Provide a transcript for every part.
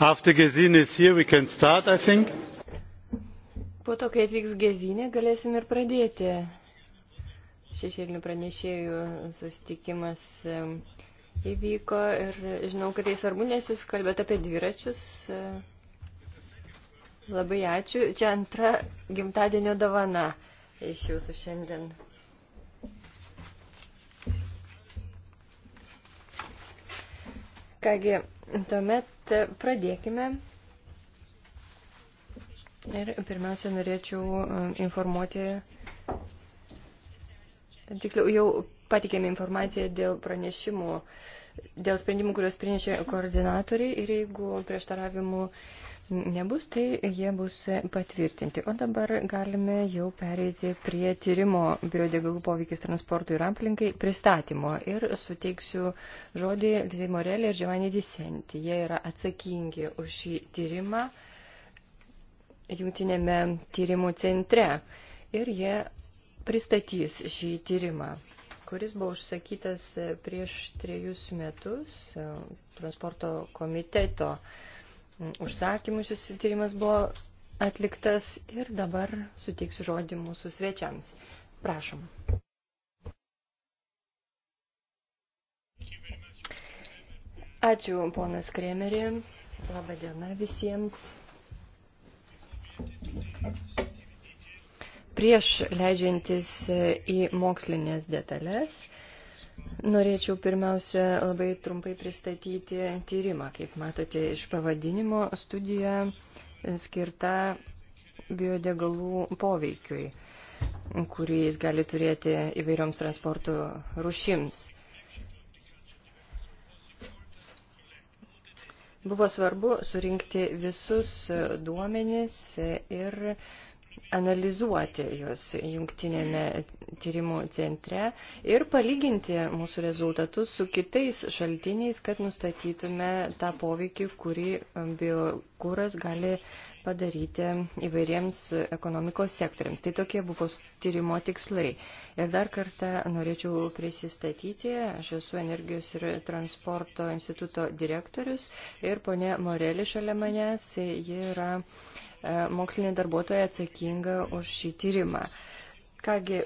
After Gesine is here, we can start, I think. Po to, kai atvyks Gezinė, galėsim ir pradėti. Šešėlinių pranešėjų susitikimas įvyko ir žinau, kad tai svarbu, nes jūs kalbėt apie dviračius. Labai ačiū. Čia antra gimtadienio davana iš jūsų šiandien. Kągi, tuomet Tad pradėkime. Ir pirmiausia, norėčiau e, informuoti, tiksliau, jau patikėme informaciją dėl pranešimų, dėl sprendimų, kuriuos prinešė koordinatoriai ir jeigu prieštaravimų nebus, tai jie bus patvirtinti. O dabar galime jau pereiti prie tyrimo biodegalų poveikis transportui ir aplinkai pristatymo. Ir suteiksiu žodį Lizai Morelė ir Džiovanė Disenti. Jie yra atsakingi už šį tyrimą jungtinėme tyrimų centre. Ir jie pristatys šį tyrimą kuris buvo užsakytas prieš trejus metus transporto komiteto uh, užsakymų šis tyrimas buvo atliktas ir dabar suteiksiu žodį mūsų svečiams. Prašom. Ačiū, ponas Kremerį. Labą dieną visiems. Prieš leidžiantis į mokslinės detalės, Norėčiau pirmiausia labai trumpai pristatyti tyrimą. Kaip matote iš pavadinimo, studija skirta biodegalų poveikiui, kurį jis gali turėti įvairioms transporto rušims. Buvo svarbu surinkti visus duomenis ir analizuoti juos jungtinėme tyrimų centre ir palyginti mūsų rezultatus su kitais šaltiniais, kad nustatytume tą poveikį, kurį um, biokūras gali padaryti įvairiems ekonomikos sektoriams. Tai tokie buvo tyrimo tikslai. Ir dar kartą norėčiau prisistatyti. Aš esu Energijos ir transporto instituto direktorius ir ponė Morelė šalia manęs. Ji yra uh, E, mokslinė darbuotoja atsakinga už šį tyrimą. Kągi,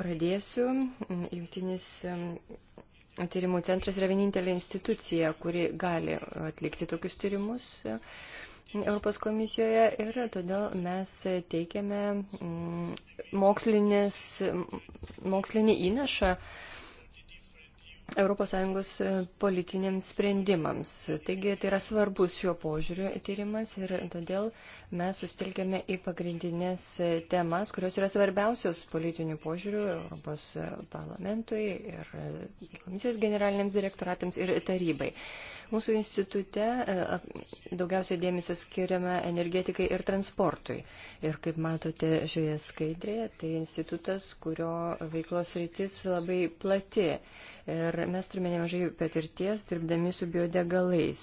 pradėsiu. Jungtinis e, tyrimų centras yra vienintelė institucija, kuri gali atlikti tokius tyrimus. E, Europos komisijoje ir todėl mes teikiame mokslinį įnašą uh, ES e, politiniams sprendimams. Taigi tai yra svarbus šiuo požiūriu tyrimas ir todėl mes sustelkėme į pagrindinės e, temas, kurios yra svarbiausios politinių požiūrių Europos e, parlamentui ir komisijos generaliniams direktoratams ir tarybai. Mūsų institute daugiausiai dėmesio skiriame energetikai ir transportui. Ir kaip matote šioje skaidrėje, tai institutas, kurio veiklos rytis labai plati. Ir mes turime nemažai patirties dirbdami su biodegalais.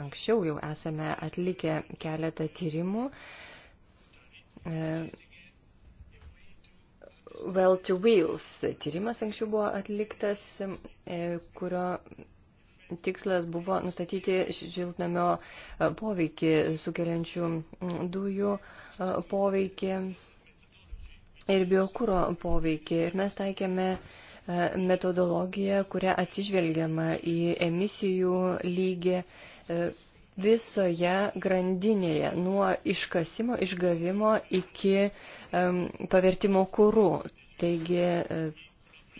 Anksčiau jau esame atlikę keletą tyrimų. E, well to Wheels tyrimas anksčiau buvo atliktas, e, kurio tikslas buvo nustatyti šiltnamio e, poveikį sukeliančių dujų poveikį ir biokūro poveikį. Ir mes taikėme uh, E, metodologija, kuria atsižvelgiama į emisijų lygį e, visoje grandinėje nuo iškasimo, išgavimo iki um, pavertimo kūrų. Taigi e,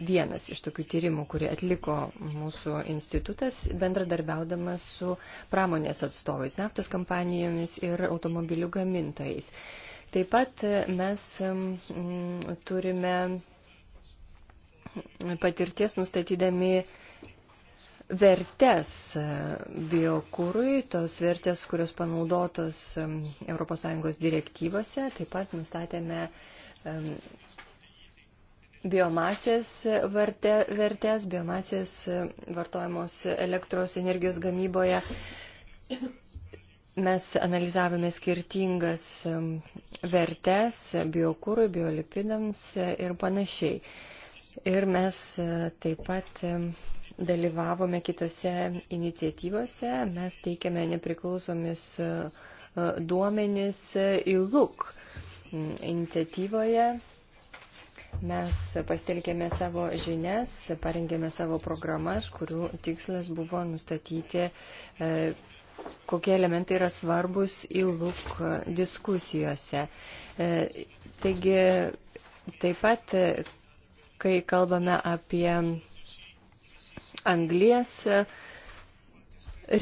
vienas iš tokių tyrimų, kurį atliko mūsų institutas, bendradarbiaudamas su pramonės atstovais, naftos kompanijomis ir automobilių gamintojais. Taip pat mes turime patirties nustatydami vertės biokūrui, tos vertės, kurios panaudotos ES direktyvose, taip pat nustatėme biomasės verte, vertės, biomasės vartojamos elektros energijos gamyboje. Mes analizavome skirtingas vertės biokūrui, biolipidams ir panašiai. Ir mes e, taip pat e, dalyvavome kitose iniciatyvose, mes teikiame nepriklausomis e, duomenis į LUK iniciatyvoje. Mes pastelkėme savo žinias, parengėme savo programas, kurių tikslas buvo nustatyti, kokie elementai yra svarbus į LUK diskusijose. Taigi, taip pat kai kalbame apie anglies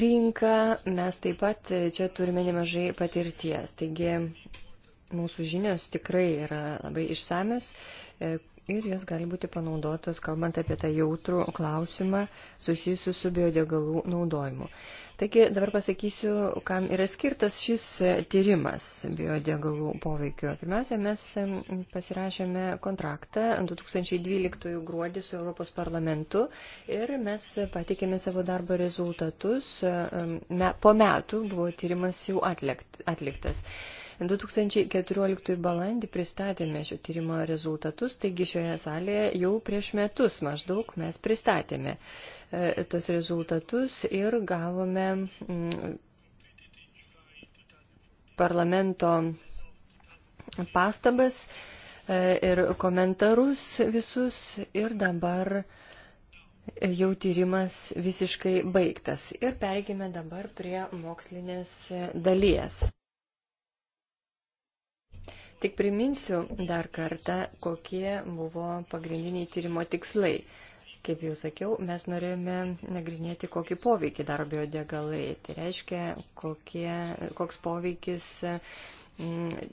rinką, mes taip pat čia turime nemažai patirties. Taigi mūsų žinios tikrai yra labai išsamios e, ir jos gali būti panaudotos, kalbant apie tą jautrų klausimą susijusiu su biodegalų naudojimu. Taigi dabar pasakysiu, kam yra skirtas šis tyrimas biodegalų poveikio. Pirmiausia, mes pasirašėme kontraktą 2012 gruodį su Europos parlamentu ir mes pateikėme savo darbo rezultatus. Po metų buvo tyrimas jau atliktas. 2014 balandį pristatėme šio tyrimo rezultatus, taigi šioje salėje jau prieš metus maždaug mes pristatėme e, tos rezultatus ir gavome parlamento pastabas e, ir komentarus visus ir dabar jau tyrimas visiškai baigtas. Ir pergime dabar prie mokslinės dalies. Tik priminsiu dar kartą, kokie buvo pagrindiniai tyrimo tikslai. Kaip jau sakiau, mes norėjome nagrinėti, kokį poveikį daro biodegalai. Tai reiškia, kokie, koks poveikis mm,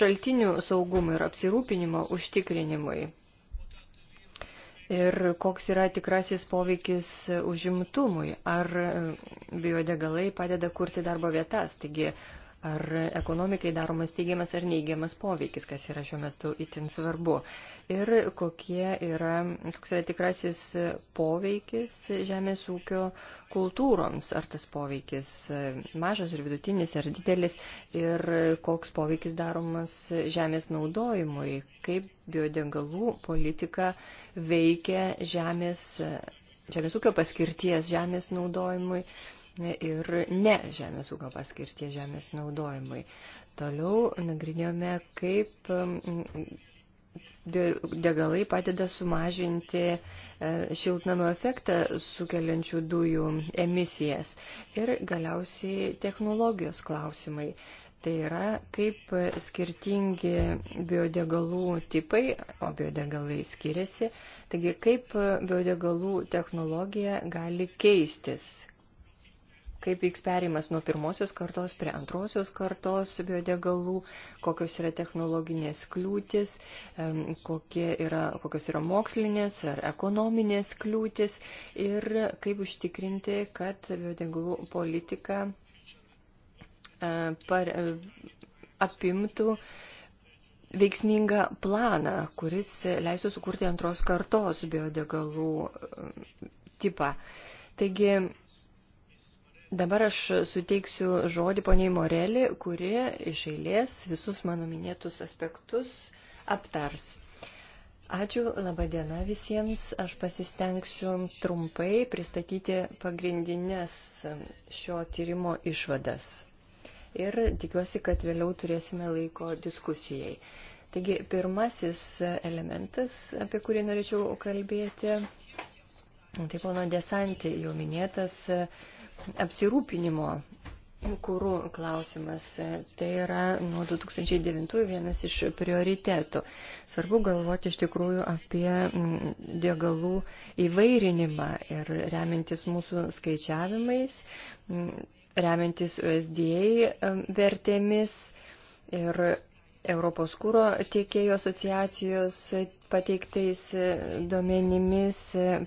šaltinių saugumui ir apsirūpinimo užtikrinimui. Ir koks yra tikrasis poveikis užimtumui, ar biodegalai padeda kurti darbo vietas. Taigi ar ekonomikai daromas teigiamas ar neigiamas poveikis, kas yra šiuo metu itin svarbu. Ir kokie yra, koks yra tikrasis poveikis žemės ūkio kultūroms, ar tas poveikis mažas ir vidutinis ar didelis, ir koks poveikis daromas žemės naudojimui, kaip biodegalų politika veikia žemės žemės ūkio paskirties, žemės naudojimui ir ne žemės ūkio paskirtie žemės naudojimai. Toliau nagrinėjome, kaip degalai padeda sumažinti e, šiltnamio efektą sukeliančių dujų emisijas ir galiausiai technologijos klausimai. Tai yra, kaip skirtingi biodegalų tipai, o biodegalai skiriasi, taigi kaip biodegalų technologija gali keistis, kaip vyks perimas nuo pirmosios kartos prie antrosios kartos biodegalų, kokios yra technologinės kliūtis, kokie yra, kokios yra mokslinės ar ekonominės kliūtis ir kaip užtikrinti, kad biodegalų politika e, par, e, apimtų veiksmingą planą, kuris leistų sukurti antros kartos biodegalų e, tipą. Taigi Dabar aš suteiksiu žodį poniai Morelį, kuri iš eilės visus mano minėtus aspektus aptars. Ačiū, laba diena visiems. Aš pasistengsiu trumpai pristatyti pagrindinės šio tyrimo išvadas. Ir tikiuosi, kad vėliau turėsime laiko diskusijai. Taigi, pirmasis elementas, apie kurį norėčiau kalbėti, tai pono Desantį jau minėtas apsirūpinimo kūrų klausimas. Tai yra nuo 2009 vienas iš prioritetų. Svarbu galvoti iš tikrųjų apie mm, degalų įvairinimą ir remintis mūsų skaičiavimais, mm, remintis USDA mm, vertėmis ir Europos kūro tiekėjų asociacijos pateiktais duomenimis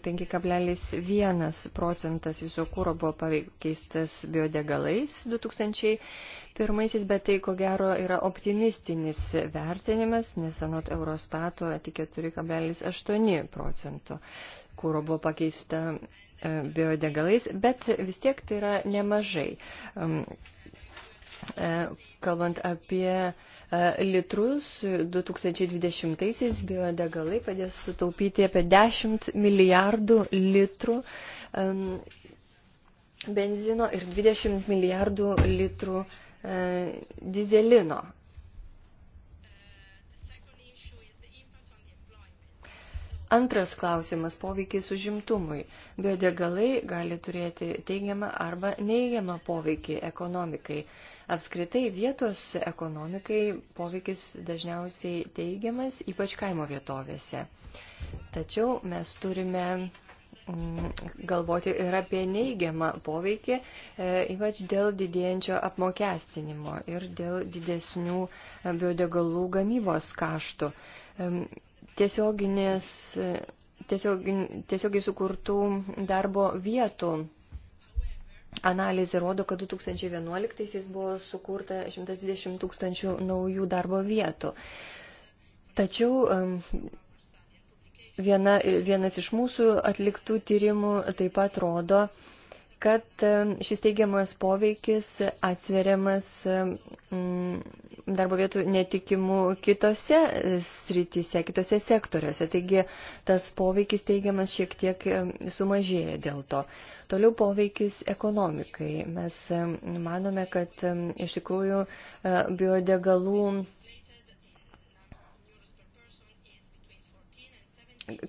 5,1 procentas viso kūro buvo pakeistas biodegalais 2001, bet tai ko gero yra optimistinis vertinimas, nes anot Eurostato tik 4,8 procento kūro buvo pakeista e, biodegalais, bet vis tiek tai yra nemažai. E, kalbant apie e, litrus, 2020-aisiais biodegalai padės sutaupyti apie 10 milijardų litrų benzino ir 20 milijardų litrų e, dizelino. Antras klausimas - poveikis užimtumui. Biodegalai gali turėti teigiamą arba neigiamą poveikį ekonomikai. Apskritai vietos ekonomikai poveikis dažniausiai teigiamas, ypač kaimo vietovėse. Tačiau mes turime mm, galvoti ir apie neigiamą poveikį, e, ypač dėl didėjančio apmokestinimo ir dėl didesnių biodegalų gamybos kaštų. E, tiesioginės, e, tiesiog, tiesiogiai sukurtų darbo vietų Analizė rodo, kad 2011 buvo sukurta 120 tūkstančių naujų darbo vietų. Tačiau viena, vienas iš mūsų atliktų tyrimų taip pat rodo, kad šis teigiamas poveikis atsveriamas darbo vietų netikimų kitose e, srityse, kitose sektoriuose. Taigi tas poveikis teigiamas šiek tiek sumažėja dėl to. Toliau poveikis ekonomikai. Mes manome, kad iš tikrųjų e, biodegalų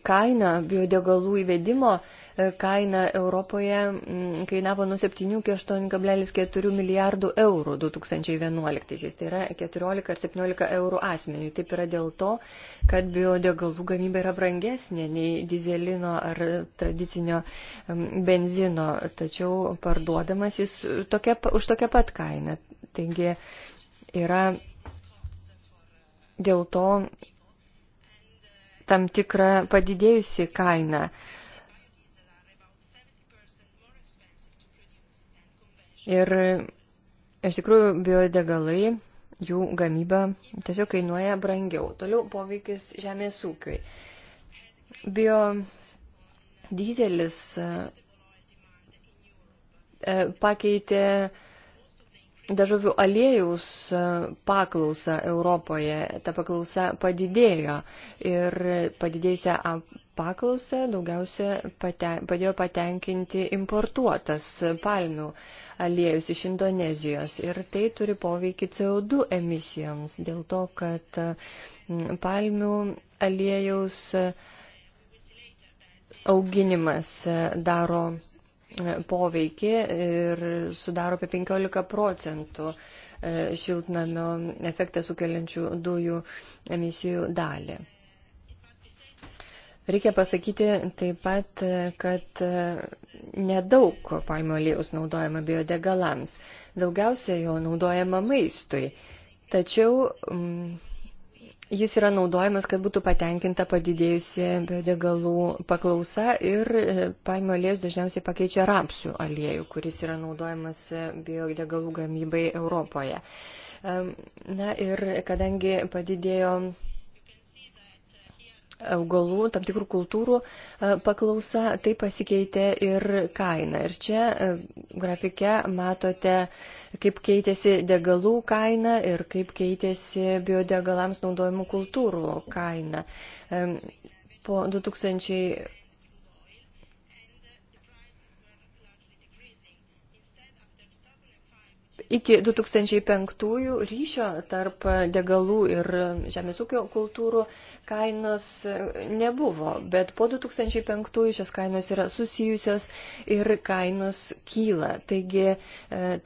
kaina biodegalų įvedimo kaina Europoje mm, kainavo nuo 7 iki 8,4 milijardų eurų 2011-aisiais. Tai yra 14 ar 17 eurų asmeniui. Taip yra dėl to, kad biodegalų gamyba yra brangesnė nei dizelino ar tradicinio mm, benzino, tačiau parduodamas jis tokia, už tokią pat kainą. Taigi yra dėl to tam tikrą padidėjusi kainą. Ir iš tikrųjų biodegalai, jų gamyba tiesiog kainuoja brangiau. Toliau poveikis žemės ūkiui. Bio dizelis e, pakeitė dažovių aliejaus e, paklausą Europoje. Ta paklausa padidėjo ir padidėjusią paklausą daugiausia paten, padėjo patenkinti importuotas palmių aliejus iš Indonezijos. Ir tai turi poveikį CO2 emisijoms, dėl to, kad mm, palmių aliejaus auginimas daro mm, poveikį ir sudaro apie 15 procentų e, šiltnamio efektą sukeliančių dujų emisijų dalį. Reikia pasakyti taip pat, kad e, nedaug palmių aliejus naudojama biodegalams. Daugiausia jo naudojama maistui. Tačiau mm, jis yra naudojamas, kad būtų patenkinta padidėjusi biodegalų paklausa ir e, palmių aliejus dažniausiai pakeičia rapsių aliejų, kuris yra naudojamas e, biodegalų gamybai Europoje. Na ir kadangi padidėjo augalų, tam tikrų kultūrų e, paklausa, tai pasikeitė ir kaina. Ir čia e, grafike matote, kaip keitėsi degalų kaina ir kaip keitėsi biodegalams naudojimų kultūrų kaina. Po 2000 iki 2005 ryšio tarp degalų ir žemės ūkio kultūrų kainos nebuvo, bet po 2005 šios kainos yra susijusios ir kainos kyla. Taigi e,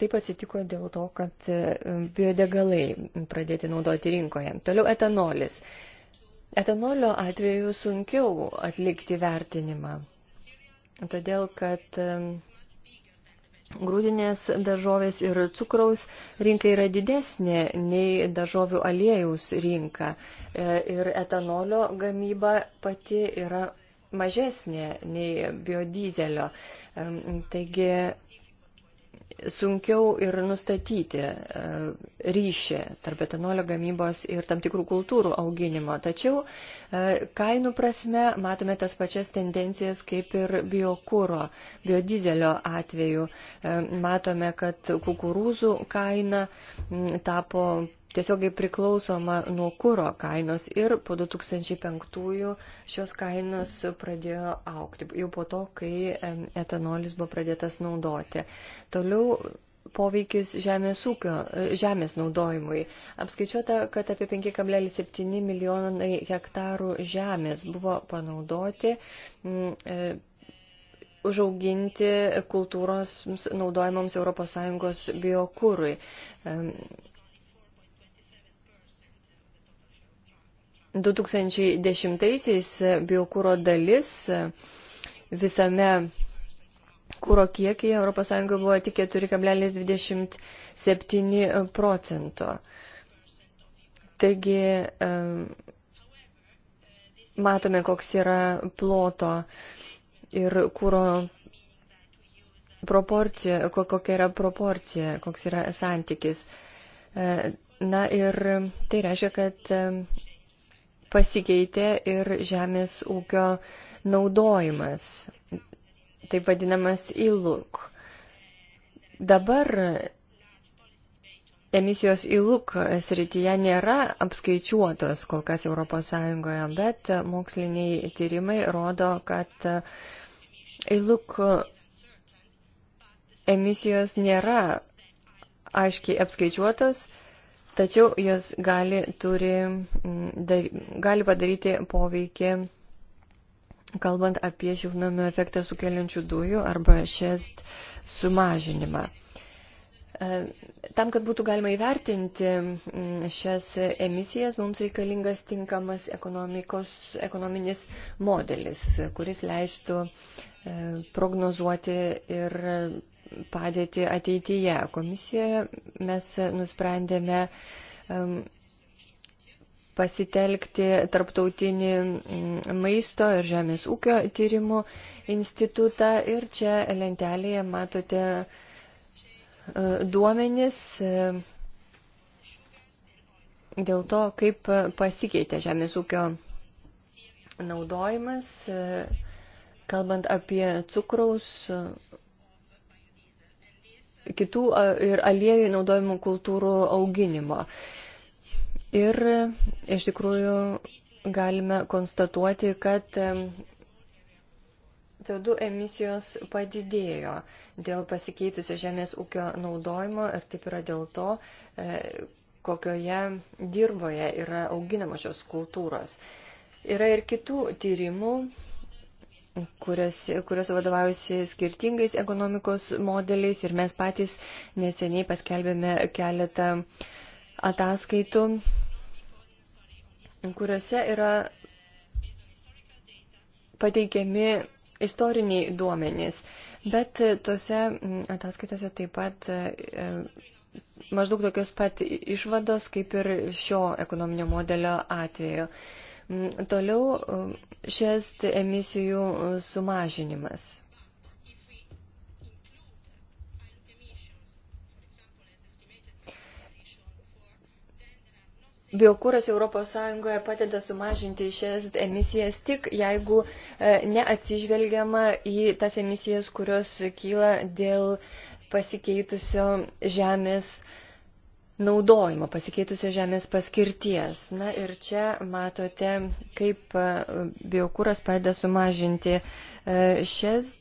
taip atsitiko dėl to, kad e, biodegalai pradėti naudoti rinkoje. Toliau etanolis. Etanolio atveju sunkiau atlikti vertinimą, todėl kad e, grūdinės daržovės ir cukraus rinka yra didesnė nei daržovių aliejaus rinka. E, ir etanolio gamyba pati yra mažesnė nei biodizelio. Taigi sunkiau ir nustatyti e, ryšį tarp etanolio gamybos ir tam tikrų kultūrų auginimo. Tačiau e, kainų prasme matome tas pačias tendencijas kaip ir biokūro, biodizelio atveju. E, matome, kad kukurūzų kaina tapo tiesiogiai priklausoma nuo kūro kainos ir po 2005 šios kainos pradėjo aukti, jau po to, kai etanolis buvo pradėtas naudoti. Toliau poveikis žemės ūkio, žemės naudojimui. Apskaičiuota, kad apie 5,7 milijonai hektarų žemės buvo panaudoti e, užauginti kultūros naudojamoms ES biokūrui 2010-aisiais biokūro dalis visame kūro kiekyje ES buvo tik 4,27 procento. Taigi matome, koks yra ploto ir kūro proporcija, kokia yra proporcija, koks yra santykis. E, na ir tai reiškia, kad pasikeitė ir žemės ūkio naudojimas, taip vadinamas įluk. Dabar emisijos įluk srityje nėra apskaičiuotos kol kas ES, bet moksliniai tyrimai rodo, kad įluk emisijos nėra aiškiai apskaičiuotos, tačiau jos gali, turi, mm, dar, gali padaryti poveikį, kalbant apie šiltnamio efektą sukeliančių dujų arba šias sumažinimą. E, tam, kad būtų galima įvertinti mm, šias emisijas, mums reikalingas tinkamas ekonominis modelis, kuris leistų e, prognozuoti ir padėtį ateityje. Komisijoje mes nusprendėme pasitelkti tarptautinį maisto ir žemės ūkio tyrimų institutą ir čia lentelėje matote e, duomenis e, dėl to, kaip pasikeitė žemės ūkio naudojimas, e, kalbant apie cukraus, kitų ir aliejų naudojimų kultūrų auginimo. Ir e, iš tikrųjų galime konstatuoti, kad e, CO2 emisijos padidėjo dėl pasikeitusio žemės ūkio naudojimo ir taip yra dėl to, e, kokioje dirboje yra auginamos šios kultūros. Yra ir kitų tyrimų, kurios, kurios vadovaujasi skirtingais ekonomikos modeliais ir mes patys neseniai paskelbėme keletą ataskaitų, kuriuose yra pateikiami istoriniai duomenys, bet tose ataskaitose taip pat e, maždaug tokios pat išvados kaip ir šio ekonominio modelio atveju. Mm, toliau mm, šias emisijų mm, sumažinimas. Biokūras ES padeda sumažinti šias emisijas tik jeigu e, neatsižvelgiama į tas emisijas, kurios kyla dėl pasikeitusio žemės uh, naudojimo, pasikeitusio žemės paskirties. Na ir čia matote, kaip e, biokūras padeda sumažinti e, šias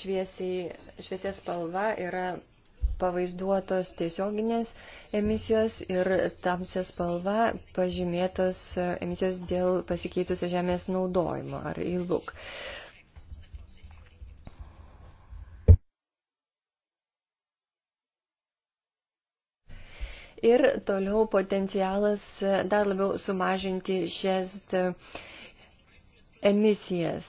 šviesiai, šviesiai spalva yra pavaizduotos tiesioginės emisijos ir tamsės spalva pažymėtos e, emisijos dėl pasikeitusio žemės naudojimo ar įlūk. E ir toliau potencialas e, dar labiau sumažinti šias e, emisijas.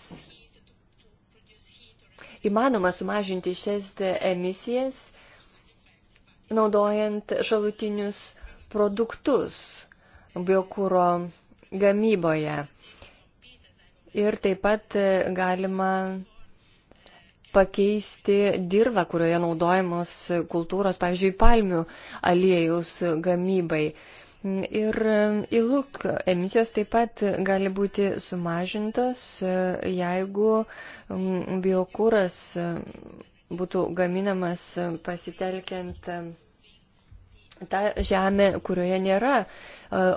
Įmanoma sumažinti šias emisijas naudojant šalutinius produktus biokūro gamyboje. Ir taip pat e, galima pakeisti dirbą, kurioje naudojamos kultūros, pavyzdžiui, palmių aliejus gamybai. Ir įlūk e, emisijos taip pat gali būti sumažintos, e, jeigu biokūras e, būtų gaminamas pasitelkiant tą žemę, kurioje nėra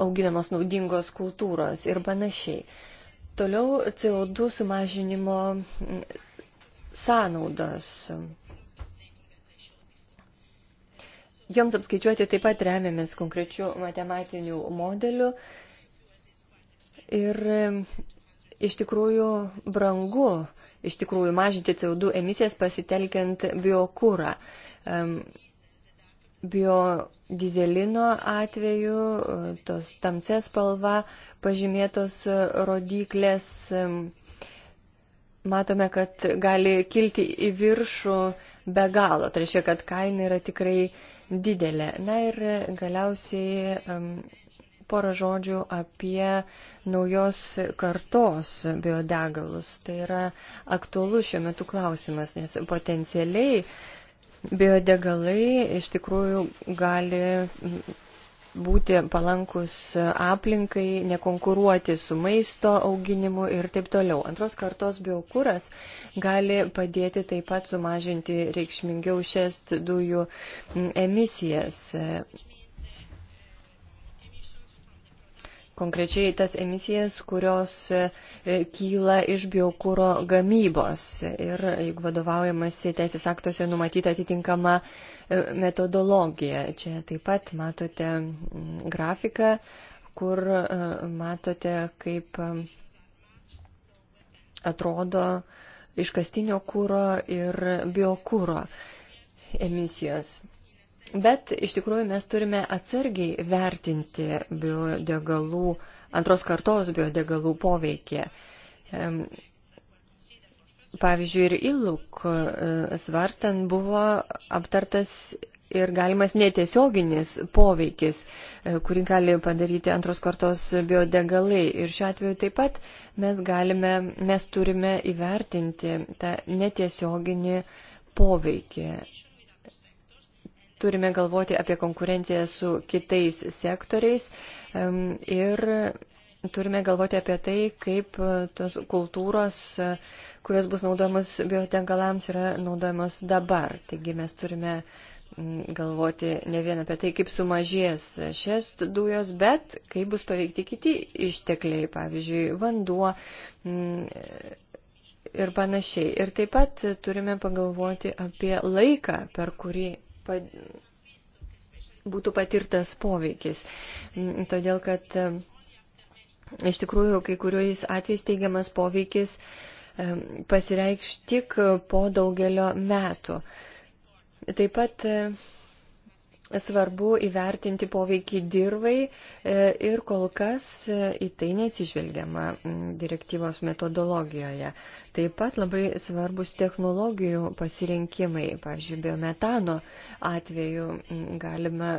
auginamos naudingos kultūros ir panašiai. Toliau CO2 sumažinimo sąnaudos. Joms apskaičiuoti taip pat remiamės konkrečių matematinių modelių ir e, iš tikrųjų brangu iš tikrųjų mažinti CO2 emisijas pasitelkiant biokūrą. Biodizelino atveju e, tos tamsės spalva pažymėtos e, rodiklės matome, kad gali kilti į viršų be galo. Tai reiškia, kad kaina yra tikrai didelė. Na ir galiausiai um, porą žodžių apie naujos kartos biodegalus. Tai yra aktualus šiuo metu klausimas, nes potencialiai biodegalai iš tikrųjų gali būti palankus aplinkai, nekonkuruoti su maisto auginimu ir taip toliau. Antros kartos biokūras gali padėti taip pat sumažinti reikšmingiau šias dujų emisijas. Konkrečiai tas emisijas, kurios e, kyla iš biokūro gamybos ir, jeigu vadovaujamasi teisės aktuose numatyta atitinkama uh, metodologija. Čia taip pat matote mm, grafiką, kur e, matote, kaip e, atrodo iškastinio kūro ir biokūro emisijos. Bet iš tikrųjų mes turime atsargiai vertinti biodegalų, antros kartos biodegalų poveikį. Pavyzdžiui, ir įlūk e, svarstant buvo aptartas ir galimas netiesioginis poveikis, e, kurį gali padaryti antros kartos biodegalai. Ir šiuo atveju taip pat mes, galime, mes turime įvertinti tą netiesioginį poveikį. Turime galvoti apie konkurenciją su kitais sektoriais ir Turime galvoti apie tai, kaip e, tos kultūros, e, kurios bus naudojamos biotenkalams, yra naudojamos dabar. Taigi mes turime galvoti ne vien apie tai, kaip sumažės šias dujos, bet kaip bus paveikti kiti ištekliai, pavyzdžiui, vanduo ir panašiai. Ir taip pat turime pagalvoti apie laiką, per kurį būtų patirtas poveikis. Todėl, kad Iš tikrųjų, kai kuriais atvejais teigiamas poveikis pasireikš tik po daugelio metų. Taip pat svarbu įvertinti poveikį dirbai e, ir kol kas e, į tai neatsižvelgiama direktyvos metodologijoje. Taip pat labai svarbus technologijų pasirinkimai. Pavyzdžiui, biometano atveju galima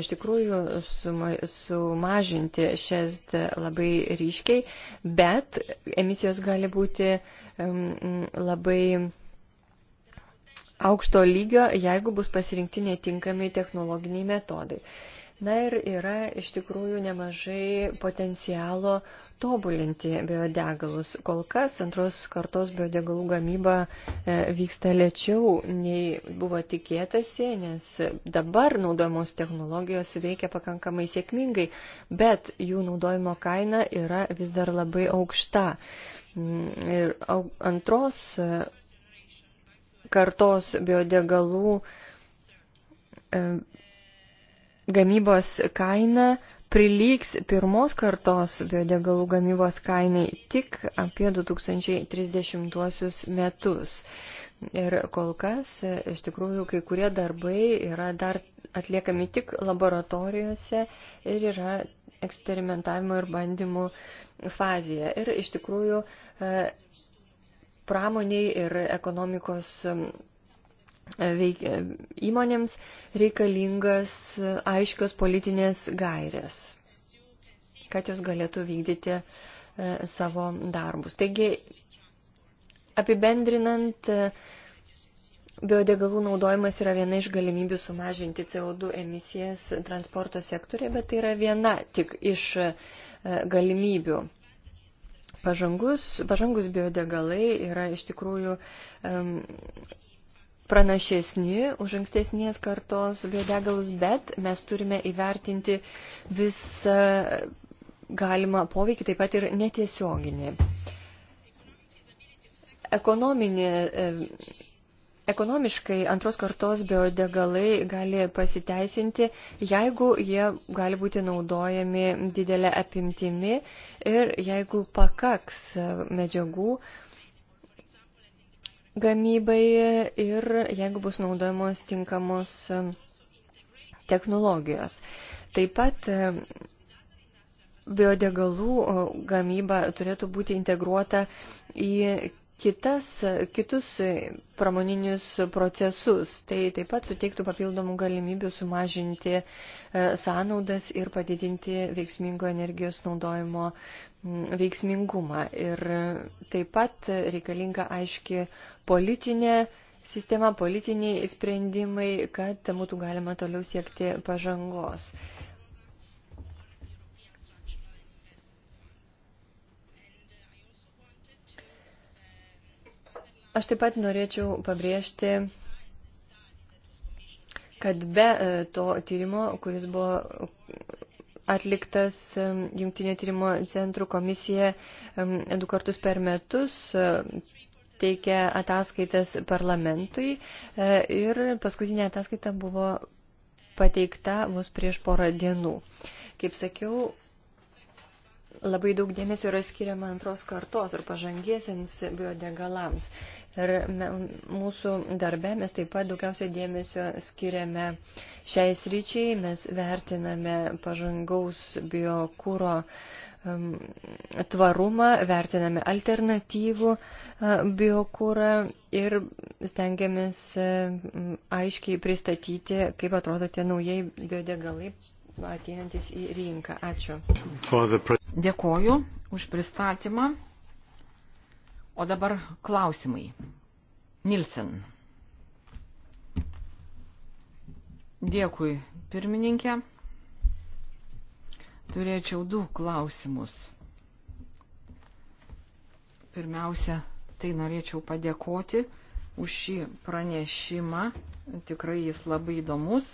iš tikrųjų suma, sumažinti šias labai ryškiai, bet emisijos gali būti um, labai aukšto lygio, jeigu bus pasirinkti netinkami technologiniai metodai. Na ir yra iš tikrųjų nemažai potencialo tobulinti biodegalus. Kol kas antros kartos biodegalų gamyba e, vyksta lėčiau nei buvo tikėtasi, nes dabar naudojamos technologijos veikia pakankamai sėkmingai, bet jų naudojimo kaina yra vis dar labai aukšta. Mm, ir antros kartos biodegalų e, gamybos kaina prilygs pirmos kartos biodegalų gamybos kainai tik apie 2030 metus. Ir kol kas iš tikrųjų kai kurie darbai yra dar atliekami tik laboratorijose ir yra eksperimentavimo ir bandymų fazėje. Ir iš tikrųjų e, pramoniai ir ekonomikos um, veik, įmonėms reikalingas aiškios politinės gairės, kad jos galėtų vykdyti e, savo darbus. Taigi, apibendrinant, e, Biodegalų naudojimas yra viena iš galimybių sumažinti CO2 emisijas transporto sektorė, bet tai yra viena tik iš e, galimybių. Pažangus, pažangus biodegalai yra iš tikrųjų um, pranašesni už ankstesnės kartos biodegalus, bet mes turime įvertinti visą galimą poveikį, taip pat ir netiesioginį. Ekonominė Ekonomiškai antros kartos biodegalai gali pasiteisinti, jeigu jie gali būti naudojami didelę apimtimi ir jeigu pakaks medžiagų gamybai ir jeigu bus naudojamos tinkamos technologijos. Taip pat e, biodegalų gamyba turėtų būti integruota į kitas, kitus pramoninius procesus. Tai taip pat suteiktų papildomų galimybių sumažinti e, sąnaudas ir padidinti veiksmingo energijos naudojimo veiksmingumą. Ir taip pat reikalinga aiški politinė sistema, politiniai sprendimai, kad būtų galima toliau siekti pažangos. Aš taip pat norėčiau pabrėžti, kad be e, to tyrimo, kuris buvo atliktas e, Jungtinio tyrimo centrų komisija e, du kartus per metus teikia ataskaitas parlamentui ir paskutinė ataskaita buvo pateikta mus prieš porą dienų. Kaip sakiau, Labai daug dėmesio yra skiriama antros kartos ir pažangiesiems biodegalams. Ir mūsų darbe mes taip pat daugiausiai dėmesio skiriame šiai sryčiai, mes vertiname pažangaus biokūro um, tvarumą, vertiname alternatyvų uh, biokūrą ir stengiamės uh, aiškiai pristatyti, kaip atrodo tie naujai biodegalai ateinantis į rinką. Ačiū. Dėkoju už pristatymą. O dabar klausimai. Nilsen. Dėkui, pirmininkė. Turėčiau du klausimus. Pirmiausia, tai norėčiau padėkoti už šį pranešimą. Tikrai jis labai įdomus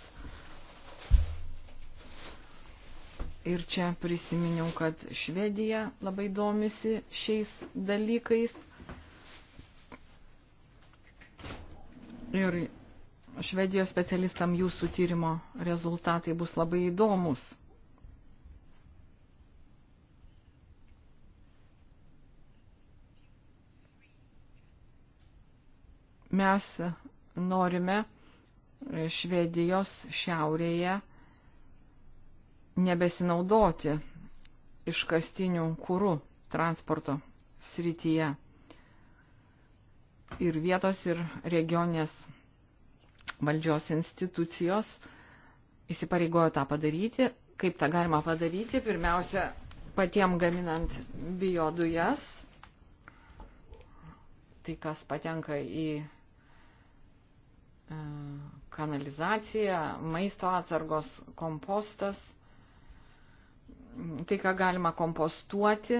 Ir čia prisiminiau, kad Švedija labai domisi šiais dalykais. Ir Švedijos specialistam jūsų tyrimo rezultatai bus labai įdomus. Mes norime Švedijos šiaurėje nebesinaudoti iškastinių kūrų transporto srityje. Ir vietos ir regionės valdžios institucijos įsipareigojo tą padaryti. Kaip tą galima padaryti? Pirmiausia, patiem gaminant biodujas, tai kas patenka į e, kanalizacija, maisto atsargos, kompostas – tai, ką galima kompostuoti,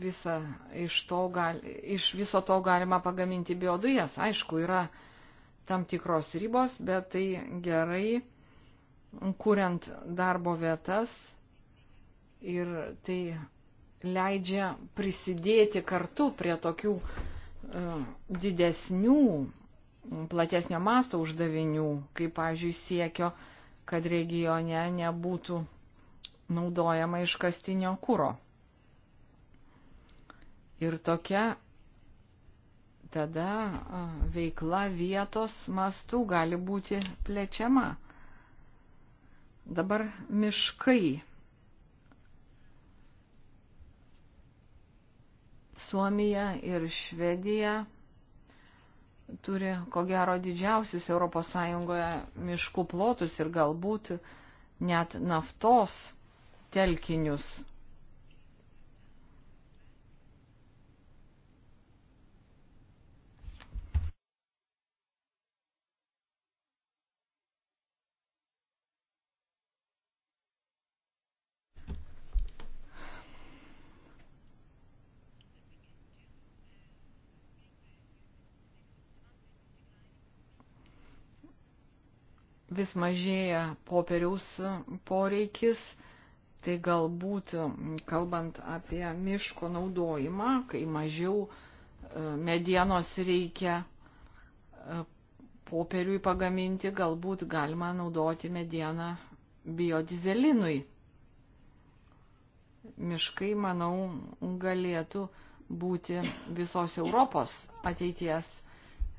visa, iš, to, gal, iš viso to galima pagaminti biodujas. Aišku, yra tam tikros ribos, bet tai gerai, kuriant darbo vietas ir tai leidžia prisidėti kartu prie tokių uh, didesnių, platesnio masto uždavinių, kaip, pavyzdžiui, siekio, kad regione nebūtų naudojama iškastinio kūro. Ir tokia tada veikla vietos mastų gali būti plečiama. Dabar miškai. Suomija ir Švedija turi, ko gero, didžiausius ES miškų plotus ir galbūt net naftos telkinius. vis mažėja popieriaus poreikis Tai galbūt, kalbant apie miško naudojimą, kai mažiau e, medienos reikia e, popieriui pagaminti, galbūt galima naudoti medieną biodizelinui. Miškai, manau, galėtų būti visos Europos ateities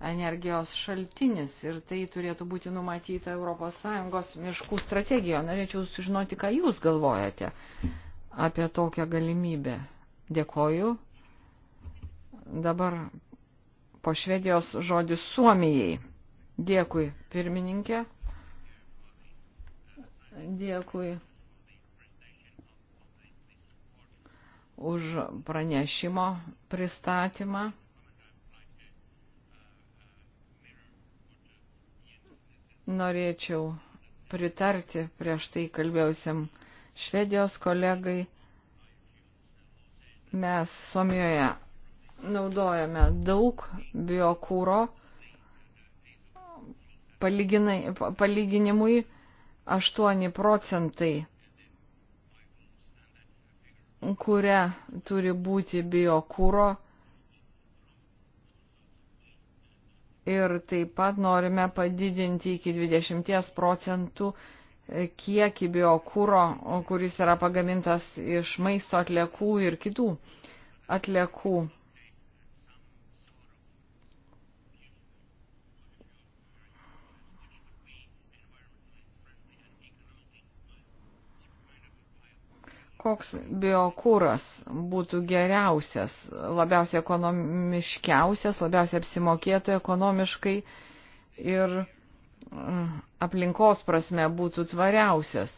energijos šaltinis ir tai turėtų būti numatyta ES miškų strategijoje. Norėčiau sužinoti, ką Jūs galvojate apie tokią galimybę. Dėkoju. Dabar po Švedijos žodis Suomijai. Dėkui, pirmininkė. Dėkui už pranešimo pristatymą. norėčiau pritarti prieš tai kalbėjusiam švedijos kolegai. Mes Suomijoje naudojame daug biokūro palyginimui 8 procentai, kuria turi būti biokūro ir taip pat norime padidinti iki 20 procentų kiekį biokūro, kuris yra pagamintas iš maisto atliekų ir kitų atliekų. koks biokūras būtų geriausias, labiausiai ekonomiškiausias, labiausiai apsimokėtų ekonomiškai ir mm, aplinkos prasme būtų tvariausias.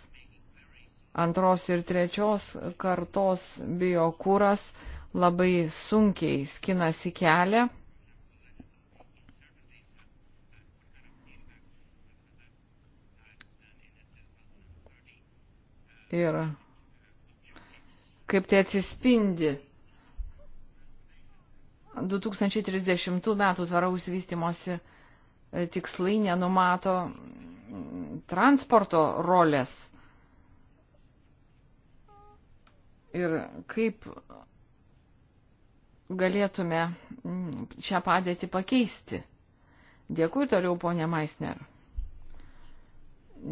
Antros ir trečios kartos biokūras labai sunkiai skinasi kelią. Ir kaip tai atsispindi 2030 metų tvaraus vystimosi e, tikslai nenumato mm, transporto rolės. Ir kaip galėtume mm, šią padėtį pakeisti. Dėkui toliau, ponė Maisner.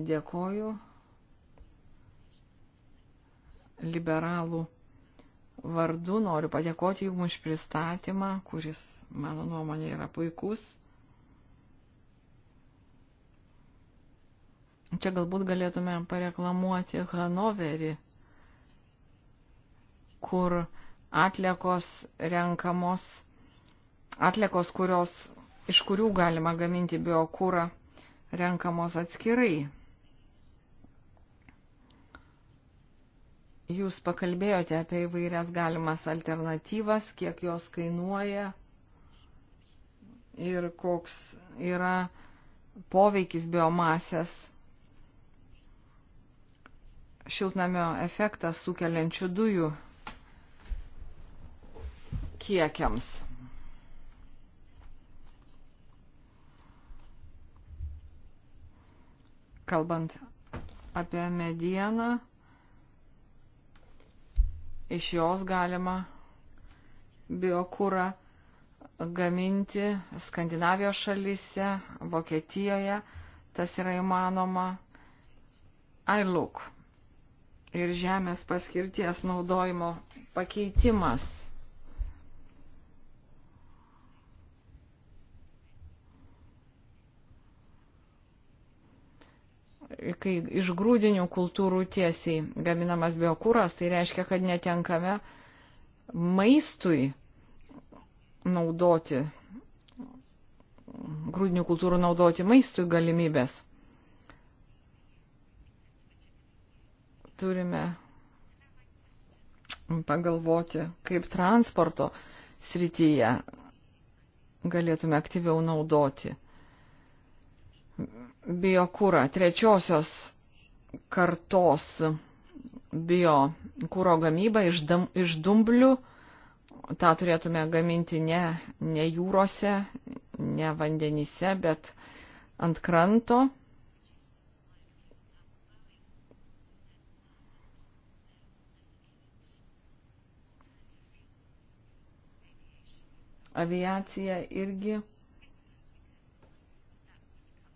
Dėkoju liberalų vardu noriu padėkoti jums už pristatymą, kuris, mano nuomonė, yra puikus. Čia galbūt galėtume pareklamuoti Hanoverį, kur atliekos renkamos, atliekos, kurios, iš kurių galima gaminti biokūrą, renkamos atskirai. Jūs pakalbėjote apie įvairias galimas alternatyvas, kiek jos kainuoja ir koks yra poveikis biomasės šiltnamio efektą sukeliančių dujų kiekiams. Kalbant apie medieną, iš jos galima biokūrą gaminti Skandinavijos šalyse, Vokietijoje, tas yra įmanoma. iLook ir žemės paskirties naudojimo pakeitimas kai iš grūdinių kultūrų tiesiai gaminamas biokūras, tai reiškia, kad netenkame maistui naudoti, grūdinių kultūrų naudoti maistui galimybės. Turime pagalvoti, kaip transporto srityje galėtume aktyviau naudoti biokūrą, trečiosios kartos biokūro gamybą iš, dam, iš dumblių. Ta turėtume gaminti ne, ne jūrose, ne vandenyse, bet ant kranto. Aviacija irgi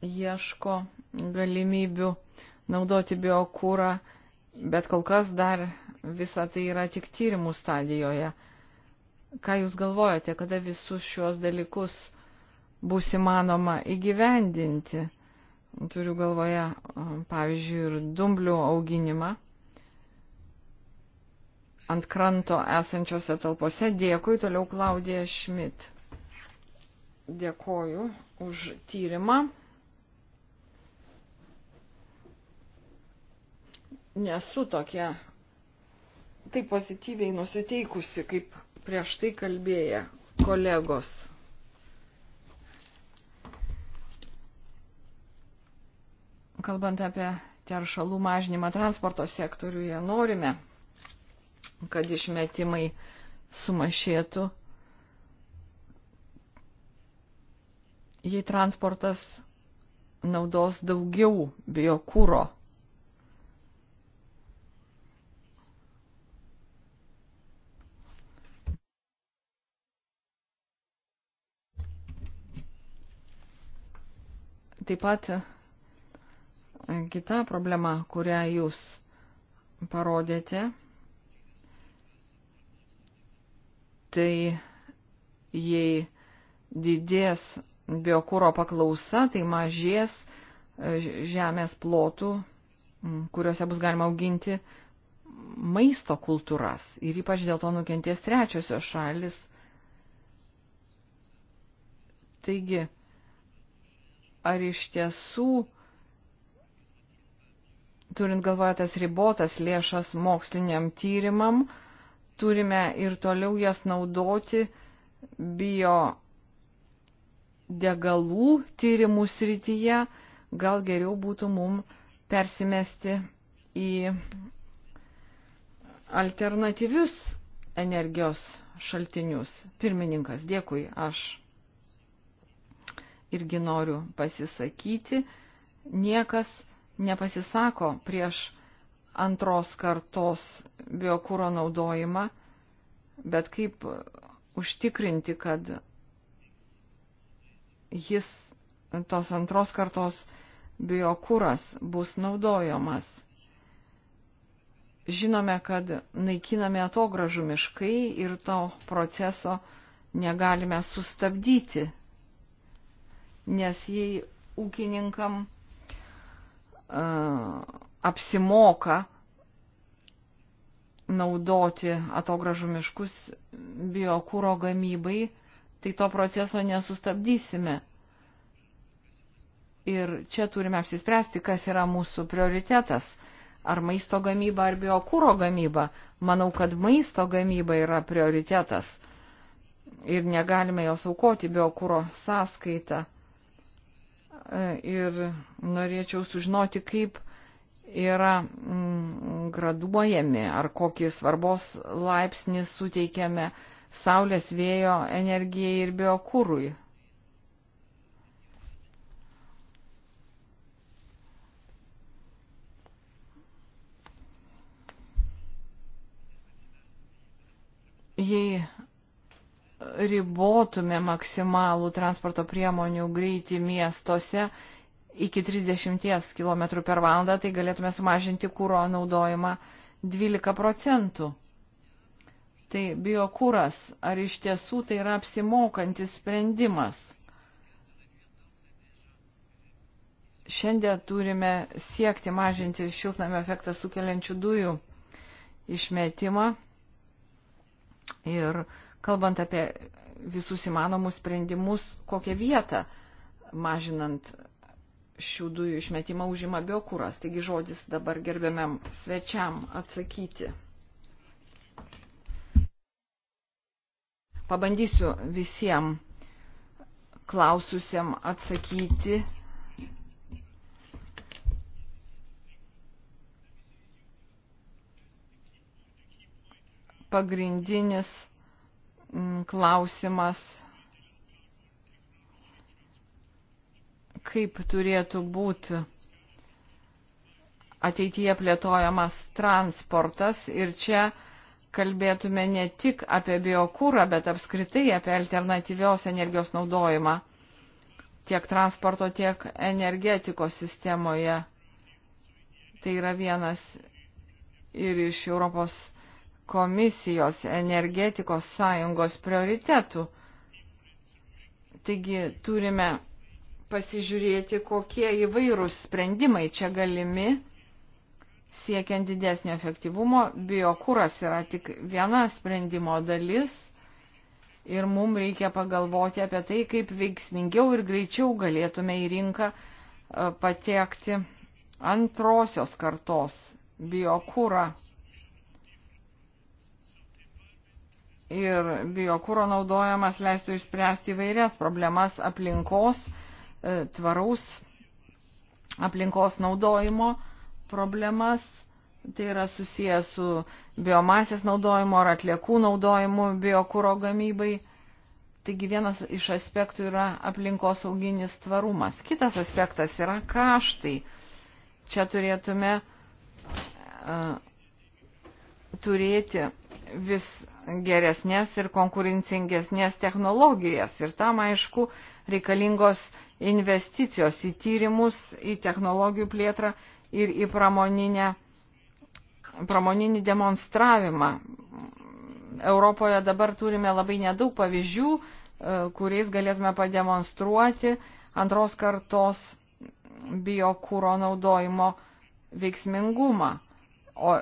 ieško galimybių naudoti biokūrą, bet kol kas dar visa tai yra tik tyrimų stadijoje. Ką Jūs galvojate, kada visus šiuos dalykus bus įmanoma įgyvendinti? Turiu galvoje, pavyzdžiui, ir dumblių auginimą ant kranto esančiose talpose. Dėkui, toliau Klaudija Šmit. Dėkoju už tyrimą. nesu tokia taip pozityviai nusiteikusi, kaip prieš tai kalbėję kolegos. Kalbant apie teršalų mažinimą transporto sektoriuje, norime, kad išmetimai sumažėtų. Jei transportas naudos daugiau biokūro Taip pat e, kita problema, kurią jūs parodėte, tai jei didės biokūro paklausa, tai mažės e, žemės plotų, kuriuose bus galima auginti maisto kultūras ir ypač dėl to nukentės trečiosios šalis. Taigi, ar iš tiesų, turint galvoje tas ribotas lėšas moksliniam tyrimam, turime ir toliau jas naudoti bio degalų tyrimų srityje, gal geriau būtų mum persimesti į alternatyvius energijos šaltinius. Pirmininkas, dėkui, aš irgi noriu pasisakyti. Niekas nepasisako prieš antros kartos biokūro naudojimą, bet kaip užtikrinti, kad jis, tos antros kartos biokūras bus naudojamas. Žinome, kad naikinami atogražų miškai ir to proceso negalime sustabdyti nes jei ūkininkam uh, apsimoka naudoti atogražų miškus biokūro gamybai, tai to proceso nesustabdysime. Ir čia turime apsispręsti, kas yra mūsų prioritetas ar maisto gamyba, ar biokūro gamyba. Manau, kad maisto gamyba yra prioritetas ir negalime jos aukoti biokūro sąskaitą ir norėčiau sužinoti, kaip yra mm, graduojami ar kokį svarbos laipsnį suteikiame saulės vėjo energijai ir biokūrui. Jei ribotume maksimalų transporto priemonių greitį miestuose iki 30 km per valandą, tai galėtume sumažinti kūro naudojimą 12 procentų. Tai biokūras, ar iš tiesų tai yra apsimokantis sprendimas? Šiandien turime siekti mažinti šiltnamio efektą sukeliančių dujų išmetimą ir uh, kalbant apie visus įmanomus sprendimus, kokią vietą mažinant šių dujų išmetimą užima biokūras. Taigi žodis dabar gerbiamiam svečiam atsakyti. Pabandysiu visiems klaususiem atsakyti. Pagrindinis Mm, klausimas, kaip turėtų būti ateityje plėtojamas transportas ir čia kalbėtume ne tik apie biokūrą, bet apskritai apie alternatyvios energijos naudojimą tiek transporto, tiek energetikos sistemoje. Tai yra vienas ir iš Europos komisijos energetikos sąjungos prioritetų. Taigi turime pasižiūrėti, kokie įvairūs sprendimai čia galimi siekiant didesnio efektyvumo. Biokūras yra tik viena sprendimo dalis ir mums reikia pagalvoti apie tai, kaip veiksmingiau ir greičiau galėtume į rinką e, patekti antrosios kartos biokūrą. ir biokūro naudojimas leistų išspręsti įvairias problemas aplinkos, e, tvaraus aplinkos naudojimo problemas. Tai yra susijęs su biomasės naudojimo ar atliekų naudojimu biokūro gamybai. Taigi vienas iš aspektų yra aplinkos auginis tvarumas. Kitas aspektas yra kaštai. Čia turėtume uh, turėti vis geresnės ir konkurencingesnės technologijas. Ir tam, aišku, reikalingos investicijos į tyrimus, į technologijų plėtrą ir į pramoninę, pramoninį demonstravimą. Europoje dabar turime labai nedaug pavyzdžių, e, kuriais galėtume pademonstruoti antros kartos biokūro naudojimo veiksmingumą. O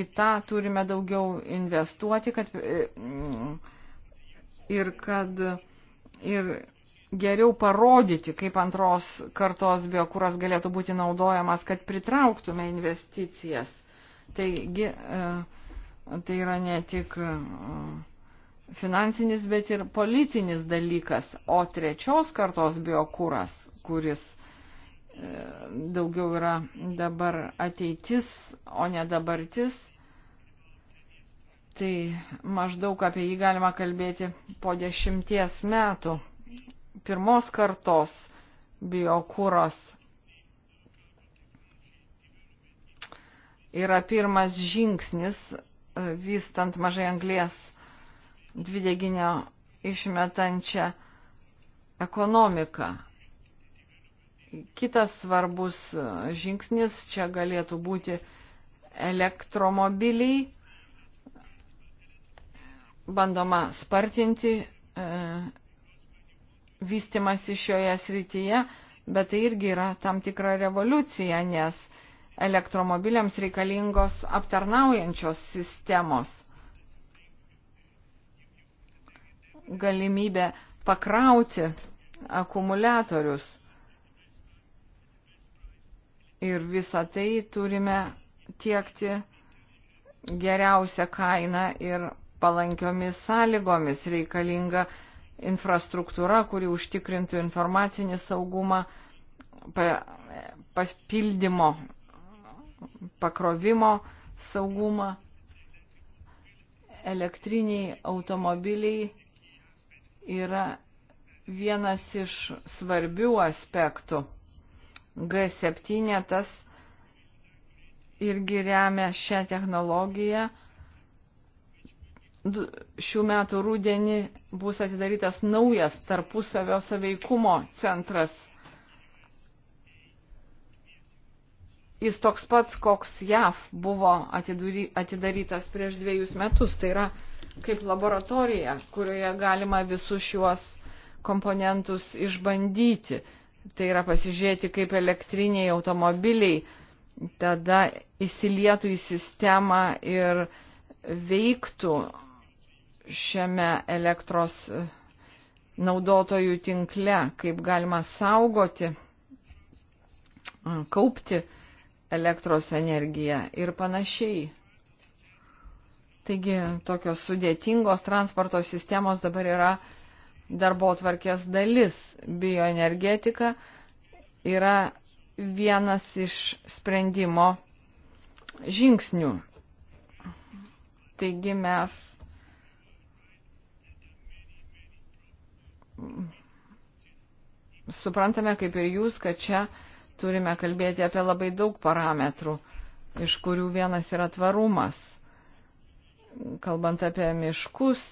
į tą turime daugiau investuoti, kad e, ir kad ir geriau parodyti, kaip antros kartos biokuras galėtų būti naudojamas, kad pritrauktume investicijas. Taigi, e, tai yra ne tik e, finansinis, bet ir politinis dalykas. O trečios kartos biokuras, kuris daugiau yra dabar ateitis, o ne dabartis. Tai maždaug apie jį galima kalbėti po dešimties metų. Pirmos kartos biokūros yra pirmas žingsnis e, vystant mažai anglės dvideginio išmetančią ekonomiką. Kitas svarbus e, žingsnis čia galėtų būti elektromobiliai. Bandoma spartinti e, vystimasi šioje srityje, bet tai irgi yra tam tikra revoliucija, nes elektromobiliams reikalingos aptarnaujančios sistemos. Galimybė pakrauti akumuliatorius Ir visą tai turime tiekti geriausią kainą ir palankiomis sąlygomis reikalinga infrastruktūra, kuri užtikrintų informacinį saugumą, papildymo, pakrovimo saugumą. Elektriniai automobiliai yra vienas iš svarbių aspektų. G7 tas irgi remia šią technologiją. Šių metų rūdienį bus atidarytas naujas tarpusavio saveikumo centras. Jis toks pats, koks JAV buvo atidarytas prieš dviejus metus. Tai yra kaip laboratorija, kurioje galima visus šiuos komponentus išbandyti tai yra pasižiūrėti, kaip elektriniai automobiliai tada įsilietų į sistemą ir veiktų šiame elektros naudotojų tinkle, kaip galima saugoti, mm, kaupti elektros energiją ir panašiai. Taigi tokios sudėtingos transporto sistemos dabar yra uh, darbo tvarkės dalis bioenergetika yra vienas iš sprendimo žingsnių. Taigi mes suprantame, kaip ir jūs, kad čia turime kalbėti apie labai daug parametrų, iš kurių vienas yra tvarumas. Kalbant apie miškus,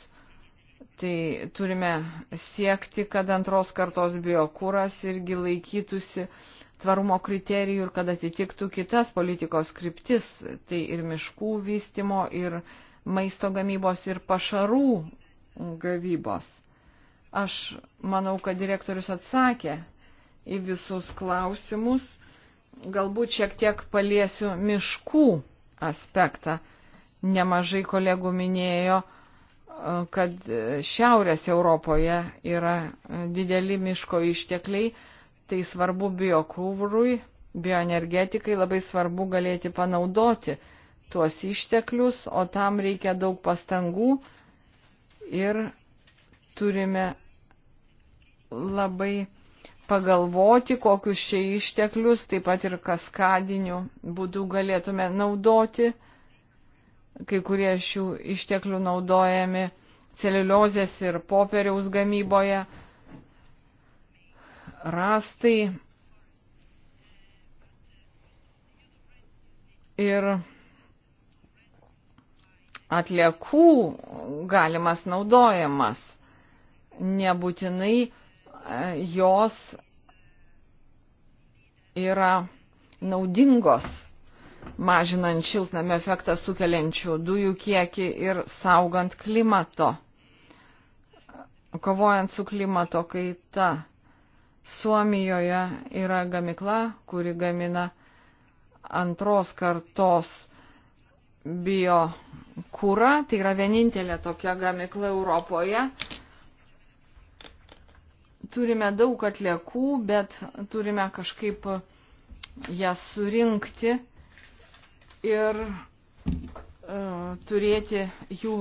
Tai turime siekti, kad antros kartos biokūras irgi laikytųsi tvarumo kriterijų ir kad atitiktų kitas politikos kryptis. Tai ir miškų vystimo, ir maisto gamybos, ir pašarų gavybos. Aš manau, kad direktorius atsakė į visus klausimus. Galbūt šiek tiek paliesiu miškų aspektą. Nemažai kolegų minėjo, kad šiaurės Europoje yra dideli miško ištekliai, tai svarbu biokūvrui, bioenergetikai labai svarbu galėti panaudoti tuos išteklius, o tam reikia daug pastangų ir turime labai pagalvoti, kokius čia išteklius, taip pat ir kaskadiniu būdu galėtume naudoti kai kurie šių išteklių naudojami celiuliozės ir popieriaus gamyboje, rastai ir atliekų galimas naudojimas. Nebūtinai e, jos yra naudingos mažinant šiltnamio efektą sukeliančių dujų kiekį ir saugant klimato, kovojant su klimato kaita. Suomijoje yra gamikla, kuri gamina antros kartos bio kūrą, tai yra vienintelė tokia gamikla Europoje. Turime daug atliekų, bet turime kažkaip jas surinkti ir e, turėti jų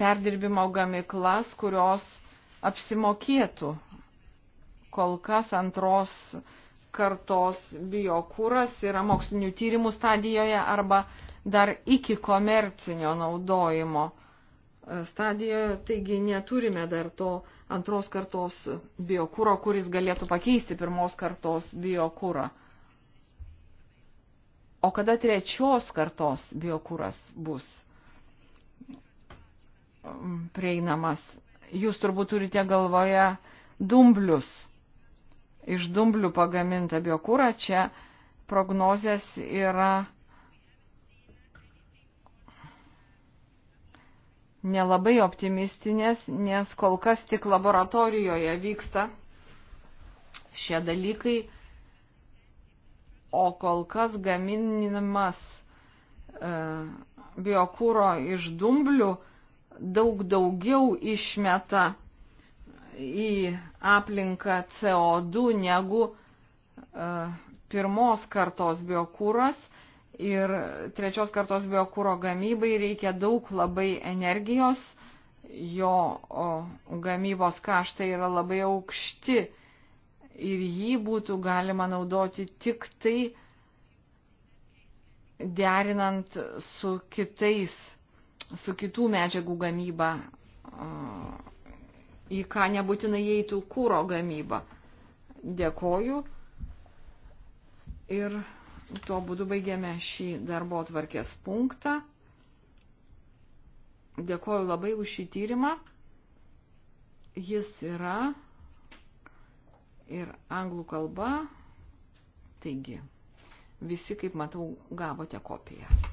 perdirbimo gamiklas, kurios apsimokėtų. Kol kas antros kartos biokūras yra mokslinių tyrimų stadijoje arba dar iki komercinio naudojimo e, stadijoje, taigi neturime dar to antros kartos biokūro, kuris galėtų pakeisti pirmos kartos biokūrą. O kada trečios kartos biokūras bus prieinamas? Jūs turbūt turite galvoje dumblius. Iš dumblių pagaminta biokūra čia prognozės yra nelabai optimistinės, nes kol kas tik laboratorijoje vyksta šie dalykai o kol kas gaminimas e, biokūro iš dumblių daug daugiau išmeta į aplinką CO2 negu e, pirmos kartos biokūras. Ir trečios kartos biokūro gamybai reikia daug labai energijos, jo o, gamybos kaštai yra labai aukšti ir jį būtų galima naudoti tik tai derinant su kitais, su kitų medžiagų gamyba, į ką nebūtinai įeitų kūro gamyba. Dėkoju ir tuo būdu baigiame šį darbo atvarkės punktą. Dėkoju labai už šį tyrimą. Jis yra ir anglų kalba. Taigi, visi, kaip matau, gavote kopiją.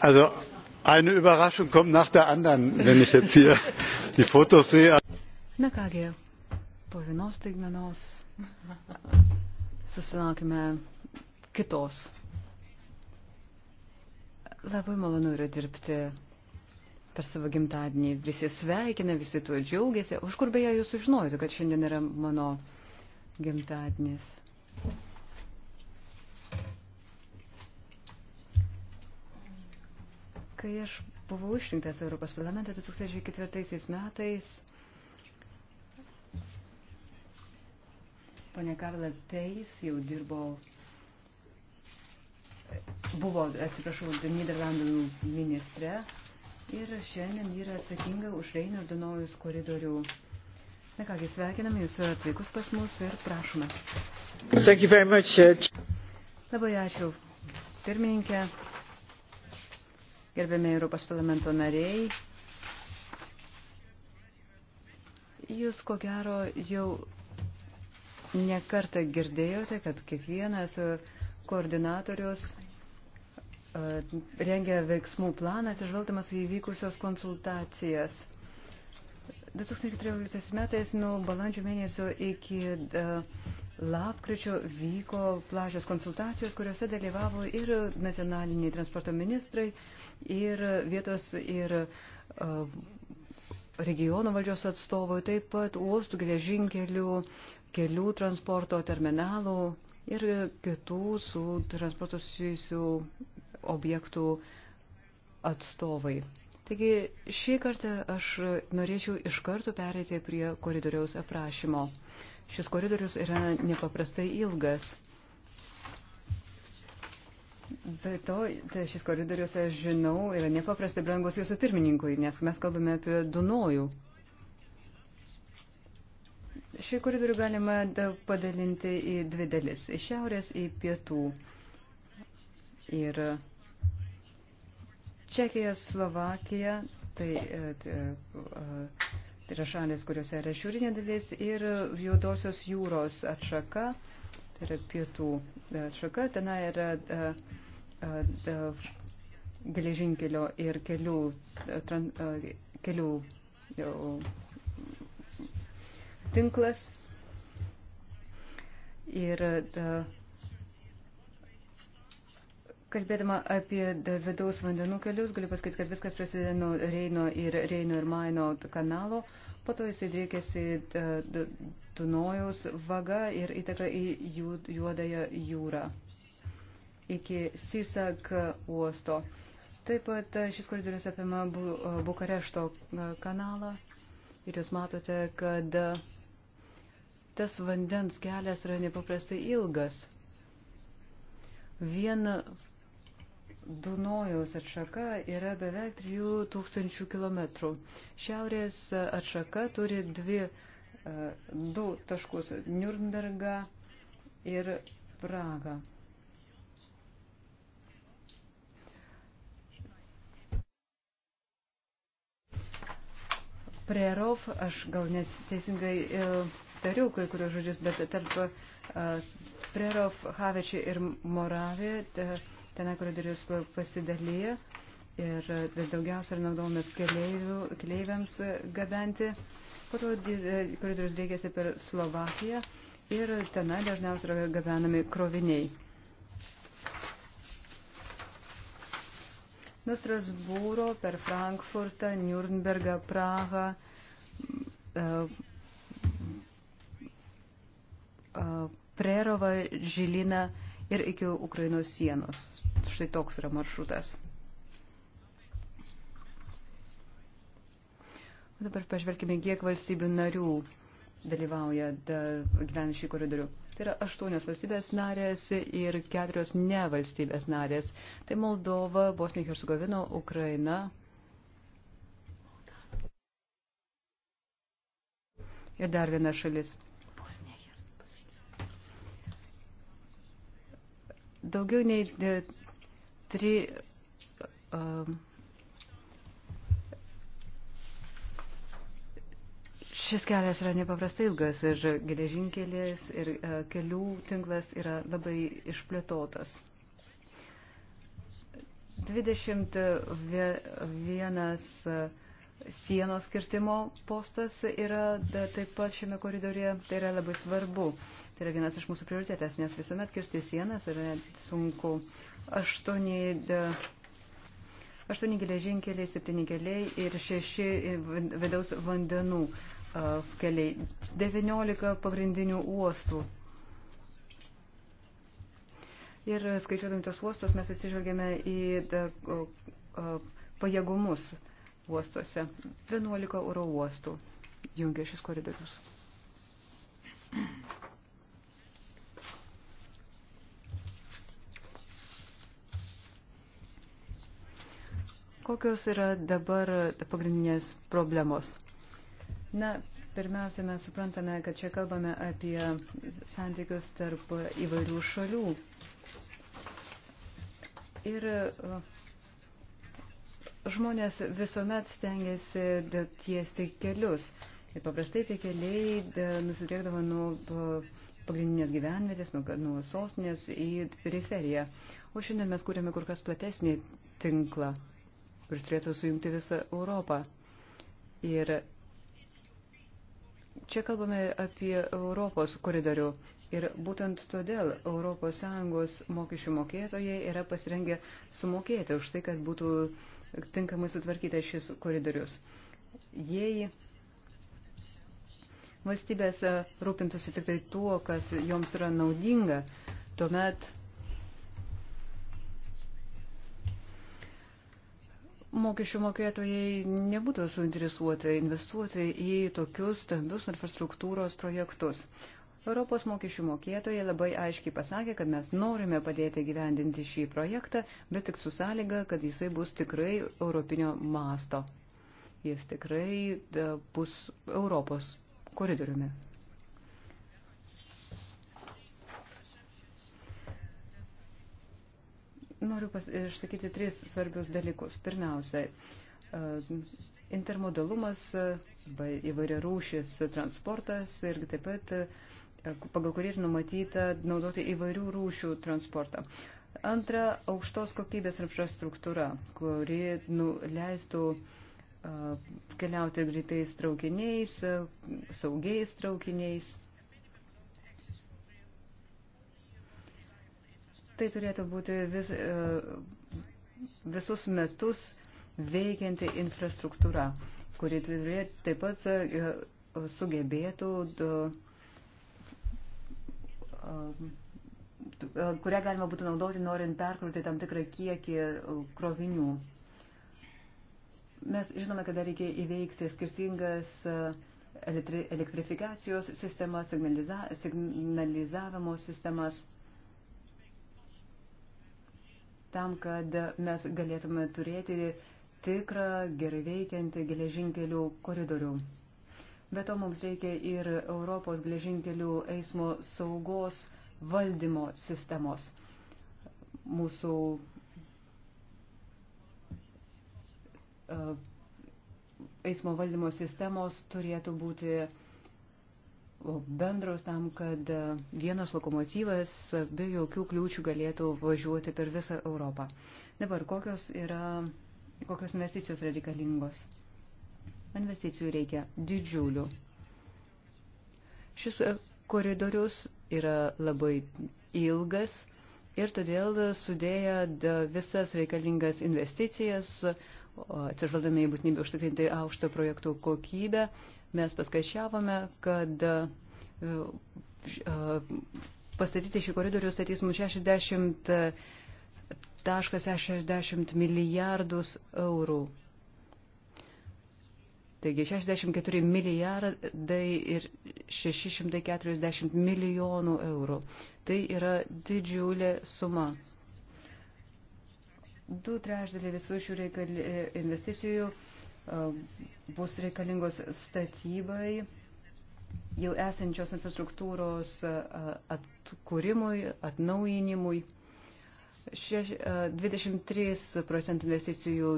Also eine Überraschung kommt nach der anderen, wenn ich jetzt hier die Fotos sehe. Na kągi, po vienos staigmenos susilaukime kitos. Labai malonu yra dirbti per savo gimtadienį. Visi sveikina, visi tuo džiaugiasi. Už kur beje jūs sužinojote, kad šiandien yra mano gimtadienis? Kai aš buvau išrinktas Europos parlamentą 2004 metais, Pone Karla Peis jau dirbo, buvo, atsiprašau, Niderlandų ministre ir šiandien yra atsakinga už Reino ir Dunojus koridorių. Na kągi, sveikiname jūs atvykus pas mus ir prašome. Much, uh, Labai ačiū, pirmininkė gerbėme Europos parlamento nariai. Jūs ko gero jau nekartą girdėjote, kad kiekvienas e, koordinatorius e, rengia veiksmų planą atsižvelgdamas į vykusios konsultacijas. 2013 metais nuo balandžio mėnesio iki uh, lapkričio vyko plažios konsultacijos, kuriuose dalyvavo ir nacionaliniai transporto ministrai, ir vietos, ir uh, regiono valdžios atstovai, taip pat uostų geležinkelių, kelių transporto terminalų ir kitų su transporto susijusių objektų atstovai. Taigi šį kartą aš norėčiau iš karto pereiti prie koridoriaus aprašymo. Uh, Šis koridorius yra nepaprastai ilgas. Be to, tai šis koridorius, aš žinau, yra nepaprastai brangus jūsų pirmininkui, nes mes kalbame apie Dunojų. Šį koridorių galima padalinti į dvi dalis - iš šiaurės į pietų. Ir Čekija, Slovakija, tai, tai Tai yra šalis, kuriuose yra šiūrinė dalis ir juodosios jūros atšaka, tai yra pietų atšaka, ten yra e, e, e, geležinkelio ir kelių, tran, kelių tinklas. Ir uh, Kalbėdama apie vidaus vandenų kelius, galiu pasakyti, kad viskas prasideda nuo Reino ir Reino ir Maino kanalo, po to jisai driekėsi Dunojaus vaga ir įteka į Juodąją jūrą iki Sisak uosto. Taip pat e, šis koridorius apima e, Bukarešto e, kanalą ir jūs matote, kad tas vandens kelias yra nepaprastai ilgas. Vien Dunojaus atšaka yra beveik 3000 km. Šiaurės atšaka turi dvi, e, du taškus - Nürnbergą ir Pragą. Prerov, aš gal neteisingai e, tariu kai kurios žodžius, bet tarp e, Prerov, Havečiai ir Moravė. Ta, ten koridorius pasidalyja ir daugiausia yra naudojamas keleiviams gabenti. Po to koridorius driekiasi per Slovakiją ir tenai dažniausiai yra gabenami kroviniai. Nuo Strasbūro per Frankfurtą, Nürnbergą, Prahą, e, e, Prerovą, Žiliną ir iki Ukrainos sienos. Štai toks yra maršrutas. O dabar pažvelkime, kiek valstybių narių dalyvauja gyvenant šį koridorių. Tai yra aštuonios valstybės narės ir keturios ne valstybės narės. Tai Moldova, Bosnija, Hercegovina, Ukraina. Ir dar viena šalis. Daugiau nei 3. E, um, e, Šis kelias yra nepaprastai ilgas ir geležinkelis ir e, kelių tinklas yra labai išplėtotas. 21 sienos kirtimo postas yra taip pat šiame koridorėje, tai yra labai svarbu. Tai yra vienas iš mūsų prioritetas, nes visuomet kirsti sienas yra sunku. Aštuoni, aštuoni geležinkeliai, septyni keliai ir šeši vidaus vandenų keliai. Devyniolika pagrindinių uostų. Ir skaičiuodami tos uostus mes atsižvelgėme į da, o, o, pajėgumus uostuose. 11 oro uostų jungia šis koridorius. Kokios yra dabar pagrindinės problemos? Na, pirmiausia, mes suprantame, kad čia kalbame apie santykius tarp įvairių šalių. Ir e, žmonės visuomet stengiasi tiesti kelius. Ir paprastai tie keliai nusidriekdavo nuo e, pagrindinės gyvenvietės, nuo, nuo sostinės į periferiją. O šiandien mes kūrėme kur kas platesnį tinklą kuris turėtų sujungti visą Europą. Ir čia kalbame apie Europos koridorių. Ir būtent todėl ES mokesčių mokėtojai yra pasirengę sumokėti už tai, kad būtų tinkamai sutvarkytas šis koridorius. Jei valstybės rūpintųsi tik tai tuo, kas joms yra naudinga, tuomet mokesčių mokėtojai nebūtų suinteresuoti investuoti į tokius stambius infrastruktūros projektus. Europos mokesčių mokėtojai labai aiškiai pasakė, kad mes norime padėti gyvendinti šį projektą, bet tik su sąlyga, kad jisai bus tikrai europinio masto. Jis tikrai bus Europos koridoriumi. Noriu pas, išsakyti tris svarbius dalykus. Pirmiausia, e, intermodalumas, e, įvairia rūšis transportas ir taip pat e, pagal kurį ir numatyta naudoti įvairių rūšių transportą. Antra, aukštos kokybės infrastruktūra, kuri nu, leistų uh, keliauti greitais traukiniais, saugiais traukiniais. Tai turėtų būti vis, e, visus metus veikianti infrastruktūra, kuri turėtų taip pat e, sugebėtų, e, kurią galima būtų naudoti, norint perkrūti tam tikrą kiekį krovinių. Mes žinome, kad dar reikia įveikti skirtingas elektri, elektrifikacijos sistemas, signaliza, signalizavimo sistemas tam, kad mes galėtume turėti tikrą, gerai veikiantį geležinkelių koridorių. Be to mums reikia ir Europos geležinkelių eismo saugos valdymo sistemos. Mūsų e, eismo valdymo sistemos turėtų būti bendros tam, kad vienas lokomotyvas be jokių kliūčių galėtų važiuoti per visą Europą. Dabar, kokios, yra, kokios investicijos yra reikalingos? Investicijų reikia didžiulių. Šis koridorius yra labai ilgas ir todėl sudėję visas reikalingas investicijas, atsižvaldami į būtinybę užtikrinti aukštą projektų kokybę, Mes paskaičiavome, kad e, e, pastatyti šį koridorių statys mums 60,60 e, milijardus eurų. Taigi 64 milijardai ir 640 milijonų eurų. Tai yra didžiulė suma. Du trešdėlė visų šių reikalų investicijų bus reikalingos statybai jau esančios infrastruktūros atkūrimui, atnaujinimui. 23 procentų investicijų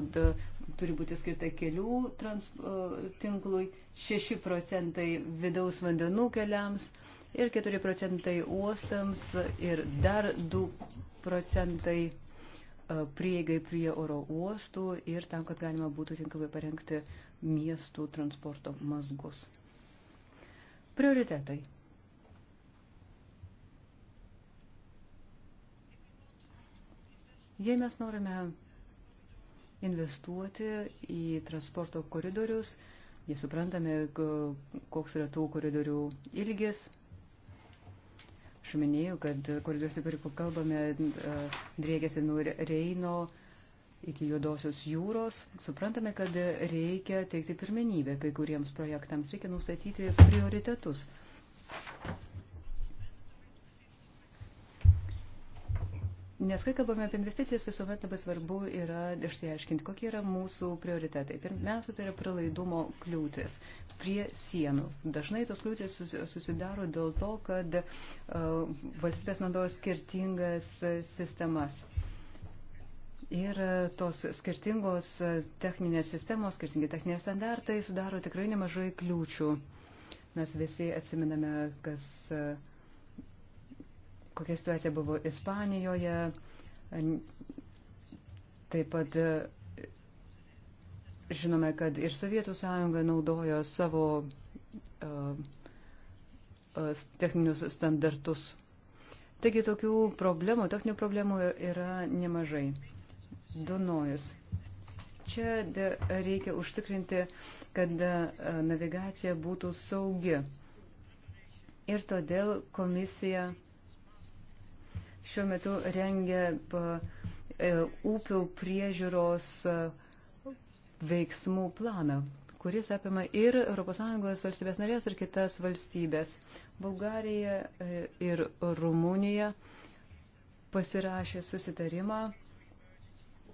turi būti skirta kelių tinklui, 6 procentai vidaus vandenų keliams ir 4 procentai uostams ir dar 2 procentai prieigai prie oro uostų ir tam, kad galima būtų tinkamai parengti miestų transporto mazgus. Prioritetai. Jei mes norime investuoti į transporto koridorius, jie suprantame, koks yra tų koridorių ilgis, Aš minėjau, kad koridorius, apie kurį kalbame, driekiasi nuo Reino iki Juodosios jūros. Suprantame, kad reikia teikti pirmenybę kai kuriems projektams, reikia nustatyti prioritetus. Nes kai kalbame apie investicijas, visuomet labai svarbu yra išsiaiškinti, kokie yra mūsų prioritetai. Pirmiausia, tai yra pralaidumo kliūtis prie sienų. Dažnai tos kliūtis susidaro dėl to, kad uh, valstybės naudoja skirtingas e, sistemas. Ir e, tos skirtingos techninės sistemos, skirtingi techniniai standartai sudaro tikrai nemažai kliūčių. Mes visi atsiminame, kas. Uh, kokia situacija buvo Ispanijoje, taip pat e, žinome, kad ir Sovietų sąjunga naudojo savo e, e, techninius standartus. Taigi tokių problemų, techninių problemų yra nemažai. Dunojus. Čia reikia užtikrinti, kad navigacija būtų saugi. Ir todėl komisija šiuo metu rengia e, upių priežiūros e, veiksmų planą, kuris apima ir ES valstybės narės ir kitas valstybės. Bulgarija e, ir Rumunija pasirašė susitarimą,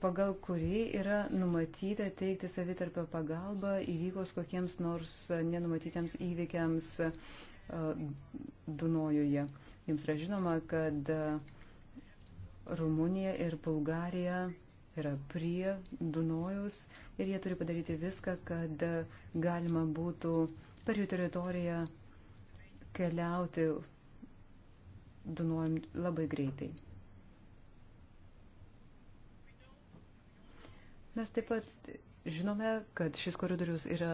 pagal kurį yra numatyta teikti savitarpio pagalbą įvykus kokiems nors nenumatytiems įvykiams Dunojuje. Jums yra žinoma, kad uh, Rumunija ir Bulgarija yra prie Dunojus ir jie turi padaryti viską, kad galima būtų per jų teritoriją keliauti Dunojum labai greitai. Mes taip pat žinome, kad šis koridorius yra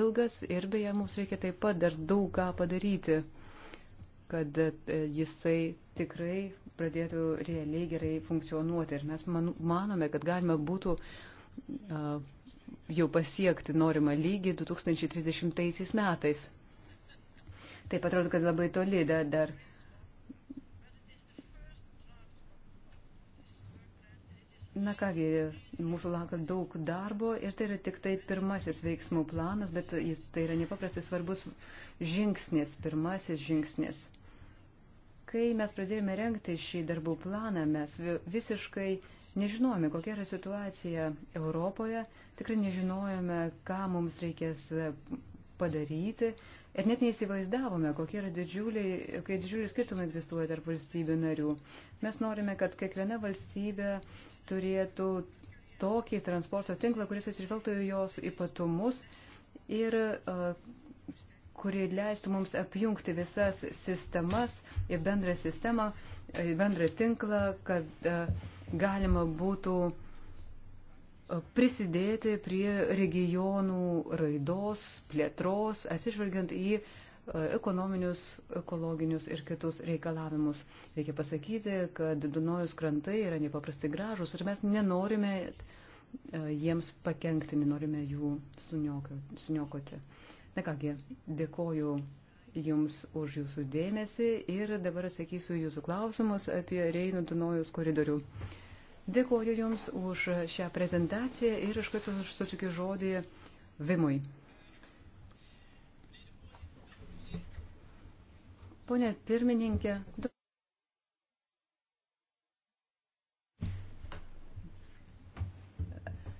ilgas ir beje mums reikia taip pat dar daug ką padaryti kad e, jisai tikrai pradėtų realiai gerai funkcionuoti. Ir mes manome, kad galima būtų jau pasiekti norimą lygį 2030 metais. Taip atrodo, kad labai toli dar. Na kągi, mūsų laukia daug darbo ir tai yra tik tai pirmasis veiksmų planas, bet jis tai yra nepaprastai svarbus žingsnis, pirmasis žingsnis. Kai mes pradėjome renkti šį darbų planą, mes visiškai nežinojome, kokia yra situacija Europoje, tikrai nežinojome, ką mums reikės e, padaryti ir net neįsivaizdavome, kokie yra didžiuliai, kai didžiuliai skirtumai egzistuoja tarp valstybių narių. Mes norime, kad kiekviena valstybė turėtų tokį transporto tinklą, kuris atsižvelgtų jos ypatumus ir uh, kuri leistų mums apjungti visas sistemas į bendrą sistemą, į bendrą tinklą, kad e, galima būtų e, prisidėti prie regionų raidos, plėtros, atsižvelgiant į e, ekonominius, ekologinius ir kitus reikalavimus. Reikia pasakyti, kad Dunojus krantai yra nepaprastai gražus ir mes nenorime jiems pakengti, nenorime jų suniokoti. Na kągi, dėkoju Jums už Jūsų dėmesį ir dabar atsakysiu Jūsų klausimus apie Reinų Dunojus koridorių. Dėkoju Jums už šią prezentaciją ir iš karto sutikiu žodį Vimui. Pone pirmininkė.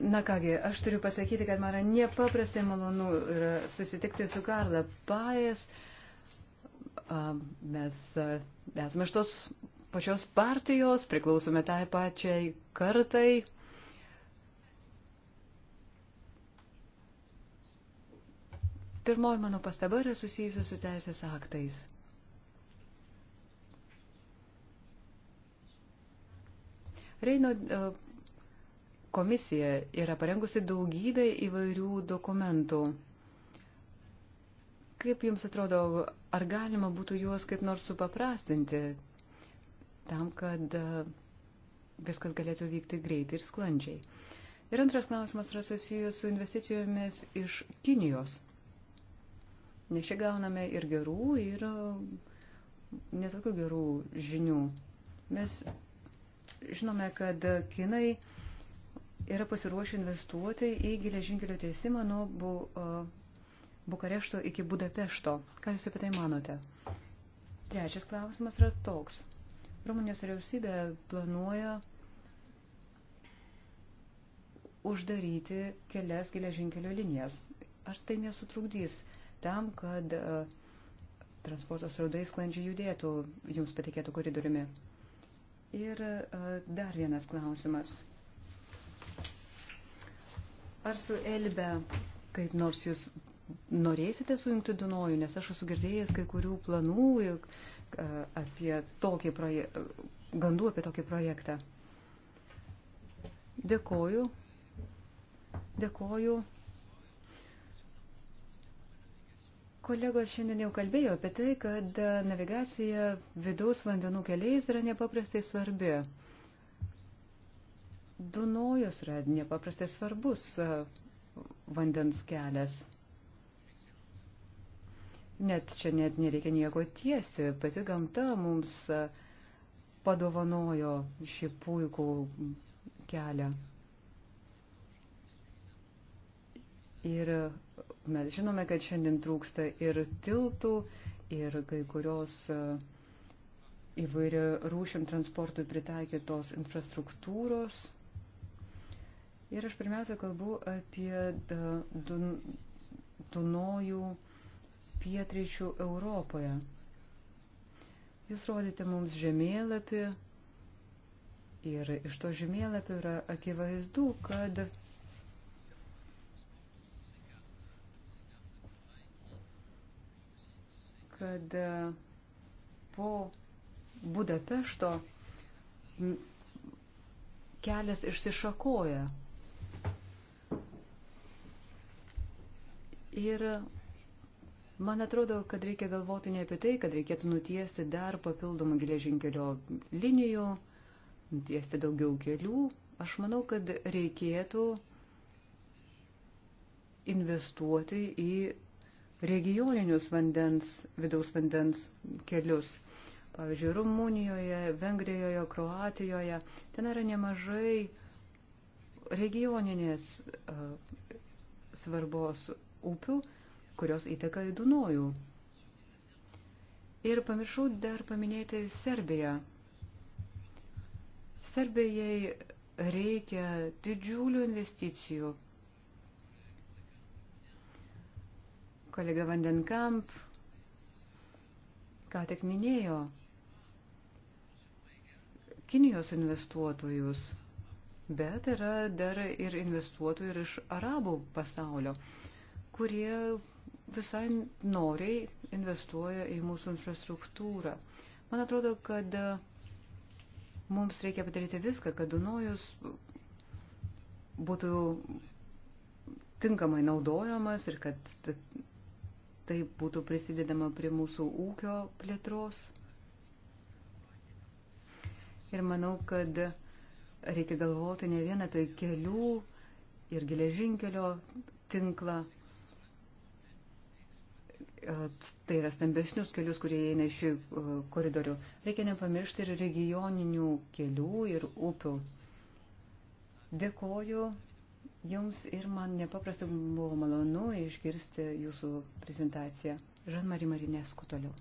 Na kągi, aš turiu pasakyti, kad man yra nepaprastai malonu yra susitikti su Karla Pajas. Mes esame iš tos pačios partijos, priklausome tai pačiai kartai. Pirmoji mano pastaba yra susijusi su teisės aktais. Reino komisija yra parengusi daugybę įvairių dokumentų. Kaip Jums atrodo, ar galima būtų juos kaip nors supaprastinti tam, kad e, viskas galėtų vykti greitai ir sklandžiai? Ir antras klausimas yra susijęs su investicijomis iš Kinijos. Nes čia gauname ir gerų, ir e, netokių gerų žinių. Mes žinome, kad Kinai yra pasiruošę investuoti į geležinkelio tiesimą nuo bu, Bukarešto iki Budapešto. Ką Jūs apie tai manote? Trečias klausimas yra toks. Rumunijos vyriausybė planuoja uždaryti kelias geležinkelio linijas. Ar tai nesutrukdys tam, kad e, transporto sraudai sklandžiai judėtų jums patikėtų koridoriumi? Ir e, dar vienas klausimas. Ar su Elbe kaip nors jūs norėsite sujungti Dunojų, nes aš esu girdėjęs kai kurių planų apie tokį projektą, gandų apie tokį projektą. Dėkoju. Dėkoju. Kolegos šiandien jau kalbėjo apie tai, kad navigacija vidaus vandenų keliais yra nepaprastai svarbi. Dunojus yra nepaprastai svarbus e, vandens kelias. Net čia net nereikia nieko tiesti, pati gamta mums e, padovanojo šį puikų kelią. Ir e, mes žinome, kad šiandien trūksta ir tiltų, ir kai kurios įvairia rūšim transportui pritaikytos infrastruktūros. Ir aš pirmiausia kalbu apie Dunojų pietryčių Europoje. Jūs rodėte mums žemėlapį ir iš to žemėlapio yra akivaizdu, kad kad e, po Budapešto kelias išsišakoja Ir man atrodo, kad reikia galvoti ne apie tai, kad reikėtų nutiesti dar papildomų geležinkelio linijų, nutiesti daugiau kelių. Aš manau, kad reikėtų investuoti į regioninius vandens, vidaus vandens kelius. Pavyzdžiui, Rumunijoje, Vengrijoje, Kroatijoje. Ten yra nemažai regioninės uh, svarbos upių, kurios įteka į Dunojų. Ir pamiršau dar paminėti Serbiją. Serbijai reikia didžiulių investicijų. Kolega Vandenkamp ką tik minėjo Kinijos investuotojus, bet yra dar ir investuotojų ir iš arabų pasaulio kurie visai noriai investuoja į mūsų infrastruktūrą. Man atrodo, kad e, mums reikia padaryti viską, kad Dunojus būtų tinkamai naudojamas ir kad taip būtų prisidedama prie mūsų ūkio plėtros. Ir manau, kad reikia galvoti ne vien apie kelių ir geležinkelio tinklą, tai yra stambesnius kelius, kurie įeina į šį e, koridorių. Reikia nepamiršti ir regioninių kelių ir upių. Dėkoju Jums ir man nepaprastai buvo malonu išgirsti Jūsų prezentaciją. Žan-Mari Marinesku toliau.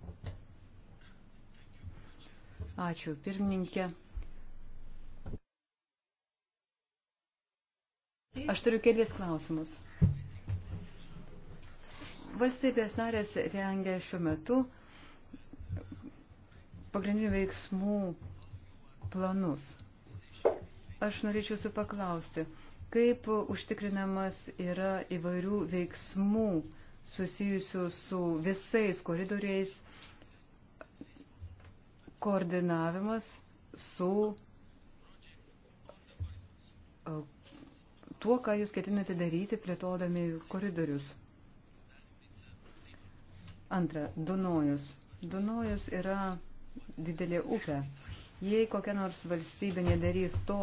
Ačiū, pirmininkė. Aš turiu kelias klausimus. Valstybės narės rengia šiuo metu pagrindinių veiksmų planus. Aš norėčiau jūsų paklausti, kaip užtikrinamas yra įvairių veiksmų susijusių su visais koridoriais koordinavimas su e, tuo, ką jūs ketinate daryti plėtodami koridorius. Antra, Dunojus. Dunojus yra didelė upė. Jei kokia nors valstybė nedarys to,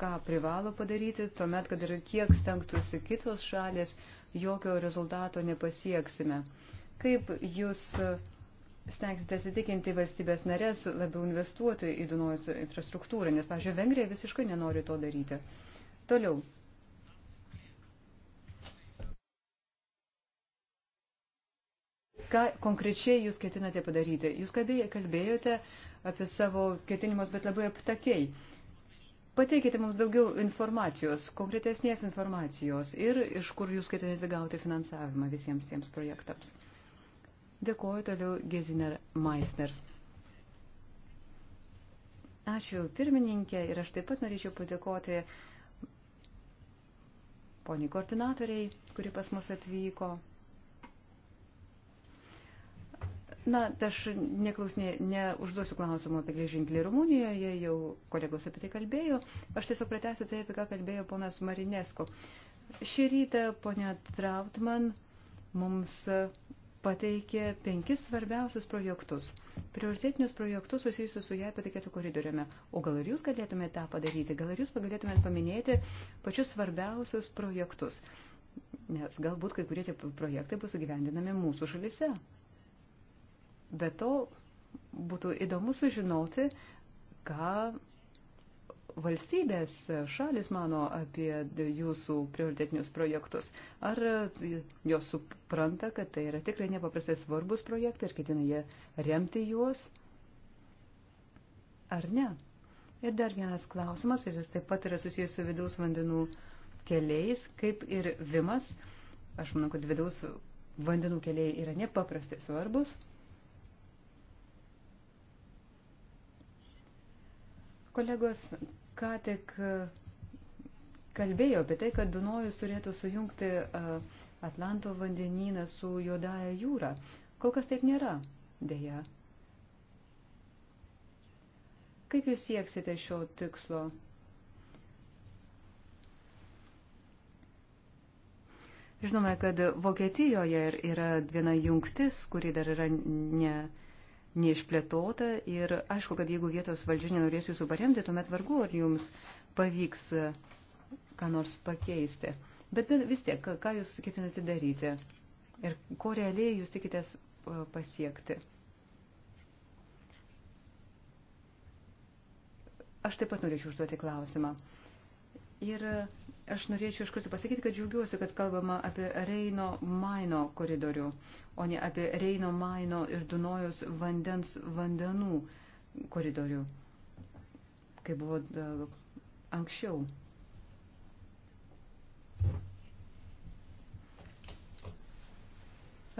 ką privalo padaryti, tuomet, kad ir kiek stengtųsi kitos šalės, jokio rezultato nepasieksime. Kaip jūs stengsite įtikinti valstybės narės labiau investuoti į Dunojus infrastruktūrą, nes, pažiūrėjau, Vengrija visiškai nenori to daryti. Toliau, ką konkrečiai jūs ketinate padaryti. Jūs kalbėjote apie savo ketinimus, bet labai aptakiai. Pateikite mums daugiau informacijos, konkretesnės informacijos ir iš kur jūs ketinate gauti finansavimą visiems tiems projektams. Dėkuoju toliau Geziner Meisner. Ačiū pirmininkė ir aš taip pat norėčiau padėkoti poniai koordinatoriai, kuri pas mus atvyko. Na, tai aš neklausinė, neužduosiu klausimų apie geležinkelį Rumunijoje, jau kolegos apie tai kalbėjo. Aš tiesiog pratęsiu tai, apie ką kalbėjo ponas Marinesko. Šį rytą ponia Trautman mums pateikė penkis svarbiausius projektus. Prioritetinius projektus susijusius su jai patikėtų koridoriumi. O gal ir jūs galėtumėte tą padaryti? Gal ir jūs galėtumėte paminėti pačius svarbiausius projektus? Nes galbūt kai kurie tie projektai bus įgyvendinami mūsų šalise. Be to, būtų įdomu sužinoti, ką valstybės šalis mano apie jūsų prioritetinius projektus. Ar jos supranta, kad tai yra tikrai nepaprastai svarbus projektai ir ketina jie remti juos, ar ne? Ir dar vienas klausimas, ir jis taip pat yra susijęs su vidaus vandenų keliais, kaip ir vimas. Aš manau, kad vidaus vandenų keliai yra nepaprastai svarbus. Kolegos ką tik e, kalbėjo apie tai, kad Dunojus turėtų sujungti e, Atlanto vandenyną su Juodąją jūrą. Kol kas taip nėra, dėja. Kaip jūs sieksite šio tikslo? Žinome, kad Vokietijoje yra viena jungtis, kuri dar yra ne neišplėtota ir aišku, kad jeigu vietos valdžia nenorės jūsų paremti, tuomet vargu ar jums pavyks e, ką nors pakeisti. Bet vis tiek, ką jūs ketinate daryti ir ko realiai jūs tikitės e, pasiekti. Aš taip pat norėčiau užduoti klausimą. Ir aš norėčiau iš karto pasakyti, kad džiaugiuosi, kad kalbama apie Reino Maino koridorių, o ne apie Reino Maino ir Dunojus vandens vandenų koridorių, kaip buvo e, anksčiau.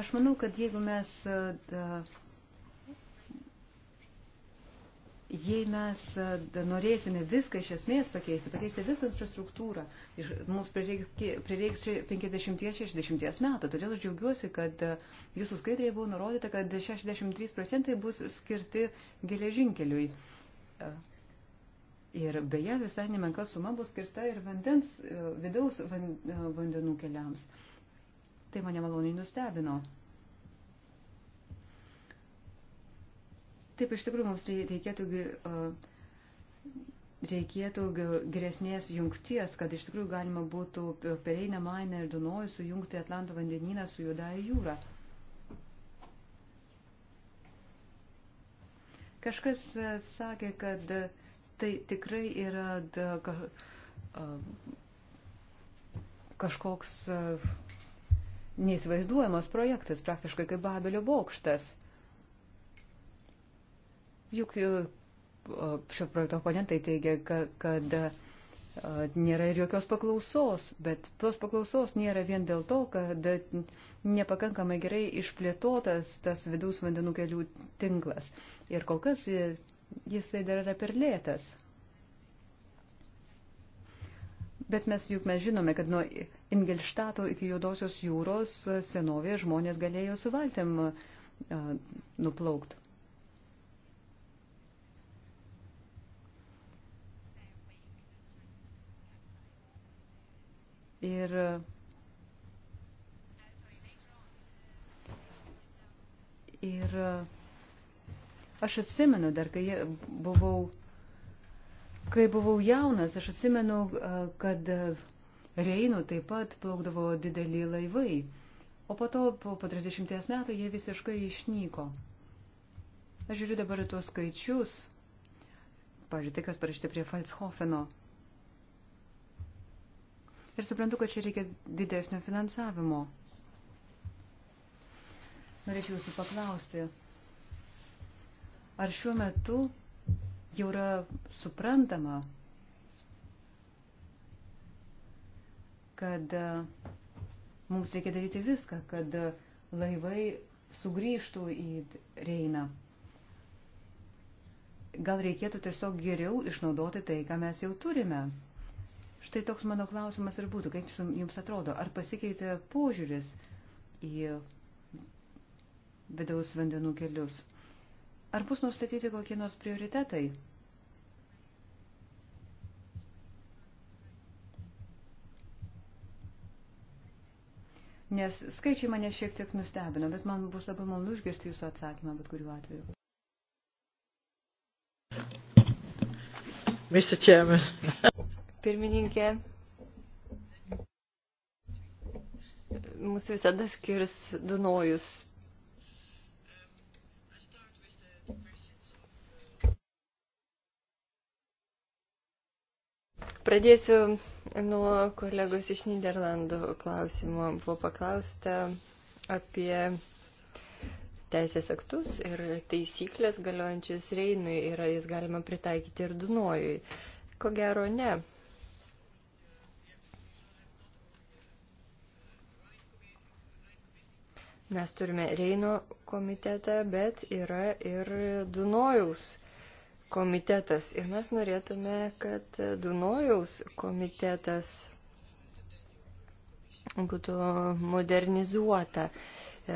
Aš manau, kad jeigu mes da, e, jei mes e, norėsime viską iš esmės pakeisti, pakeisti visą infrastruktūrą, iš, mums prireiks 50-60 metų. Todėl aš džiaugiuosi, kad e, jūsų skaidrėje buvo nurodyta, kad 63 procentai bus skirti geležinkeliui. E, ir beje, visai nemenka suma bus skirta ir vandens, vidaus vandenų keliams. Tai mane maloniai nustebino. Taip, iš tikrųjų, mums reikėtų, reikėtų geresnės jungties, kad iš tikrųjų galima būtų pereinę Mainę ir Dunojų sujungti Atlanto vandenyną su Judąją jūrą. Kažkas e, sakė, kad e, tai tikrai yra kažkoks e, neįsivaizduojamas projektas, praktiškai kaip Babelio bokštas. Juk e, šio projekto oponentai teigia, kad e, nėra ir jokios paklausos, bet tos paklausos nėra vien dėl to, kad nepakankamai gerai išplėtotas tas vidaus vandenų kelių tinklas. Ir kol kas e, jisai dar yra per lėtas. Bet mes juk mes žinome, kad nuo Ingelštato iki Juodosios jūros senovėje žmonės galėjo su valtim nuplaukti. Ir Ir aš atsimenu dar, kai buvau, kai buvau jaunas, aš atsimenu, kad Reinu taip pat plaukdavo dideli laivai, o po to, po 30 metų, jie visiškai išnyko. Aš žiūriu dabar tuos skaičius, pažiūrėjau, tai kas parašyta prie Falshofeno ir suprantu, kad čia reikia didesnio finansavimo. Norėčiau jūsų paklausti, ar šiuo metu jau yra suprantama, kad e, mums reikia daryti viską, kad e, laivai sugrįžtų į Reiną. Gal reikėtų tiesiog geriau išnaudoti tai, ką mes jau turime. Štai toks mano klausimas ir būtų, kaip jums atrodo, ar pasikeitė požiūris į vidaus vandenų kelius? Ar bus nustatyti kokie nors prioritetai? Nes skaičiai mane šiek tiek nustebino, bet man bus labai malonu išgirsti jūsų atsakymą, bet kuriuo atveju. Mr. Chairman. pirmininkė. Mūsų visada skirs Dunojus. Pradėsiu nuo kolegos iš Niderlandų klausimo. Buvo paklausta apie teisės aktus ir taisyklės galiojančias Reinui yra, jis galima pritaikyti ir Dunojui. Ko gero ne. Mes turime Reino komitetą, bet yra ir Dunojaus komitetas. Ir mes norėtume, kad Dunojaus komitetas būtų modernizuota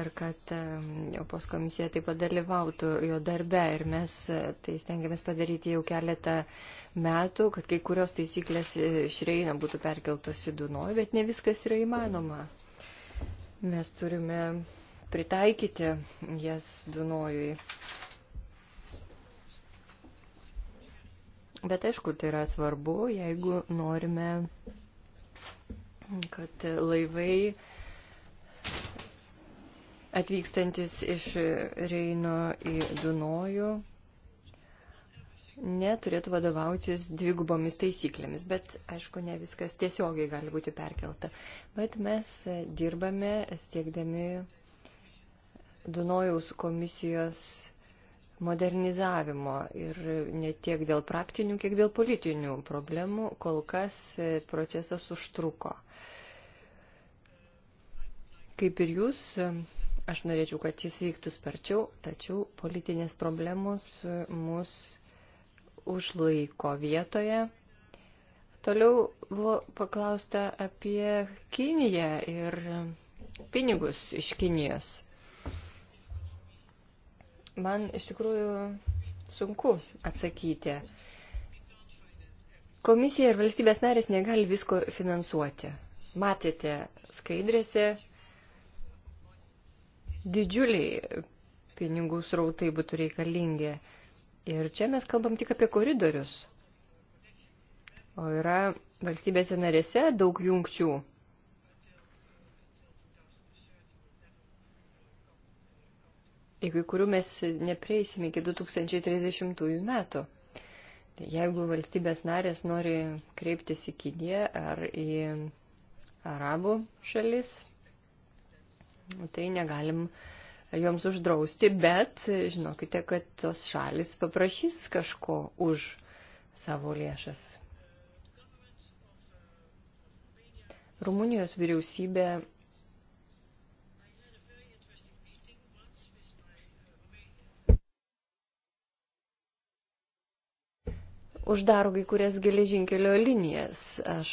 ir kad Europos komisija taip pat dalyvautų jo darbe. Ir mes tai stengiamės padaryti jau keletą metų, kad kai kurios taisyklės iš Reino būtų perkeltos į Dunojų, bet ne viskas yra įmanoma. Mes turime pritaikyti jas Dunojui. Bet aišku, tai yra svarbu, jeigu norime, kad laivai atvykstantis iš Reino į Dunojų neturėtų vadovautis dvigubomis taisyklėmis, bet aišku, ne viskas tiesiogiai gali būti perkelta. Bet mes dirbame siekdami Dunojaus komisijos modernizavimo ir ne tiek dėl praktinių, kiek dėl politinių problemų kol kas e, procesas užtruko. Kaip ir jūs, e, aš norėčiau, kad jis vyktų sparčiau, tačiau politinės problemos e, mus užlaiko vietoje. Toliau buvo paklausta apie Kiniją ir pinigus iš Kinijos. Man iš tikrųjų sunku atsakyti. Komisija ir valstybės narės negali visko finansuoti. Matėte skaidrėse didžiuliai pinigų srautai būtų reikalingi. Ir čia mes kalbam tik apie koridorius. O yra valstybėse narėse daug jungčių iki kurių mes neprieisime iki 2030 metų. Tai jeigu valstybės narės nori kreiptis į Kiniją ar į arabų šalis, tai negalim joms uždrausti, bet žinokite, kad tos šalis paprašys kažko už savo lėšas. Rumunijos vyriausybė uždaro kai kurias geležinkelio linijas. Aš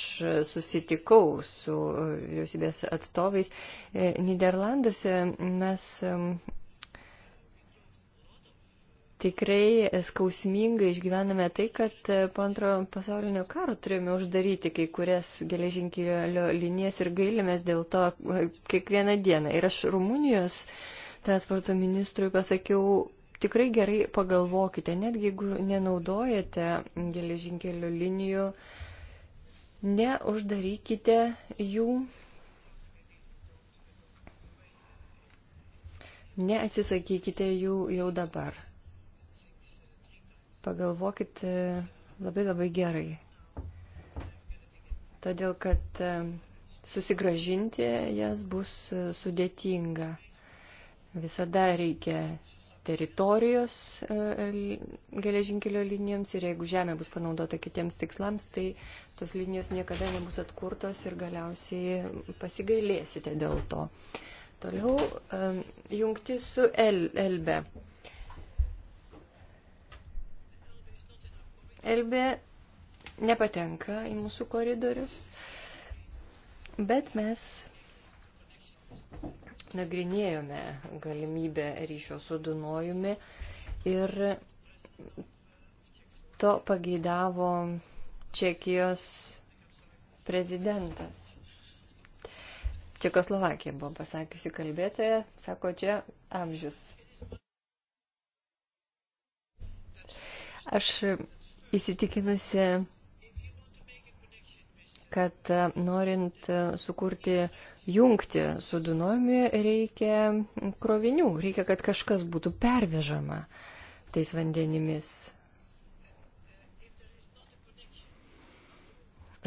susitikau su e, vyriausybės atstovais. E, Niderlanduose mes e, tikrai skausmingai išgyvename tai, kad po antrojo pasaulinio karo turėjome uždaryti kai kurias geležinkelio linijas ir gailimės dėl to kiekvieną dieną. Ir aš Rumunijos transporto ministrui pasakiau, tikrai gerai pagalvokite, netgi jeigu nenaudojate geležinkelio linijų, neuždarykite jų, neatsisakykite jų jau dabar. Pagalvokite labai labai gerai. Todėl, kad e, susigražinti jas bus e, sudėtinga. Visada reikia teritorijos e, e, geležinkelio linijoms ir jeigu žemė bus panaudota kitiems tikslams, tai tos linijos niekada nebus atkurtos ir galiausiai pasigailėsite dėl to. Toliau e, jungti su El, Elbe. Elbe nepatenka į mūsų koridorius, bet mes nagrinėjome galimybę ryšio su Dunojumi ir to pageidavo Čekijos prezidentas. Čekoslovakija buvo pasakiusi kalbėtoja, sako, čia amžius. Aš įsitikinusi kad e, norint e, sukurti jungti su Dunojumi reikia krovinių, reikia, kad kažkas būtų pervežama tais vandenimis.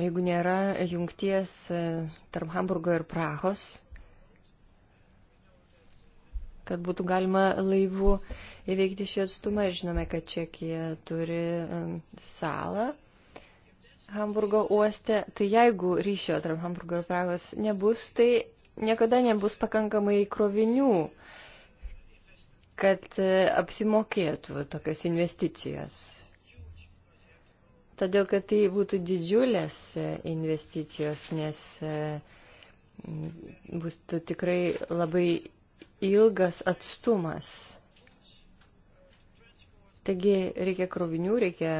Jeigu nėra jungties e, tarp Hamburgo ir Prahos, kad būtų galima laivų įveikti šį atstumą, žinome, kad Čekija turi salą Hamburgo uoste, tai jeigu ryšio tarp Hamburgo ir Pragos nebus, tai niekada nebus pakankamai krovinių, kad e, apsimokėtų tokios investicijos. Todėl, kad tai būtų didžiulės e, investicijos, nes e, bus tikrai labai ilgas atstumas. Taigi reikia krovinių, reikia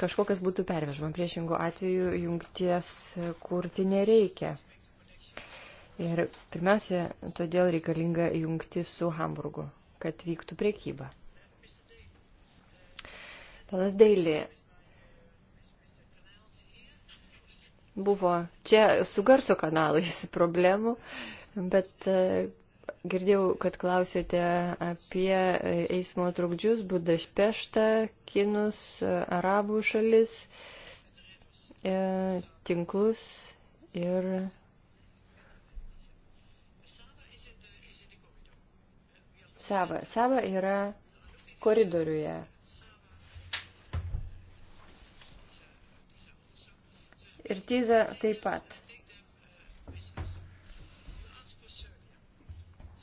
kažkokas būtų pervežama. Priešingų atveju jungties kurti nereikia. Ir pirmiausia, todėl reikalinga jungti su Hamburgu, kad vyktų priekyba. Panas Dailė buvo čia su garso kanalais problemų, bet Girdėjau, kad klausėte apie eismo trukdžius Budapeštą, Kinus, Arabų šalis, e, tinklus ir. Sava. Sava yra koridoriuje. Ir Tiza taip pat.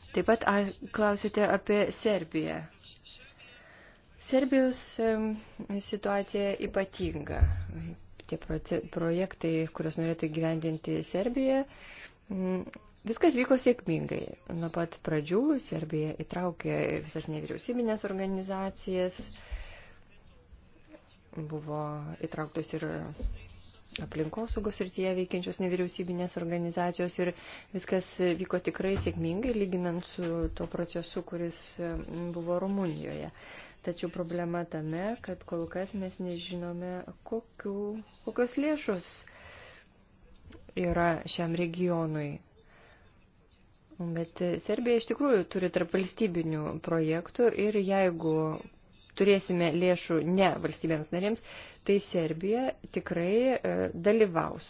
Taip pat a, klausėte apie Serbiją. Serbijos situacija ypatinga. Tie projektai, kuriuos norėtų gyvendinti Serbija, viskas vyko sėkmingai. Nuo pat pradžių Serbija įtraukė visas nevyriausybinės organizacijas, buvo įtrauktos ir aplinkosaugos rytyje veikiančios nevyriausybinės organizacijos ir viskas vyko tikrai sėkmingai, lyginant su tuo procesu, kuris buvo Rumunijoje. Tačiau problema tame, kad kol kas mes nežinome, kokiu, kokios lėšos yra šiam regionui. Bet Serbija iš tikrųjų turi tarp valstybinių projektų ir jeigu turėsime lėšų ne valstybėms narėms, tai Serbija tikrai e, dalyvaus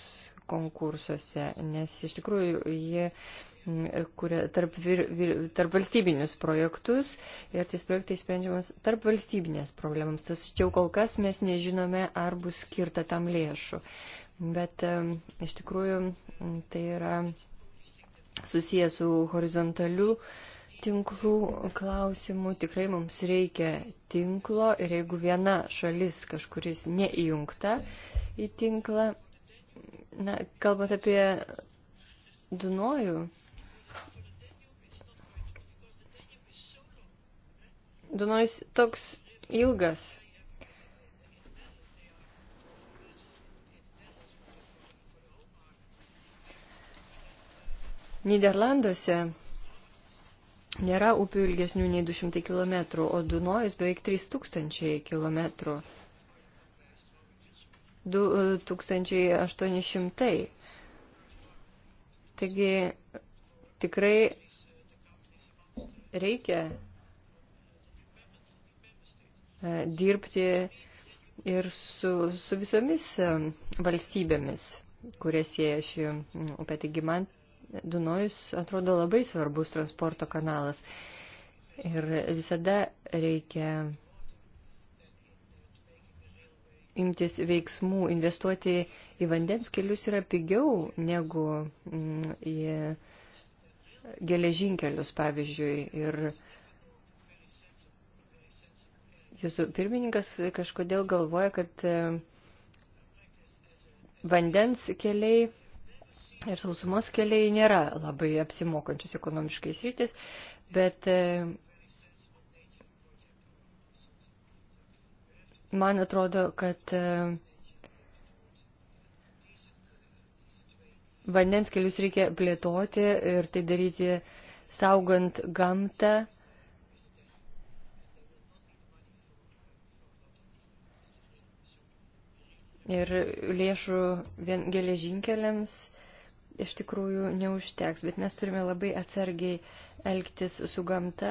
konkursuose, nes iš tikrųjų jie kuria tarp, vir, vir, tarp valstybinius projektus ir tais projektais sprendžiamas tarp valstybinės problemams. Tačiau kol kas mes nežinome, ar bus skirta tam lėšų. Bet e, iš tikrųjų tai yra susijęs su horizontaliu uh, tinklų klausimų. Tikrai mums reikia tinklo ir jeigu viena šalis kažkuris neįjungta į tinklą, na, kalbant apie Dunojų, Dunojus toks ilgas. Niderlanduose Nėra upių ilgesnių nei 200 km, o Dunojus beveik 3000 km. 2800. Taigi tikrai reikia e, dirbti ir su, su visomis e, valstybėmis, kurie sieja šį upę. Taigi man Dunojus atrodo labai svarbus transporto kanalas. Ir visada reikia imtis veiksmų, investuoti į vandens kelius yra pigiau negu mm, į geležinkelius, pavyzdžiui. Ir jūsų pirmininkas kažkodėl galvoja, kad e, vandens keliai ir sausumos keliai nėra labai apsimokančios ekonomiškai sritis, bet e, man atrodo, kad e, vandens kelius reikia plėtoti ir tai daryti saugant gamtą. Ir lėšų vien geležinkeliams iš tikrųjų neužteks, bet mes turime labai atsargiai elgtis su gamta,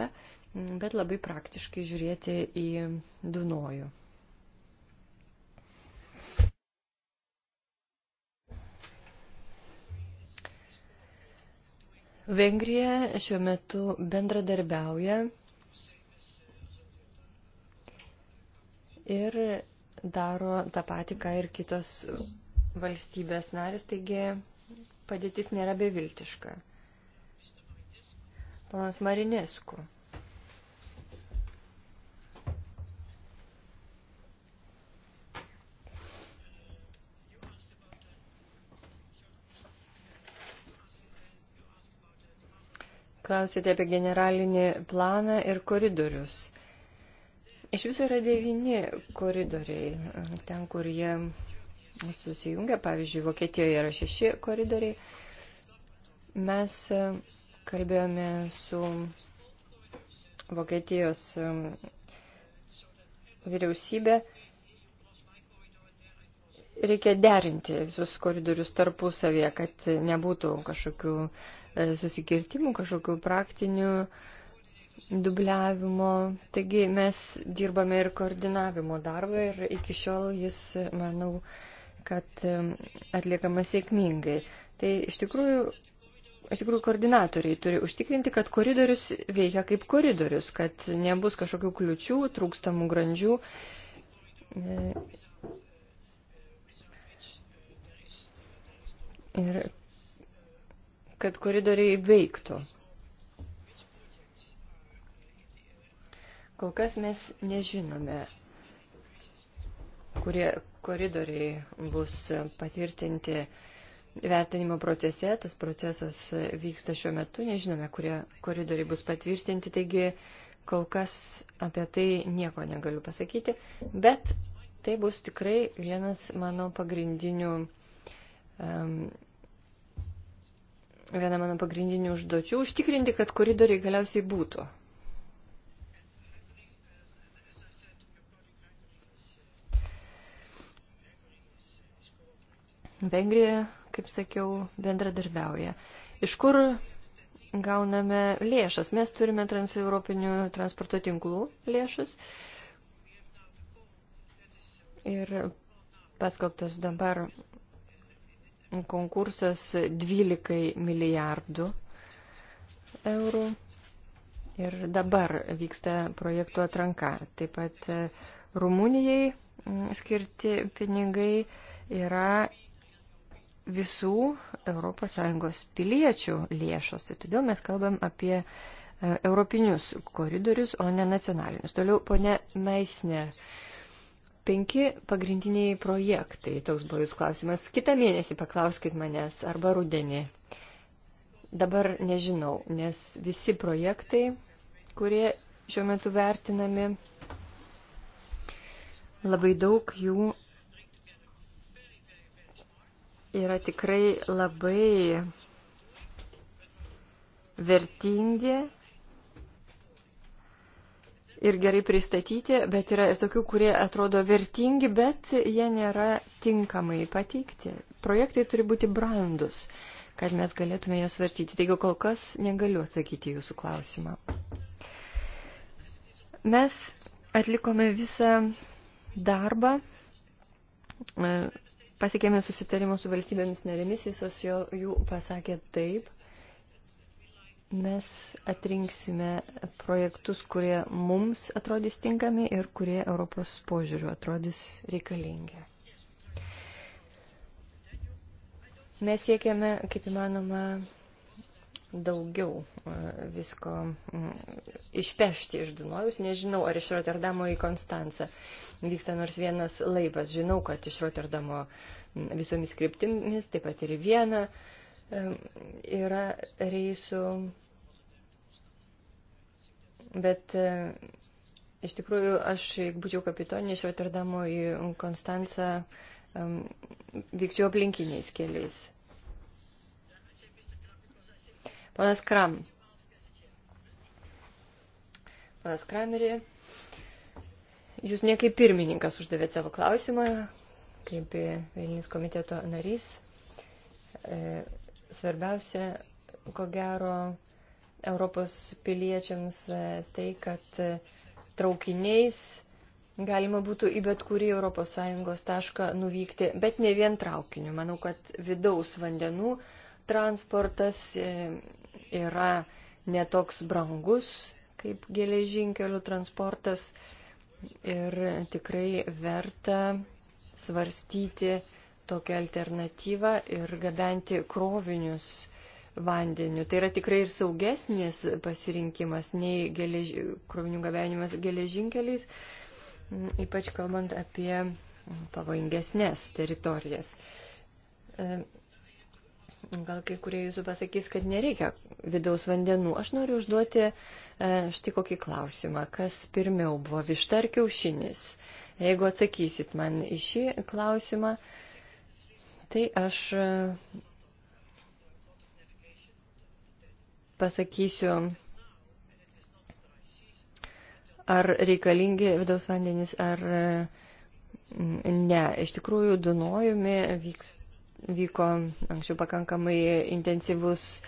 bet labai praktiškai žiūrėti į Dunojų. Vengrija šiuo metu bendradarbiauja ir daro tą patį, ką ir kitos valstybės narės, taigi padėtis nėra beviltiška. Ponas Marinesku. Klausėte apie generalinį planą ir koridorius. Iš viso yra devyni koridoriai, ten, kur jie susijungia, pavyzdžiui, Vokietijoje yra šeši koridoriai. Mes e, kalbėjome su Vokietijos e, vyriausybė. Reikia derinti visus koridorius tarpusavėje, kad nebūtų kažkokių e, susikirtimų, kažkokių praktinių dubliavimo. Taigi mes dirbame ir koordinavimo darbą ir iki šiol jis, manau, uh, kad atliekama sėkmingai. Tai iš tikrųjų, iš tikrųjų koordinatoriai turi užtikrinti, kad koridorius veikia kaip koridorius, kad nebus kažkokių kliučių, trūkstamų grandžių. E, ir kad koridoriai veiktų. Kol kas mes nežinome, kurie, koridoriai bus patvirtinti vertinimo procese. Tas procesas vyksta šiuo metu, nežinome, kurie koridoriai bus patvirtinti, taigi kol kas apie tai nieko negaliu pasakyti, bet tai bus tikrai vienas mano pagrindinių. Um, Viena mano pagrindinių užduočių - užtikrinti, kad koridoriai galiausiai būtų Vengrija, kaip sakiau, bendradarbiauja. Iš kur gauname lėšas? Mes turime transeuropinių transporto tinklų lėšas. Ir paskalbtas dabar konkursas 12 milijardų eurų. Ir dabar vyksta projektų atranka. Taip pat Rumunijai mm, skirti pinigai yra visų ES piliečių lėšos. Tai todėl mes kalbam apie e, europinius koridorius, o ne nacionalinius. Toliau, ponė Meisner, penki pagrindiniai projektai, toks buvo jūs klausimas. Kitą mėnesį paklauskit manęs arba rudenį. Dabar nežinau, nes visi projektai, kurie šiuo metu vertinami, labai daug jų yra tikrai labai vertingi ir gerai pristatyti, bet yra ir tokių, kurie atrodo vertingi, bet jie nėra tinkamai pateikti. Projektai turi būti brandus, kad mes galėtume juos svartyti. Taigi kol kas negaliu atsakyti jūsų klausimą. Mes atlikome visą darbą pasiekėme susitarimą su valstybėmis narėmis, visos jų pasakė taip. Mes atrinksime projektus, kurie mums atrodys tinkami ir kurie Europos požiūriu atrodys reikalingi. Mes siekiame, kaip įmanoma, daugiau e, visko išpešti iš Dunojus. Nežinau, ar iš Rotterdamo į Konstancą vyksta nors vienas laivas. Žinau, kad iš Rotterdamo visomis kryptimis, taip pat ir į Vieną, e, yra reisų. Bet e, iš tikrųjų, aš, jeigu būčiau kapitonė iš Rotterdamo į Konstancą, vykčiau aplinkiniais keliais. Panas Kram. Panas Kramerį, jūs ne kaip pirmininkas uždavėt savo klausimą, kaip Vilnius komiteto narys. E, svarbiausia, ko gero, Europos piliečiams e, tai, kad e, traukiniais galima būtų į bet kurį ES tašką nuvykti, bet ne vien traukiniu. Manau, kad vidaus vandenų transportas yra netoks brangus kaip geležinkelių transportas ir tikrai verta svarstyti tokią alternatyvą ir gabenti krovinius vandeniu. Tai yra tikrai ir saugesnis pasirinkimas nei gelež... krovinių gabenimas geležinkeliais, ypač kalbant apie pavojingesnės teritorijas. Gal kai kurie jūsų pasakys, kad nereikia vidaus vandenų. Aš noriu užduoti e, štai kokį klausimą. Kas pirmiau buvo višta ar kiaušinis? Jeigu atsakysit man į šį klausimą, tai aš e, pasakysiu, ar reikalingi vidaus vandenys ar e, ne. Iš tikrųjų, Dunojumi vyksta vyko anksčiau pakankamai intensyvus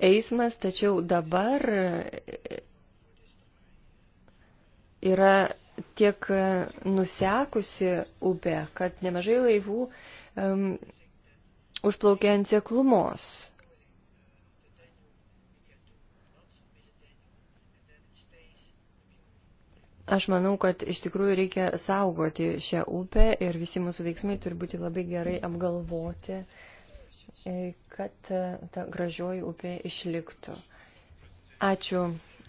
eismas, tačiau dabar yra tiek nusekusi upė, kad nemažai laivų um, užplaukė ant sėklumos. Aš manau, kad iš tikrųjų reikia saugoti šią upę ir visi mūsų veiksmai turi būti labai gerai apgalvoti, e, kad e, ta gražioji upė išliktų. Ačiū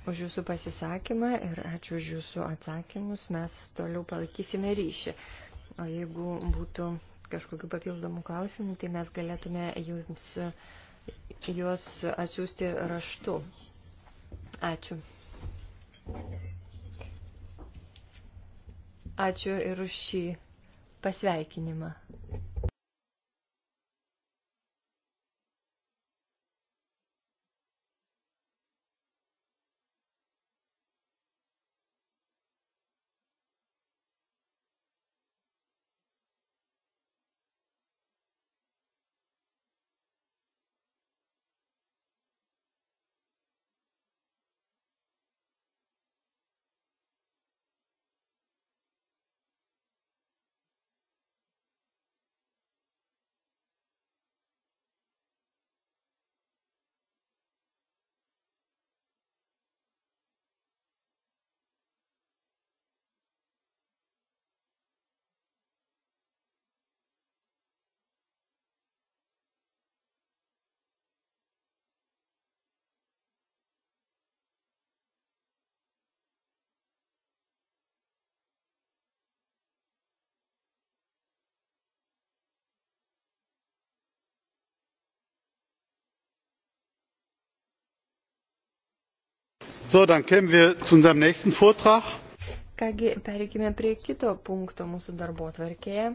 už Jūsų pasisakymą ir ačiū už Jūsų atsakymus. Mes toliau palaikysime ryšį. O jeigu būtų kažkokių papildomų klausimų, tai mes galėtume jums juos atsiųsti raštu. Ačiū. Thank you. Ačiū ir už šį pasveikinimą. So, dann kämen wir zu unserem nächsten Vortrag. Kągi, pereikime prie kito punkto mūsų darbo tvarkėje.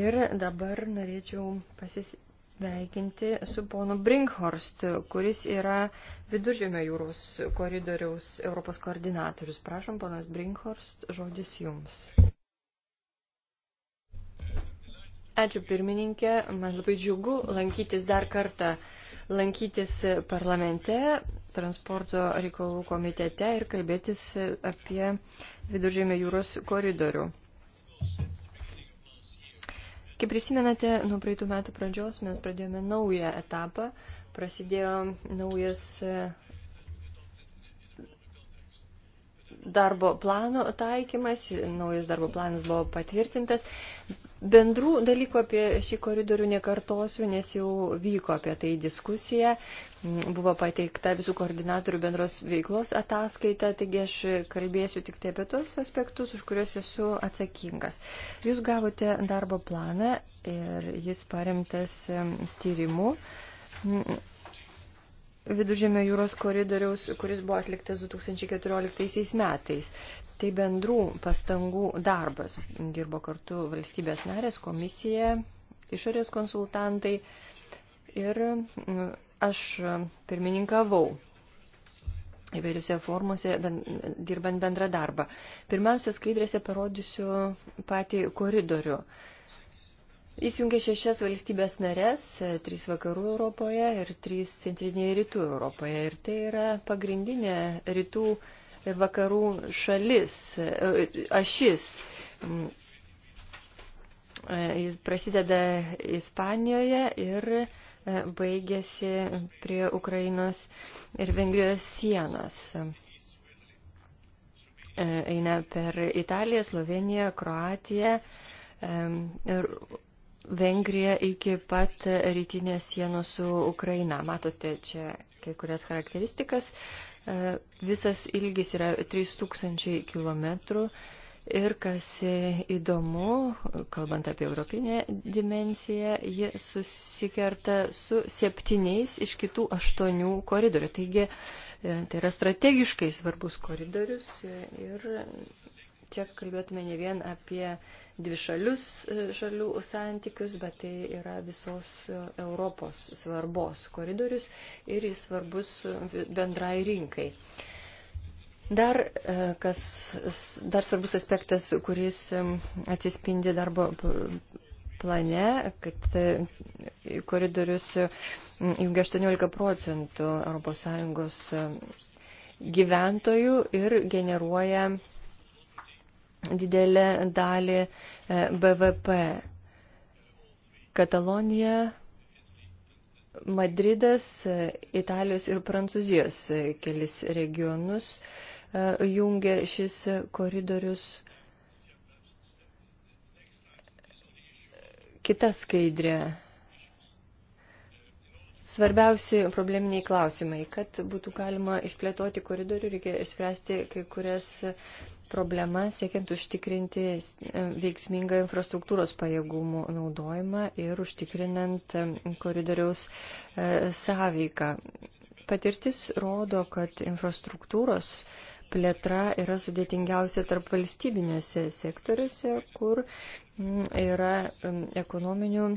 Ir dabar norėčiau pasisveikinti su ponu Brinkhorst, kuris yra Viduržėmio jūros koridoriaus Europos koordinatorius. Prašom, ponas Brinkhorst, žodis jums. Ačiū pirmininkė, man labai džiugu lankytis dar kartą uh, lankytis parlamente, transporto reikalų komitete ir kalbėtis apie viduržėmio jūros koridorių. Kaip prisimenate, nuo praeitų metų pradžios mes pradėjome naują etapą, prasidėjo naujas e, darbo plano taikymas, naujas darbo planas buvo patvirtintas, Bendrų dalykų apie šį koridorių nekartosiu, nes jau vyko apie tai diskusija. Buvo pateikta visų koordinatorių bendros veiklos ataskaita, taigi aš kalbėsiu tik tai apie tos aspektus, už kuriuos esu atsakingas. Jūs gavote darbo planą ir jis paremtas tyrimu Viduržėmio jūros koridoriaus, kuris buvo atliktas 2014 metais. Tai bendrų pastangų darbas. Dirbo kartu valstybės narės, komisija, išorės konsultantai ir aš pirmininkavau įvairiuose formuose ben, dirbant bendrą darbą. Pirmiausia, skaidrėse parodysiu patį koridorių. Uh, Jis jungia šešias valstybės narės, e, trys vakarų Europoje ir trys centrinėje rytų Europoje. Ir tai yra pagrindinė rytų ir vakarų šalis, e, e, ašis. Mm. Jis prasideda Ispanijoje ir baigėsi prie Ukrainos ir Vengrijos sienos eina per Italiją, Sloveniją, Kroatiją ir Vengrija iki pat rytinės sienos su Ukraina. Matote čia kai kurias charakteristikas. E, visas ilgis yra 3000 km. Ir kas įdomu, kalbant apie europinę dimensiją, ji susikerta su septyniais iš kitų aštuonių koridorių. Taigi e, tai yra strategiškai svarbus koridorius ir čia kalbėtume ne vien apie dvišalius e, šalių santykius, bet tai yra visos e, Europos svarbos koridorius ir jis svarbus e, bendrai rinkai. Dar, kas, dar svarbus aspektas, kuris atsispindi darbo plane, kad koridorius jungia 18 procentų ES gyventojų ir generuoja didelę dalį e, BVP. Katalonija, Madridas, e, Italijos ir Prancūzijos e, kelis regionus jungia šis koridorius. Kita skaidrė Svarbiausi probleminiai klausimai, kad būtų galima išplėtoti koridorių, reikia išspręsti kai kurias problemas, siekiant užtikrinti veiksmingą infrastruktūros pajėgumų naudojimą ir užtikrinant koridoriaus e, sąveiką. Patirtis rodo, kad infrastruktūros plėtra yra sudėtingiausia tarp valstybinėse sektoriuose, kur yra ekonominių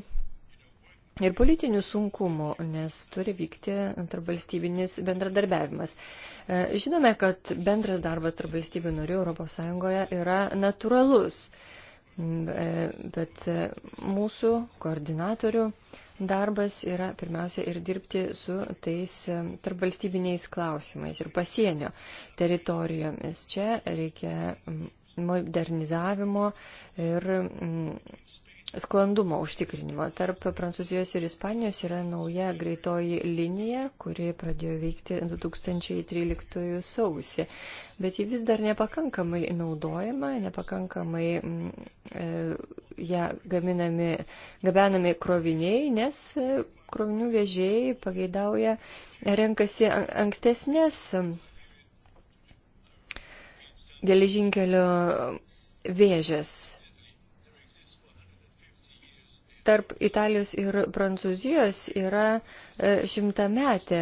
ir politinių sunkumų, nes turi vykti tarpvalstybinis bendradarbiavimas. E, žinome, kad bendras darbas tarp valstybių narių ES yra natūralus, e, bet mūsų koordinatorių darbas yra pirmiausia ir dirbti su tais e, tarpvalstybiniais klausimais ir pasienio teritorijomis. Čia reikia modernizavimo ir sklandumo užtikrinimo. Tarp Prancūzijos ir Ispanijos yra nauja greitoji linija, kuri pradėjo veikti 2013 sausį, bet ji vis dar nepakankamai naudojama, nepakankamai mm, e, ją gaminami, gabenami kroviniai, nes e, krovinių vežėjai pageidauja, renkasi ankstesnės geležinkelio vėžės tarp Italijos ir Prancūzijos yra e, šimtametė.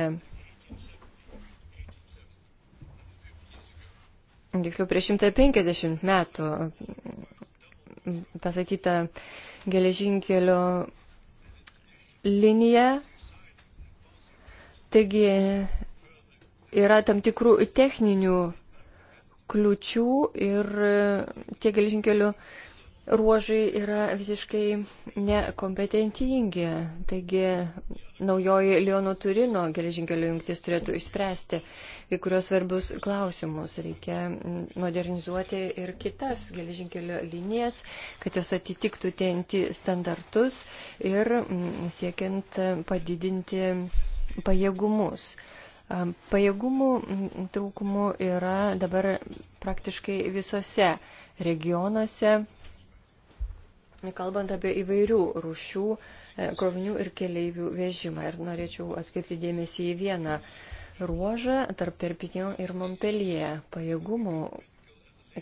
Tiksliau, prieš 150 metų pasakyta geležinkelio linija. Taigi yra tam tikrų techninių kliučių ir e, tie geležinkelių ruožai yra visiškai nekompetentingi. Taigi naujoji Leono Turino geležinkelio jungtis turėtų išspręsti kai kurios svarbius klausimus. Reikia modernizuoti ir kitas geležinkelio linijas, kad jos atitiktų TNT standartus ir mm, siekiant padidinti pajėgumus. Pajėgumų mm, trūkumų yra dabar praktiškai visose regionuose kalbant apie įvairių rušių e, krovinių ir keleivių vežimą. Ir norėčiau atkreipti dėmesį į vieną ruožą tarp Perpignan ir Montpellier. Pajėgumų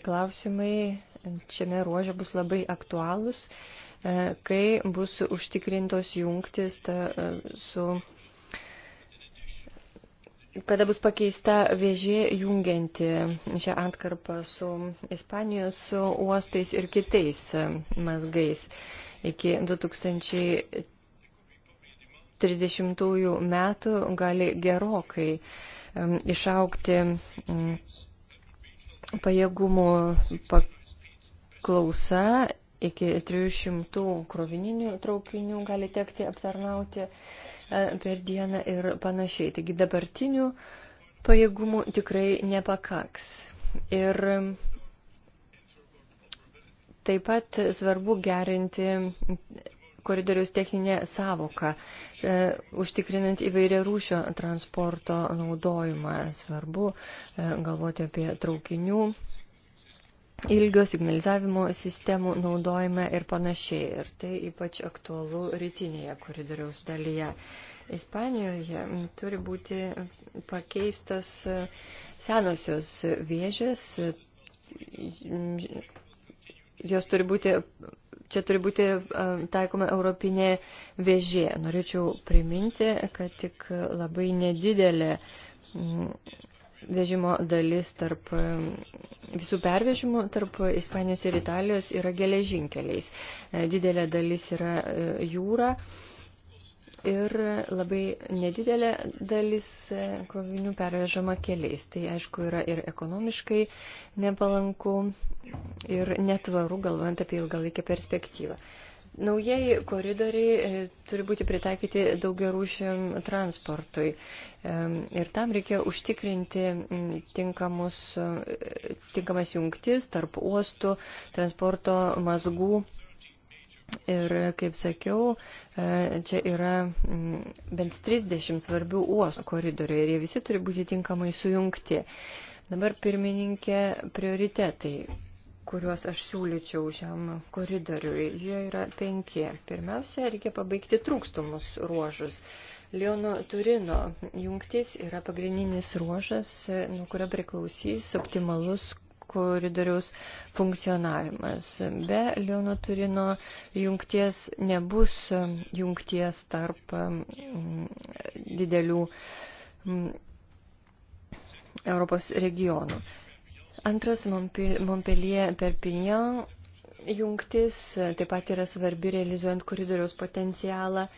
klausimai šiame ruože bus labai aktualūs, e, kai bus užtikrintos jungtis ta, e, su kada bus pakeista vėžė jungianti šią atkarpą su Ispanijos su uostais ir kitais mazgais. Iki 2030 metų gali gerokai išaukti pajėgumų paklausa. Iki 300 krovininių traukinių gali tekti aptarnauti E, per dieną ir panašiai. Taigi dabartinių pajėgumų tikrai nepakaks. Ir taip pat svarbu gerinti koridoriaus techninę savoką, e, užtikrinant įvairia rūšio transporto naudojimą. Svarbu e, galvoti apie traukinių ilgio signalizavimo sistemų naudojime ir panašiai. Ir tai ypač aktualu rytinėje koridoriaus dalyje. Ispanijoje turi būti pakeistos senosios vėžės, jos turi būti, čia turi būti taikoma europinė vėžė. Norėčiau priminti, kad tik labai nedidelė vežimo dalis tarp visų pervežimų tarp Ispanijos ir Italijos yra geležinkeliais. E, didelė dalis yra e, jūra ir labai nedidelė dalis e, krovinių pervežama keliais. Tai aišku yra ir ekonomiškai nepalanku ir netvaru, galvojant apie ilgalaikę perspektyvą. Naujieji koridoriai e, turi būti pritaikyti daugiarūšiam transportui ir tam reikia užtikrinti tinkamus, e, tinkamas jungtis tarp uostų, transporto mazgų Ir, kaip sakiau, e, čia yra bent 30 svarbių uostų koridorių ir jie visi turi būti tinkamai sujungti. Dabar pirmininkė prioritetai kuriuos aš siūlyčiau šiam koridoriui. Jie yra penki. Pirmiausia, reikia pabaigti trūkstumus ruožus. Liono Turino jungtis yra pagrindinis ruožas, nuo kurio priklausys optimalus koridoriaus funkcionavimas. Be Liono Turino jungties nebus jungties tarp mm, didelių mm, Europos regionų. Antras Montpellier-Perpignan jungtis e, taip pat yra svarbi realizuojant koridoriaus potencialą. E,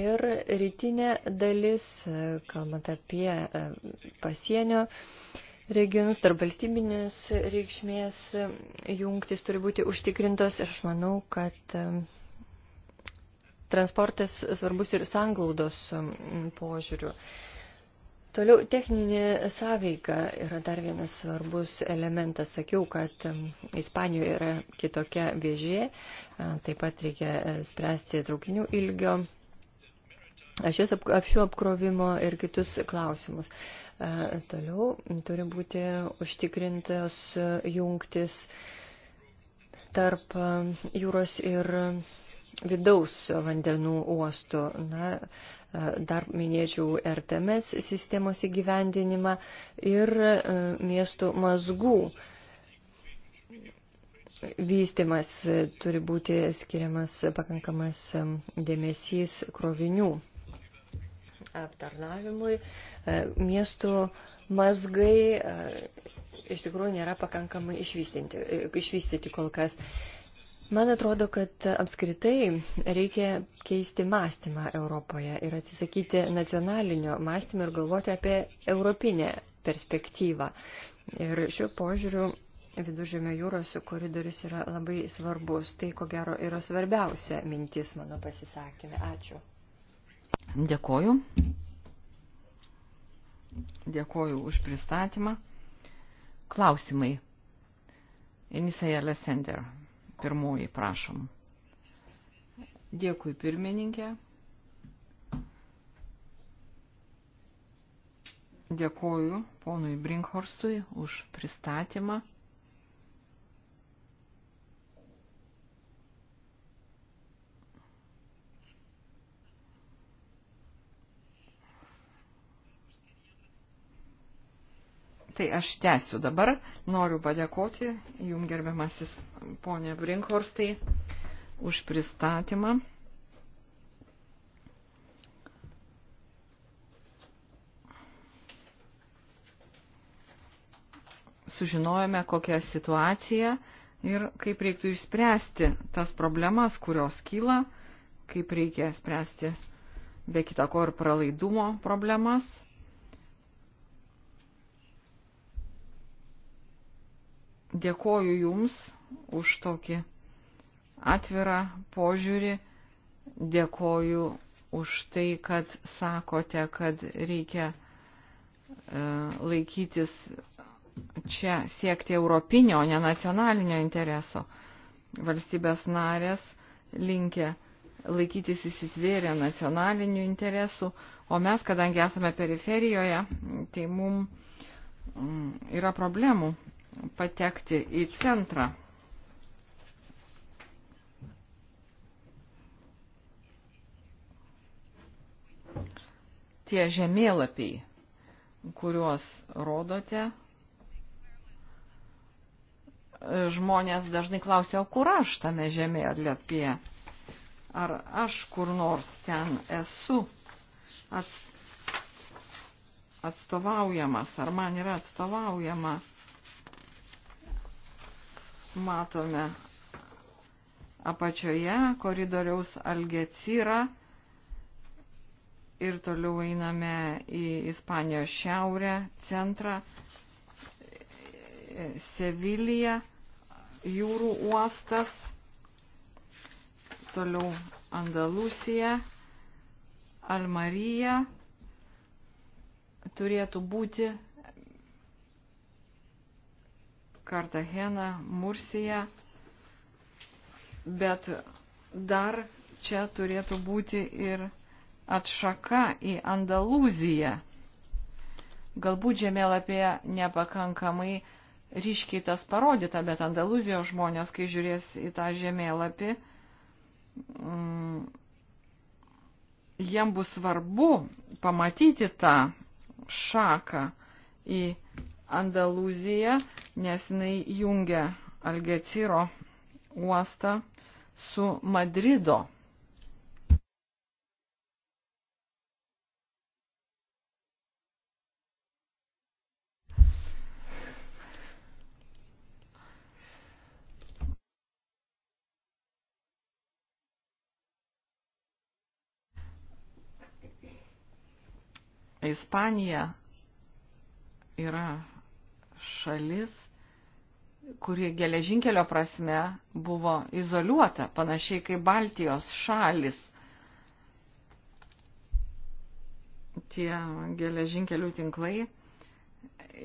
ir rytinė dalis, e, kalbant apie pasienio regionus, tarp valstybinės reikšmės jungtis turi būti užtikrintos ir aš manau, kad transportas svarbus ir sanglaudos požiūriu. Toliau techninė sąveika yra dar vienas svarbus elementas. Sakiau, kad Ispanijoje yra kitokia vėžė, taip pat reikia e, spręsti traukinių ilgio, ašies apšių apkrovimo ir kitus klausimus. Toliau turi būti užtikrintas jungtis tarp jūros ir vidaus vandenų uostų. Na, Dar minėčiau RTMS sistemos įgyvendinimą ir e, miestų mazgų vystimas e, turi būti skiriamas pakankamas e, dėmesys krovinių aptarnavimui. Miestų mazgai iš tikrųjų nėra pakankamai išvystyti kol kas. Man atrodo, kad apskritai reikia keisti mąstymą Europoje ir atsisakyti nacionalinio mąstymo ir galvoti apie europinę perspektyvą. Ir šiuo požiūriu viduržėmio jūros koridorius yra labai svarbus. Tai, ko gero, yra svarbiausia mintis mano pasisakymė. Ačiū. Dėkoju. Dėkoju už pristatymą. Klausimai. Inisaja Lesender. Pirmoji, prašom. Dėkui, pirmininkė. Dėkoju ponui Brinkhorstui už pristatymą. tai aš tęsiu dabar. Noriu padėkoti jum gerbiamasis ponė Brinkhorstai už pristatymą. Sužinojome, kokia situacija ir kaip reiktų išspręsti tas problemas, kurios kyla, kaip reikia spręsti be kitako ir pralaidumo problemas. Dėkoju Jums už tokį atvirą požiūrį, dėkoju už tai, kad sakote, kad reikia e, laikytis čia siekti europinio, o ne nacionalinio intereso. Valstybės narės linkia laikytis įsitvėrę nacionalinių interesų, o mes, kadangi esame periferijoje, tai mums mm, yra problemų patekti į centrą. Tie žemėlapiai, kuriuos rodote, žmonės dažnai klausia, o kur aš tame žemėlapyje? Ar aš kur nors ten esu atstovaujamas, ar man yra atstovaujama? matome apačioje koridoriaus Algecyrą ir toliau einame į Ispanijos šiaurę, centrą, Seviliją, jūrų uostas, toliau Andalusija, Almarija turėtų būti Kartageną, Mursiją, bet dar čia turėtų būti ir atšaka į Andalūziją. Galbūt žemėlapėje nepakankamai ryškiai tas parodyta, bet Andalūzijos žmonės, kai žiūrės į tą žemėlapį, mm, jiem bus svarbu pamatyti tą šaką į Andalūziją, nes jinai jungia Algeciro uostą su Madrido. Ispanija yra šalis, kuri geležinkelio prasme buvo izoliuota, panašiai kaip Baltijos šalis. Tie geležinkelių tinklai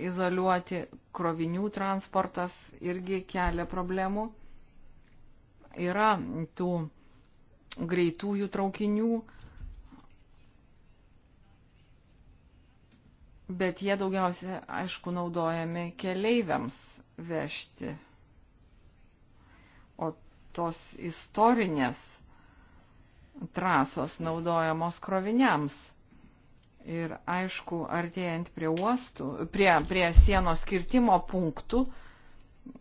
izoliuoti krovinių transportas irgi kelia problemų. Yra tų greitųjų traukinių, bet jie daugiausia, aišku, naudojami keleiviams vežti. O tos istorinės trasos naudojamos kroviniams. Ir aišku, artėjant prie uostų, prie, prie sienos skirtimo punktų, m,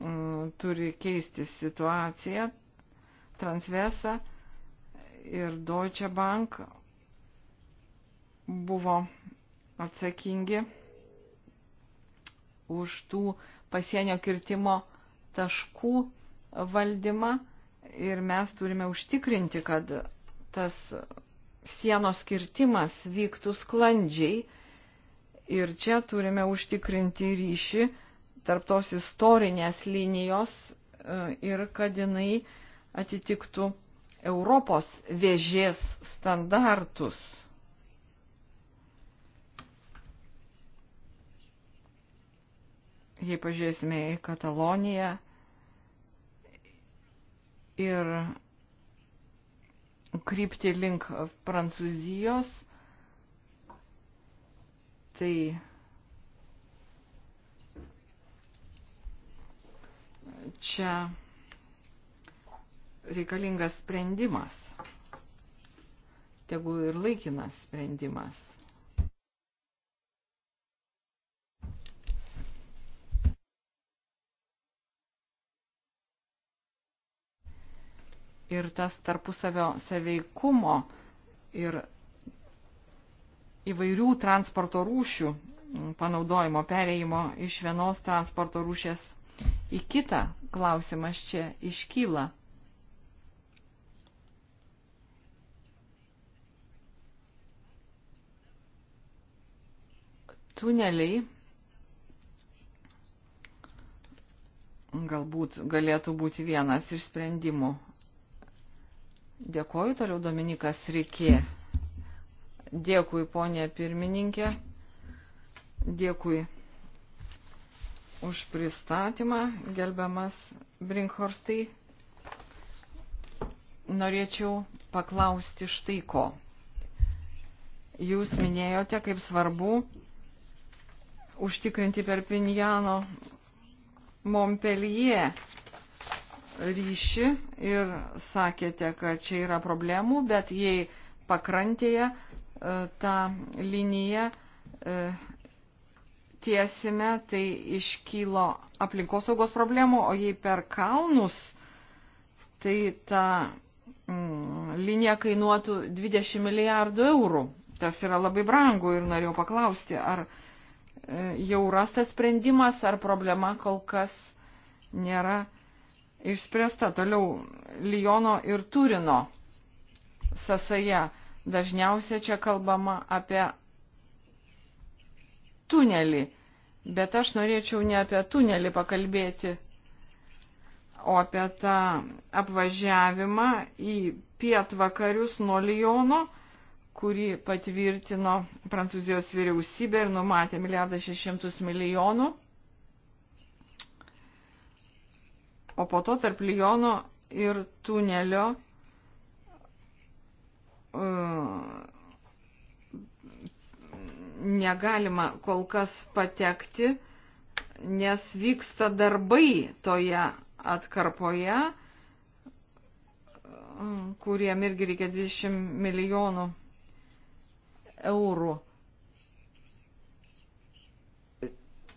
mm, turi keisti situaciją Transvesa ir Deutsche Bank buvo atsakingi už tų pasienio kirtimo taškų valdymą ir mes turime užtikrinti, kad tas sienos kirtimas vyktų sklandžiai ir čia turime užtikrinti ryšį tarp tos istorinės linijos e, ir kad jinai atitiktų Europos vėžės standartus. jei pažiūrėsime į Kataloniją ir krypti link Prancūzijos, tai čia reikalingas sprendimas, tegu ir laikinas sprendimas. ir tas tarpusavio saveikumo ir įvairių transporto rūšių panaudojimo, pereimo iš vienos transporto rūšės į kitą klausimas čia iškyla. Tuneliai galbūt galėtų būti vienas iš sprendimų Dėkoju toliau Dominikas Rikė. Dėkui, ponė pirmininkė. Dėkui už pristatymą, gerbiamas Brinkhorstai. Norėčiau paklausti štai ko. Jūs minėjote, kaip svarbu užtikrinti per Pinjano Montpellier ryšį ir sakėte, kad čia yra problemų, bet jei pakrantėje e, tą liniją e, tiesime, tai iškylo aplinkosaugos problemų, o jei per kalnus, tai ta mm, linija kainuotų 20 milijardų eurų. Tas yra labai brangu ir norėjau paklausti, ar e, jau rastas sprendimas, ar problema kol kas nėra išspręsta. Toliau Lijono ir Turino sąsaja. Dažniausiai čia kalbama apie tunelį, bet aš norėčiau ne apie tunelį pakalbėti, o apie tą apvažiavimą į pietvakarius nuo Lijono, kurį patvirtino Prancūzijos vyriausybė ir numatė milijardą šešimtus milijonų o po to tarp Lyono ir tunelio e, negalima kol kas patekti, nes vyksta darbai toje atkarpoje, kuriem irgi reikia 20 milijonų eurų.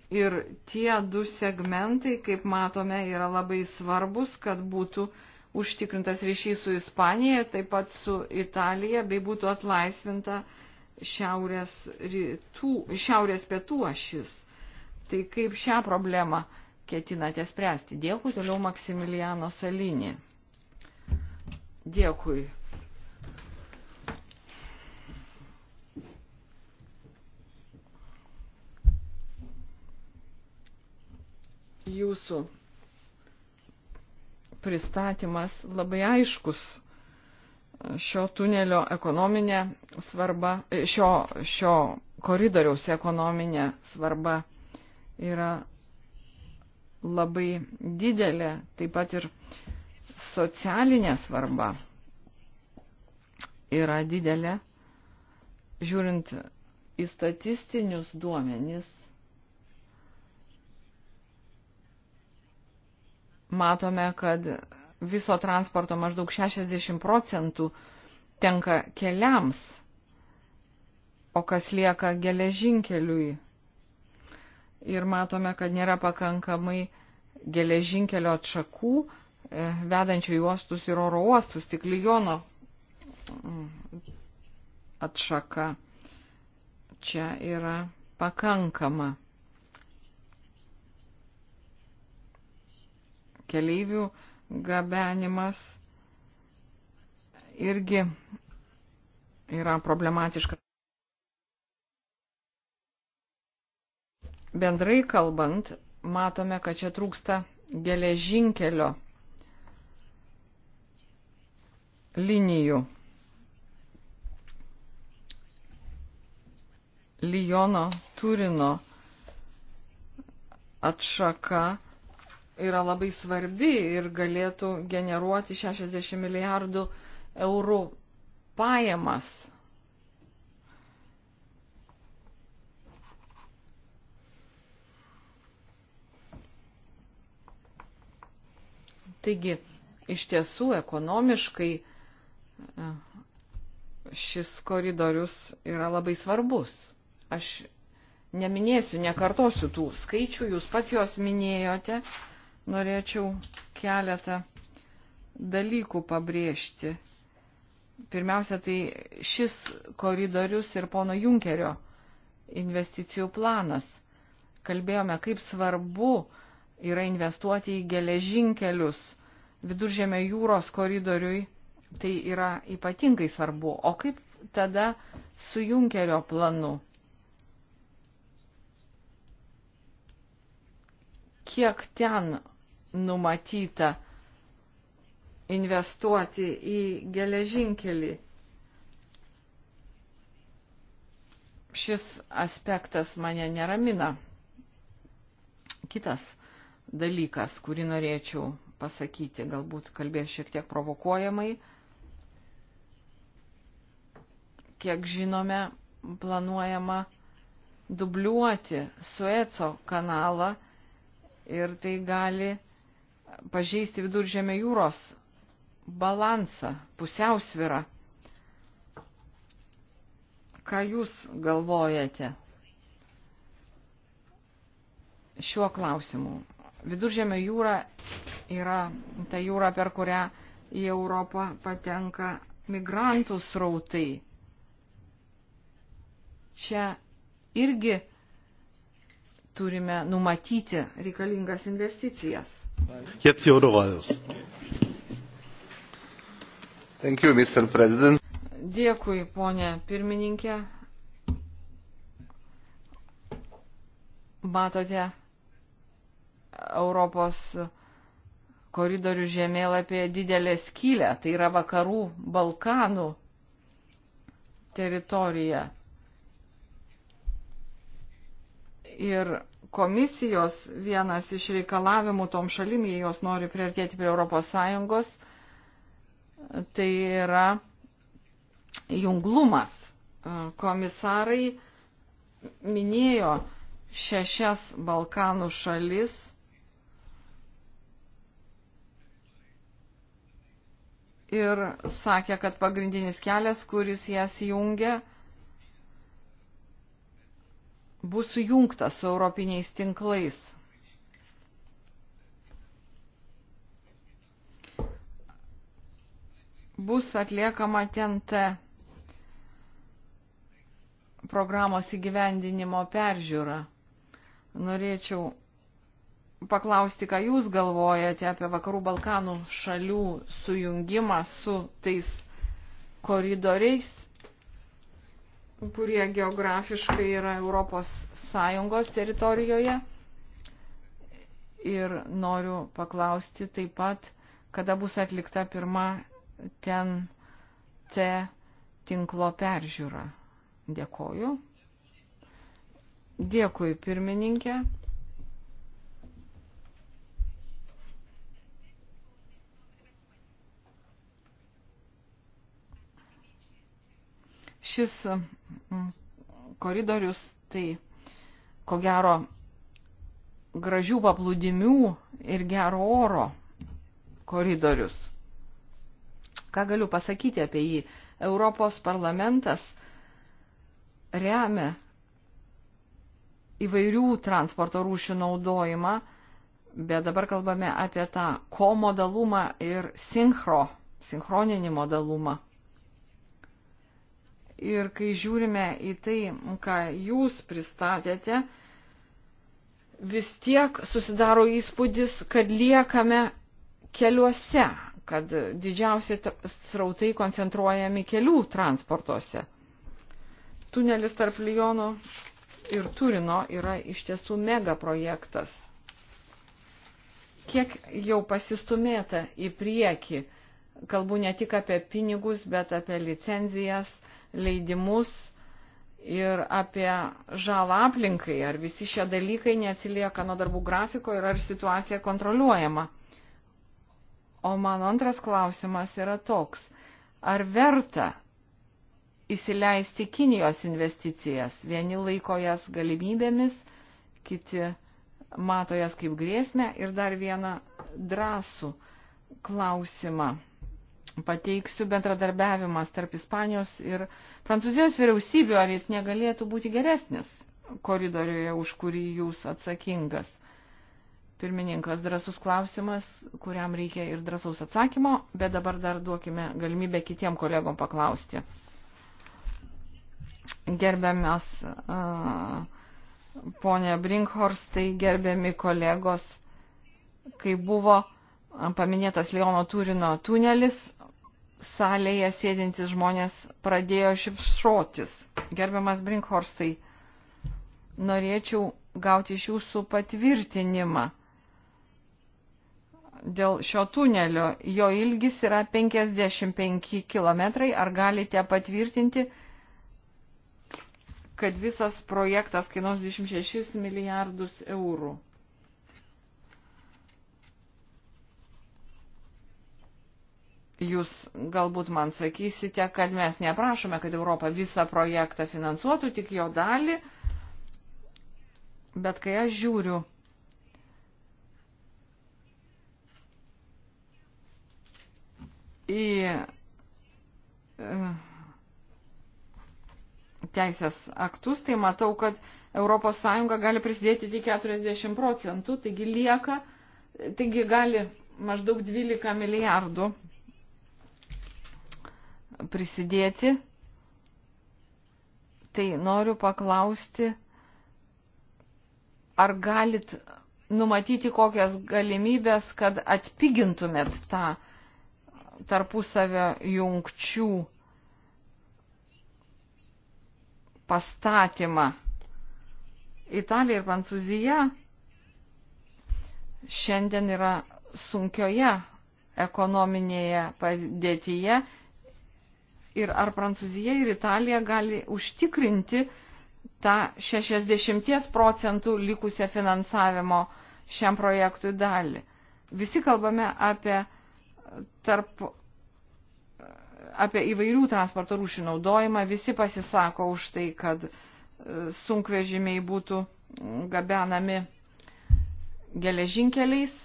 Ir tie du segmentai, kaip matome, yra labai svarbus, kad būtų užtikrintas ryšys su Ispanija, taip pat su Italija, bei būtų atlaisvinta šiaurės, rytų, šiaurės pietų ašis. Tai kaip šią problemą ketinate spręsti? Dėkui, toliau Maksimiliano Salinį. Dėkui, jūsų pristatymas labai aiškus šio tunelio ekonominė svarba, šio, šio koridoriaus ekonominė svarba yra labai didelė, taip pat ir socialinė svarba yra didelė. Žiūrint į statistinius duomenis, matome, kad viso transporto maždaug 60 procentų tenka keliams, o kas lieka geležinkeliui. Ir matome, kad nėra pakankamai geležinkelio atšakų, e, vedančių į uostus ir oro uostus, tik Lijono mm, atšaka čia yra pakankama. keleivių gabenimas irgi yra problematiška. Bendrai kalbant, matome, kad čia trūksta geležinkelio linijų. Lijono Turino atšaka yra labai svarbi ir galėtų generuoti 60 milijardų eurų pajamas. Taigi, iš tiesų ekonomiškai e, šis koridorius yra labai svarbus. Aš neminėsiu, nekartosiu tų skaičių, jūs pats juos minėjote. Uh, norėčiau keletą dalykų pabrėžti. Pirmiausia, tai šis koridorius ir pono Junkerio investicijų planas. Kalbėjome, kaip svarbu yra investuoti į geležinkelius viduržėmio jūros koridoriui. Tai yra ypatingai svarbu. O kaip tada su Junkerio planu? Kiek ten numatyta investuoti į geležinkelį. Šis aspektas mane neramina. Kitas dalykas, kurį norėčiau pasakyti, galbūt kalbėsiu šiek tiek provokuojamai. Kiek žinome, planuojama dubliuoti Sueco kanalą ir tai gali pažeisti viduržėmio jūros balansą, pusiausvirą. Ką Jūs galvojate šiuo klausimu? Viduržėmio jūra yra ta jūra, per kurią į Europą patenka migrantų srautai. Čia irgi turime numatyti reikalingas investicijas. You, Dėkui, ponė pirmininkė. Matote Europos koridorių žemėlapyje didelę skylę, tai yra vakarų Balkanų teritorija. Ir komisijos vienas iš reikalavimų tom šalim, jei jos nori priartėti prie ES, tai yra junglumas. Komisarai minėjo šešias Balkanų šalis. Ir sakė, kad pagrindinis kelias, kuris jas jungia, bus sujungtas su europiniais tinklais. Bus atliekama TNT programos įgyvendinimo peržiūra. Norėčiau paklausti, ką Jūs galvojate apie Vakarų Balkanų šalių sujungimą su tais koridoriais kurie geografiškai yra Europos Sąjungos teritorijoje. Ir noriu paklausti taip pat, kada bus atlikta pirma ten T tinklo peržiūra. Dėkoju. Dėkui, pirmininkė. Šis koridorius, tai ko gero gražių paplūdimių ir gero oro koridorius. Ką galiu pasakyti apie jį? Europos parlamentas remia įvairių transporto rūšių naudojimą, bet dabar kalbame apie tą komodalumą ir sinchro, sinchroninį modalumą. Ir kai žiūrime į tai, ką jūs pristatėte, vis tiek susidaro įspūdis, kad liekame keliuose, kad didžiausi srautai koncentruojami kelių transportuose. Tunelis tarp Lyono ir Turino yra iš tiesų mega projektas. Kiek jau pasistumėta į priekį, kalbu ne tik apie pinigus, bet apie licenzijas – leidimus ir apie žalą aplinkai, ar visi šie dalykai neatsilieka nuo darbų grafiko ir ar situacija kontroliuojama. O mano antras klausimas yra toks. Ar verta įsileisti Kinijos investicijas? Vieni laiko jas galimybėmis, kiti mato jas kaip grėsmę. Ir dar vieną drąsų klausimą pateiksiu bendradarbiavimas tarp Ispanijos ir Prancūzijos vyriausybių, ar jis negalėtų būti geresnis koridoriuje, už kurį jūs atsakingas. Pirmininkas, drasus klausimas, kuriam reikia ir drasaus atsakymo, bet dabar dar duokime galimybę kitiem kolegom paklausti. Gerbiamas uh, ponė Brinkhorstai, gerbiami kolegos, kai buvo paminėtas Leono Turino tunelis, salėje sėdintys žmonės pradėjo šipšotis. Gerbiamas Brinkhorsai, norėčiau gauti iš jūsų patvirtinimą dėl šio tunelio. Jo ilgis yra 55 km. Ar galite patvirtinti, kad visas projektas kainuos 26 milijardus eurų? Jūs galbūt man sakysite, kad mes neprašome, kad Europa visą projektą finansuotų, tik jo dalį, bet kai aš žiūriu į e, teisės aktus, tai matau, kad ES gali prisidėti tik 40 procentų, taigi lieka, taigi gali maždaug 12 milijardų prisidėti, tai noriu paklausti, ar galit numatyti kokias galimybės, kad atpigintumėt tą tarpusavio jungčių pastatymą. Italija ir Prancūzija šiandien yra sunkioje ekonominėje padėtyje ir ar Prancūzija ir Italija gali užtikrinti tą 60 procentų likusią finansavimo šiam projektui dalį. Visi kalbame apie, tarp, apie įvairių transporto rūšių naudojimą, visi pasisako už tai, kad e, sunkvežimiai būtų gabenami geležinkeliais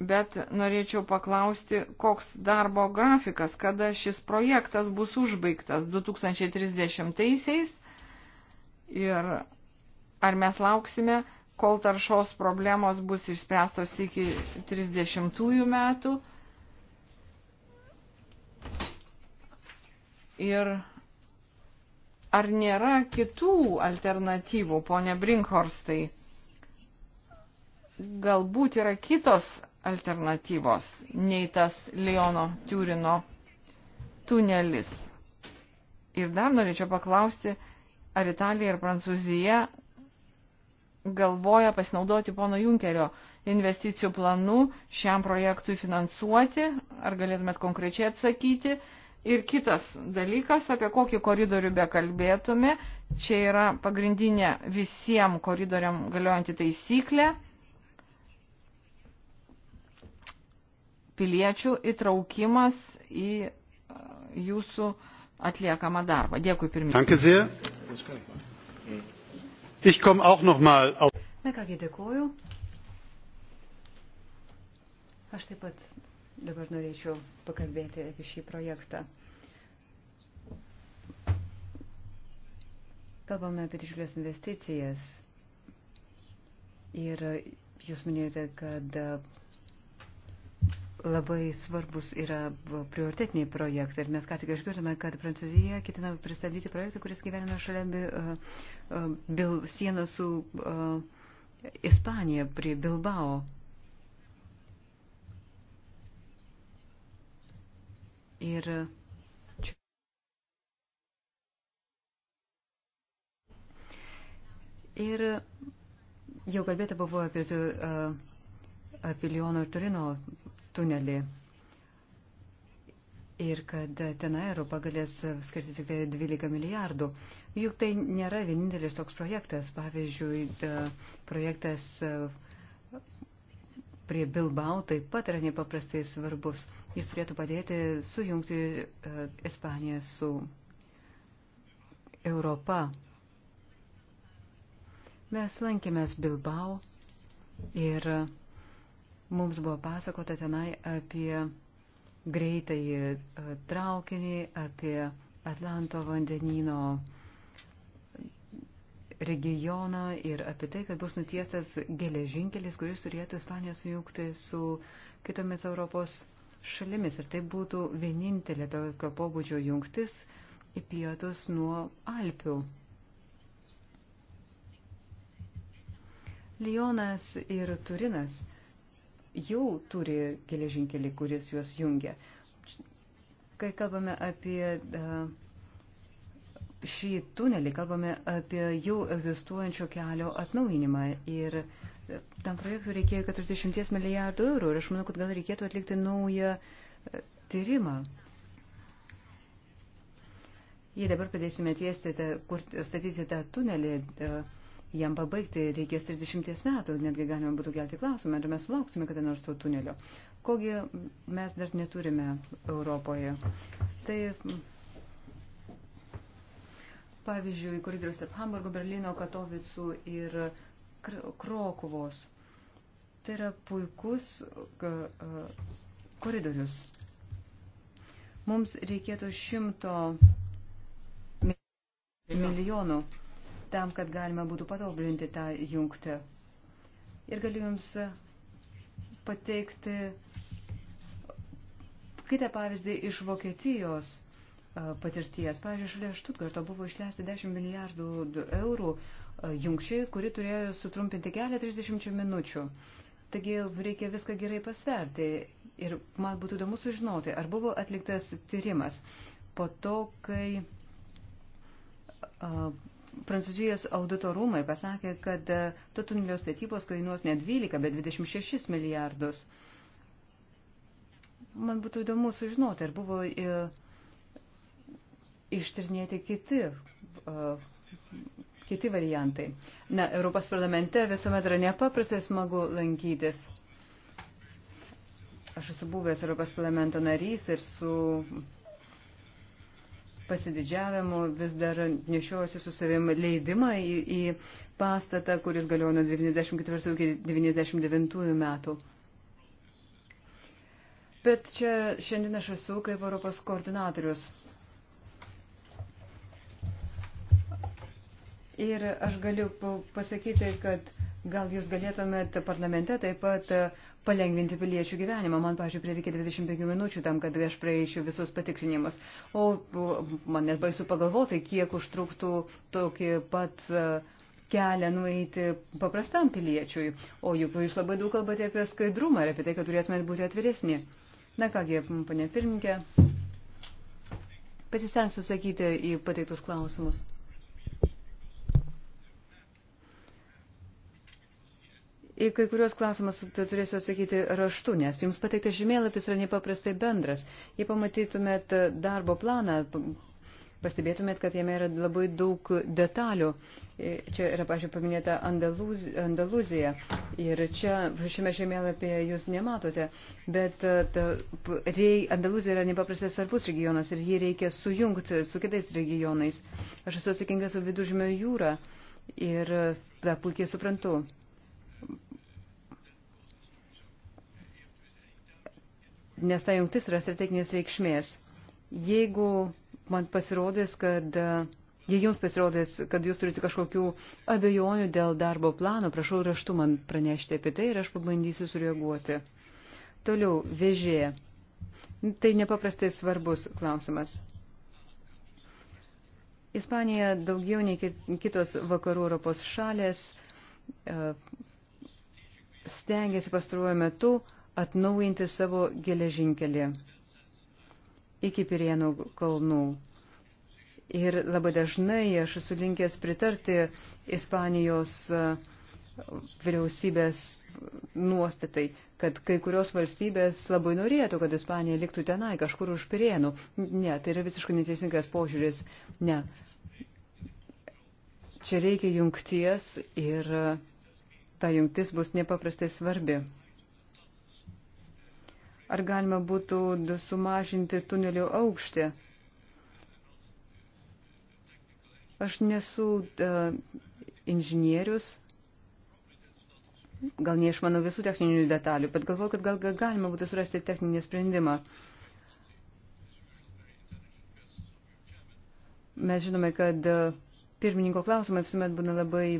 bet norėčiau paklausti, koks darbo grafikas, kada šis projektas bus užbaigtas 2030-aisiais ir ar mes lauksime, kol taršos problemos bus išspręstos iki 30-ųjų metų. Ir ar nėra kitų alternatyvų, ponė Brinkhorstai? Galbūt yra kitos alternatyvos nei tas Leono Tiurino tunelis. Ir dar norėčiau paklausti, ar Italija ir Prancūzija galvoja pasinaudoti pono Junkerio investicijų planų šiam projektui finansuoti, ar galėtumėt konkrečiai atsakyti. Ir kitas dalykas, apie kokį koridorių bekalbėtume, čia yra pagrindinė visiems koridoriam galiojanti taisyklė piliečių įtraukimas į e, jūsų atliekamą darbą. Dėkui pirmininkai. Na kągi, dėkuoju. Aš taip pat dabar norėčiau pakalbėti apie šį projektą. Kalbame apie didžiulės investicijas. Ir jūs minėjote, kad labai svarbus yra prioritetiniai projektai. Ir mes ką tik išgirdome, kad Prancūzija ketina pristabdyti projektą, kuris gyvena šalia uh, uh, sienos su uh, Ispanija prie Bilbao. Ir Ir jau kalbėta buvo apie, uh, apie Liono ir Turino tunelį. Ir kad tenai Europa galės skirti tik tai 12 milijardų. Juk tai nėra vienintelis toks projektas. Pavyzdžiui, projektas e, prie Bilbao taip pat yra nepaprastai svarbus. Jis turėtų padėti sujungti e, Ispaniją su Europa. Mes lankėmės Bilbao ir Mums buvo pasakota tenai apie greitąjį e, traukinį, apie Atlanto vandenino regioną ir apie tai, kad bus nutiestas geležinkelis, kuris turėtų Ispaniją sujungti su kitomis Europos šalimis. Ir tai būtų vienintelė tokio pobūdžio jungtis į pietus nuo Alpių. Lionas ir Turinas jau turi geležinkelį, kuris juos jungia. Kai kalbame apie e, šį tunelį, kalbame apie jau egzistuojančio kelio atnaujinimą ir e, tam projektui reikėjo 40 milijardų eurų ir aš manau, kad gal reikėtų atlikti naują e, tyrimą. Jei dabar pradėsime tiesti, tą, kur, statyti tą tunelį, tą, jam pabaigti reikės 30 metų, netgi galima būtų kelti klausimą, ar mes sulauksime kada nors to tunelio. Kogi mes dar neturime Europoje. Tai pavyzdžiui, koridorius tarp Hamburgo, Berlyno, Katovicų ir Krokuvos. Tai yra puikus koridorius. Mums reikėtų šimto milijonų. milijonų tam, kad galima būtų patobulinti tą jungtį. Ir galiu Jums pateikti kitą pavyzdį iš Vokietijos patirties. Pavyzdžiui, šalia Štutgarto buvo išleisti 10 milijardų eurų jungčiai, kuri turėjo sutrumpinti kelią 30 minučių. Taigi reikia viską gerai pasverti. Ir man būtų įdomu sužinoti, ar buvo atliktas tyrimas po to, kai Prancūzijos auditorumai pasakė, kad e, to tunelio statybos kainuos ne 12, bet 26 milijardus. Man būtų įdomu sužinoti, ar buvo e, ištirnėti kiti, e, kiti variantai. Na, Europos parlamente visuomet yra nepaprastai smagu lankytis. Aš esu buvęs Europos parlamento narys ir su pasididžiavimu vis dar nešiojasi su savim leidimą į, į pastatą, kuris galiojo nuo 94 iki 99 metų. Bet čia šiandien aš esu kaip Europos koordinatorius. Ir aš galiu pasakyti, kad gal jūs galėtumėte parlamente taip pat palengvinti piliečių gyvenimą. Man, pažiūrėjau, prireikė 25 minučių tam, kad aš praeičiau visus patikrinimus. O man net baisu pagalvoti, kiek užtruktų tokį pat e, kelią nueiti paprastam piliečiui. O juk jūs labai daug kalbate apie skaidrumą ir apie tai, kad turėtumėte būti atviresni. Na kągi, ponė pirmininkė, pasistengsiu sakyti į pateiktus klausimus. Į kai kuriuos klausimus turėsiu atsakyti raštu, nes jums pateiktas žemėlapis yra nepaprastai bendras. Jei pamatytumėt darbo planą, pastebėtumėt, kad jame yra labai daug detalių. E, čia yra, pažiūrėjau, paminėta Andaluz, Andaluzija ir čia šiame žemėlapyje jūs nematote, bet e, ta, rei, Andaluzija yra nepaprastai svarbus regionas ir jį reikia sujungti su kitais regionais. Aš esu atsakingas už viduržmio jūrą ir e, tą puikiai suprantu. nes ta jungtis yra strateginės reikšmės. Jeigu man pasirodys, kad, jei jums pasirodys, kad jūs turite kažkokių abejonių dėl darbo plano, prašau raštu man pranešti apie tai ir aš pabandysiu sureaguoti. Toliau, vežė. Tai nepaprastai svarbus klausimas. Ispanija daugiau nei kitos vakarų Europos šalės e, stengiasi pastaruoju metu uh, atnaujinti savo geležinkelį iki Pirienų kalnų. Ir labai dažnai aš esu linkęs pritarti Ispanijos vyriausybės nuostatai, kad kai kurios valstybės labai norėtų, kad Ispanija liktų tenai, kažkur už Pirienų. Ne, tai yra visiškai neteisingas požiūris. Ne. Čia reikia jungties ir ta jungtis bus nepaprastai svarbi ar galima būtų sumažinti tunelio aukštį. Aš nesu uh, inžinierius, gal neišmanau visų techninių detalių, bet galvoju, kad gal galima būtų surasti techninį sprendimą. Mes žinome, kad e, pirmininko klausimai visuomet būna labai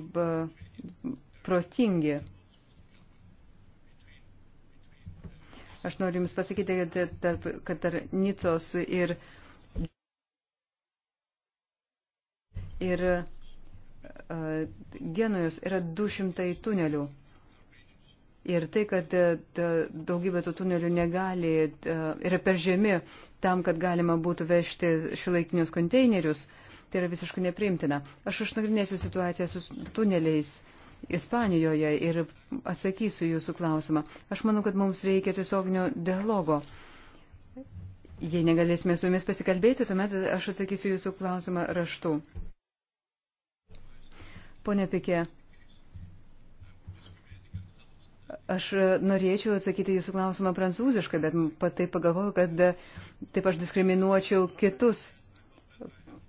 protingi. Aš noriu Jums pasakyti, kad tarp, kad tarp Nicos ir, ir uh, Genujos yra 200 tunelių. Ir tai, kad daugybė tų tunelių negali, yra per žemi tam, kad galima būtų vežti šilaikinius konteinerius, tai yra visiškai nepriimtina. Aš išnagrinėsiu situaciją su tuneliais Ispanijoje ir atsakysiu jūsų klausimą. Aš manau, kad mums reikia tiesioginio dialogo. Jei negalėsime su jumis pasikalbėti, tuomet aš atsakysiu jūsų klausimą raštu. Pone Pikė, Aš norėčiau atsakyti jūsų klausimą prancūziškai, bet patai pagalvoju, kad taip aš diskriminuočiau kitus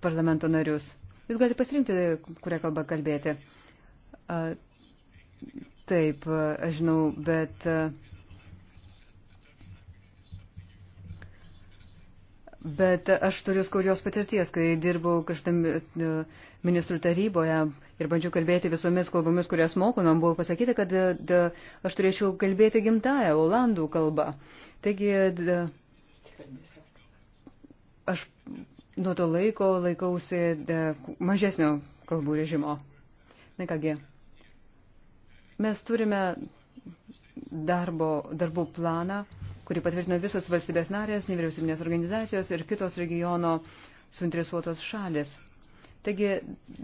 parlamento narius. Jūs galite pasirinkti, kurią kalbą kalbėti. Taip, aš žinau, bet. Bet aš turiu skaudžios patirties, kai dirbau kažtam ministrų taryboje ir bandžiau kalbėti visomis kalbomis, kurias moku, man buvo pasakyta, kad da, aš turėčiau kalbėti gimtają olandų kalbą. Taigi da, aš nuo to laiko laikausi da, mažesnio kalbų režimo. Na kągi. Mes turime darbo, darbų planą, kurį patvirtino visos valstybės narės, nevyriausybinės organizacijos ir kitos regiono suinteresuotos šalis. Taigi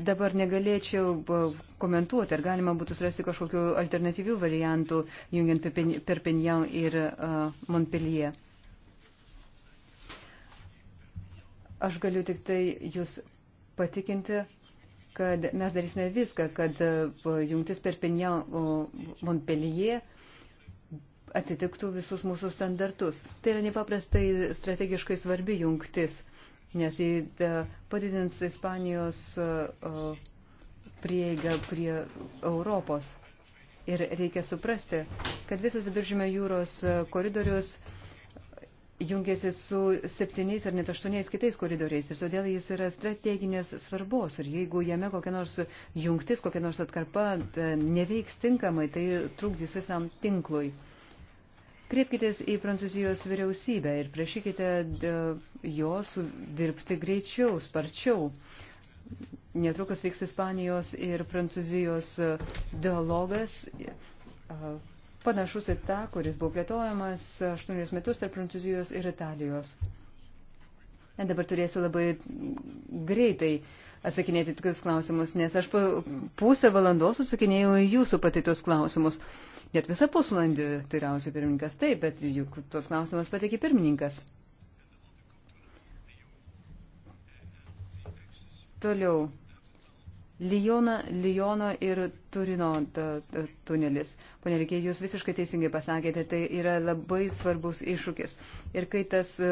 dabar negalėčiau uh, komentuoti, ar galima būtų surasti kažkokiu alternatyvių variantų, jungiant Perpignan ir uh, Montpellier. Aš galiu tik tai jūs patikinti, kad mes darysime viską, kad e, jungtis per Pinja Montpellier atitiktų visus mūsų standartus. Tai yra nepaprastai strategiškai svarbi jungtis, nes jį e, padidins Ispanijos e, prieigą prie Europos. Ir reikia suprasti, kad visas viduržymio jūros koridorius jungiasi su septyniais ar net aštuoniais kitais koridoriais ir todėl jis yra strateginės svarbos ir jeigu jame kokia nors jungtis, kokia nors atkarpa neveiks tinkamai, tai trukdys visam tinklui. Kreipkitės į Prancūzijos vyriausybę ir prašykite jos dirbti greičiau, sparčiau. Netrukus vyks Ispanijos ir Prancūzijos dialogas panašus į tą, kuris buvo plėtojamas 8 metus tarp Prancūzijos ir Italijos. Na, dabar turėsiu labai greitai atsakinėti tokius klausimus, nes aš pusę valandos atsakinėjau į jūsų patytus klausimus. Net visą pusvalandį tyriausi pirmininkas, taip, bet juk tos klausimas pateikė pirmininkas. Toliau. Lijona, Lijono ir Turino tunelis. Pone Rikė, jūs visiškai teisingai pasakėte, tai yra labai svarbus iššūkis. Ir kai tas e,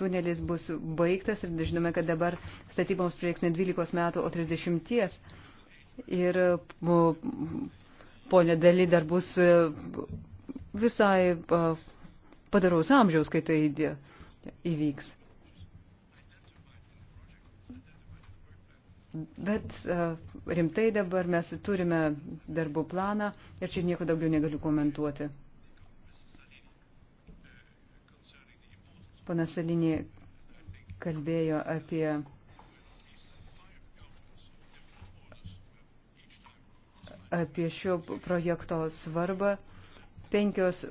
tunelis bus baigtas, ir žinome, kad dabar statyboms prieks ne 12 metų, o 30. Ir ponė Dali dar bus e, visai e, padaraus amžiaus, kai tai įvyks. Bet e, rimtai dabar mes turime darbų planą ir čia nieko daugiau negaliu komentuoti. Pana Salinė kalbėjo apie apie šio projekto svarbą. Penkios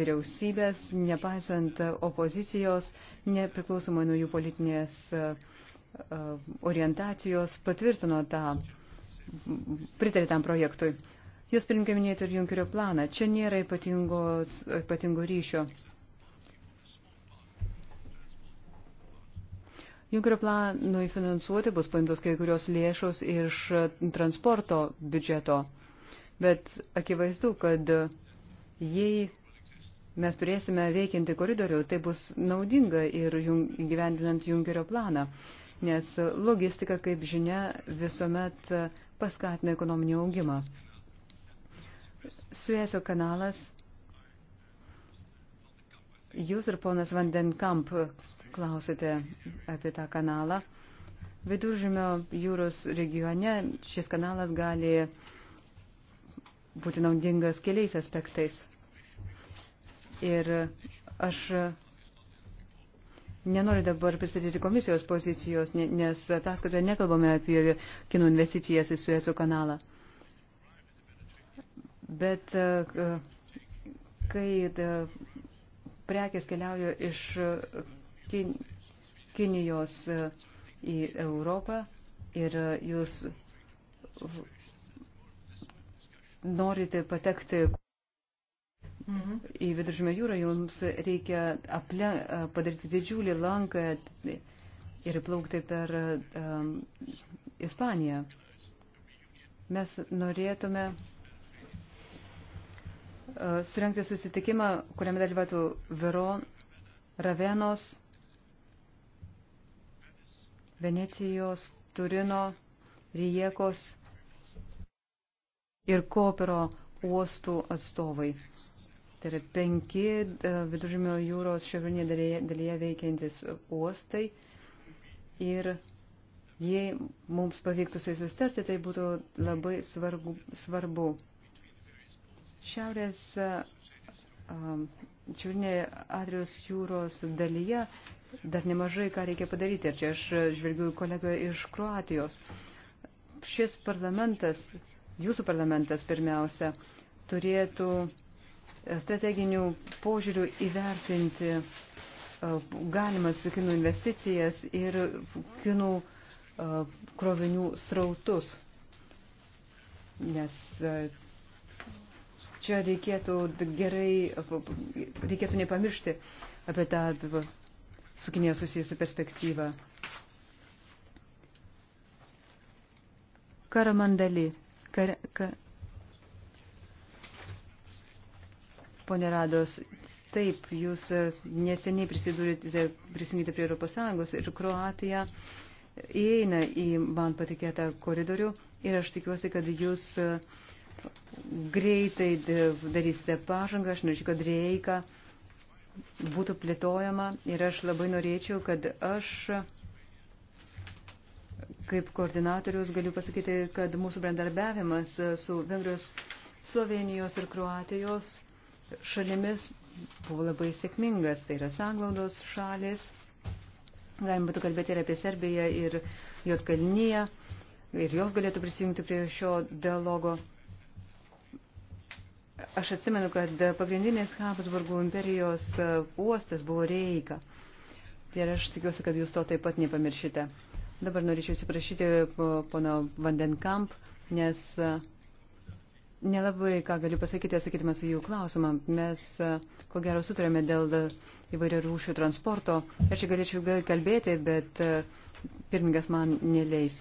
vyriausybės, nepaisant opozicijos, nepriklausomai nuo jų politinės uh, E, orientacijos patvirtino tą, pritarė tam projektui. Jūs pirmininkai minėjote ir Junkerio planą. Čia nėra ypatingo ryšio. Junkerio planui finansuoti bus paimtos kai kurios lėšos iš transporto biudžeto. Bet akivaizdu, kad jei mes turėsime veikiantį koridorių, tai bus naudinga ir jung, gyvendinant Junkerio planą nes logistika, kaip žinia, visuomet paskatina ekonominį augimą. Sueso kanalas. Jūs ir ponas Vandenkamp klausėte apie tą kanalą. Viduržymio jūros regione šis kanalas gali būti naudingas keliais aspektais. Ir aš Nenoriu dabar pristatyti komisijos pozicijos, nes ataskaitoje nekalbame apie kinų investicijas į Sueco kanalą. Bet e, kai e, prekės keliauja iš e, kin, Kinijos į Europą ir jūs norite patekti Mhm. Į Viduržymę jūrą jums reikia aple, padaryti didžiulį lanką ir plaukti per um, Ispaniją. Mes norėtume uh, surenkti susitikimą, kuriame dalyvautų Veron, Ravenos, Venecijos, Turino, Rijekos ir Kopero uostų atstovai. Tai yra penki e, viduržymio jūros šiaurinėje dalyje, dalyje veikiantis uostai. Ir jei mums pavyktų su jais sustarti, tai būtų labai svarbu. svarbu. Šiaurės e, e, šiaurinėje Adrijos jūros dalyje dar nemažai ką reikia padaryti. Ir čia aš žvelgiu kolegą iš Kroatijos. Šis parlamentas, jūsų parlamentas pirmiausia, turėtų strateginių požiūrių įvertinti e, galimas kinų investicijas ir kinų e, krovinių srautus. Nes e, čia reikėtų gerai, reikėtų nepamiršti apie tą su Kinėje susijusią perspektyvą. Karamandali. Kar, kar, Pone Rados, taip, jūs e, neseniai prisijungėte prie ES ir Kroatija įeina į man patikėtą koridorių ir aš tikiuosi, kad jūs e, greitai e, darysite pažangą. Aš norėčiau, kad reika būtų plėtojama ir aš labai norėčiau, kad aš kaip koordinatorius galiu pasakyti, kad mūsų bendradarbiavimas su Vengrijos, Slovenijos ir Kroatijos šalimis buvo labai sėkmingas, tai yra sanglaudos šalis. Galim būtų kalbėti ir apie Serbiją ir Jotkalnyje, ir jos galėtų prisijungti prie šio dialogo. Aš atsimenu, kad pagrindinis Habsburgų imperijos e, uostas buvo Reika. Ir aš tikiuosi, kad jūs to taip pat nepamiršite. Dabar norėčiau atsiprašyti pono Vandenkamp, nes e, Nelabai ką galiu pasakyti, sakydamas jų klausimą. Mes, e, ko gero, sutarėme dėl e, įvairių rūšių transporto. Aš čia galėčiau gal kalbėti, bet e, pirmingas man neleis.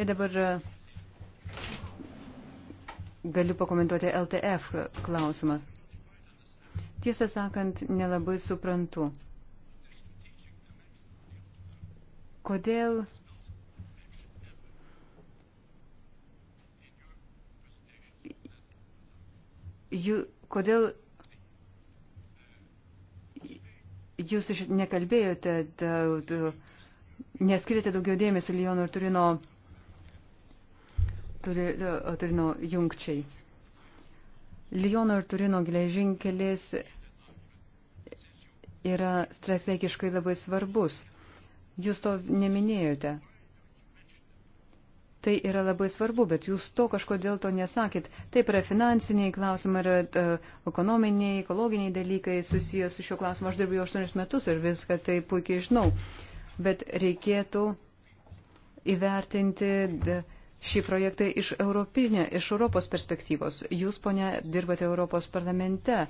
Ir dabar galiu pakomentuoti LTF klausimas. Tiesą sakant, nelabai suprantu. Kodėl jų, kodėl jūs nekalbėjote, da, da, neskirite daugiau dėmesio Liono ir Turino, turi, da, Turino jungčiai. Liono ir Turino geležinkelis yra strategiškai labai svarbus. Jūs to neminėjote. Tai yra labai svarbu, bet jūs to kažkodėl to nesakėt. Taip yra finansiniai klausimai, yra e, ekonominiai, ekologiniai dalykai susijęs su šiuo klausimu. Aš dirbu jau 8 metus ir viską tai puikiai žinau. Bet reikėtų įvertinti šį projektą iš, europinė, iš Europos perspektyvos. Jūs, ponia, dirbate Europos parlamente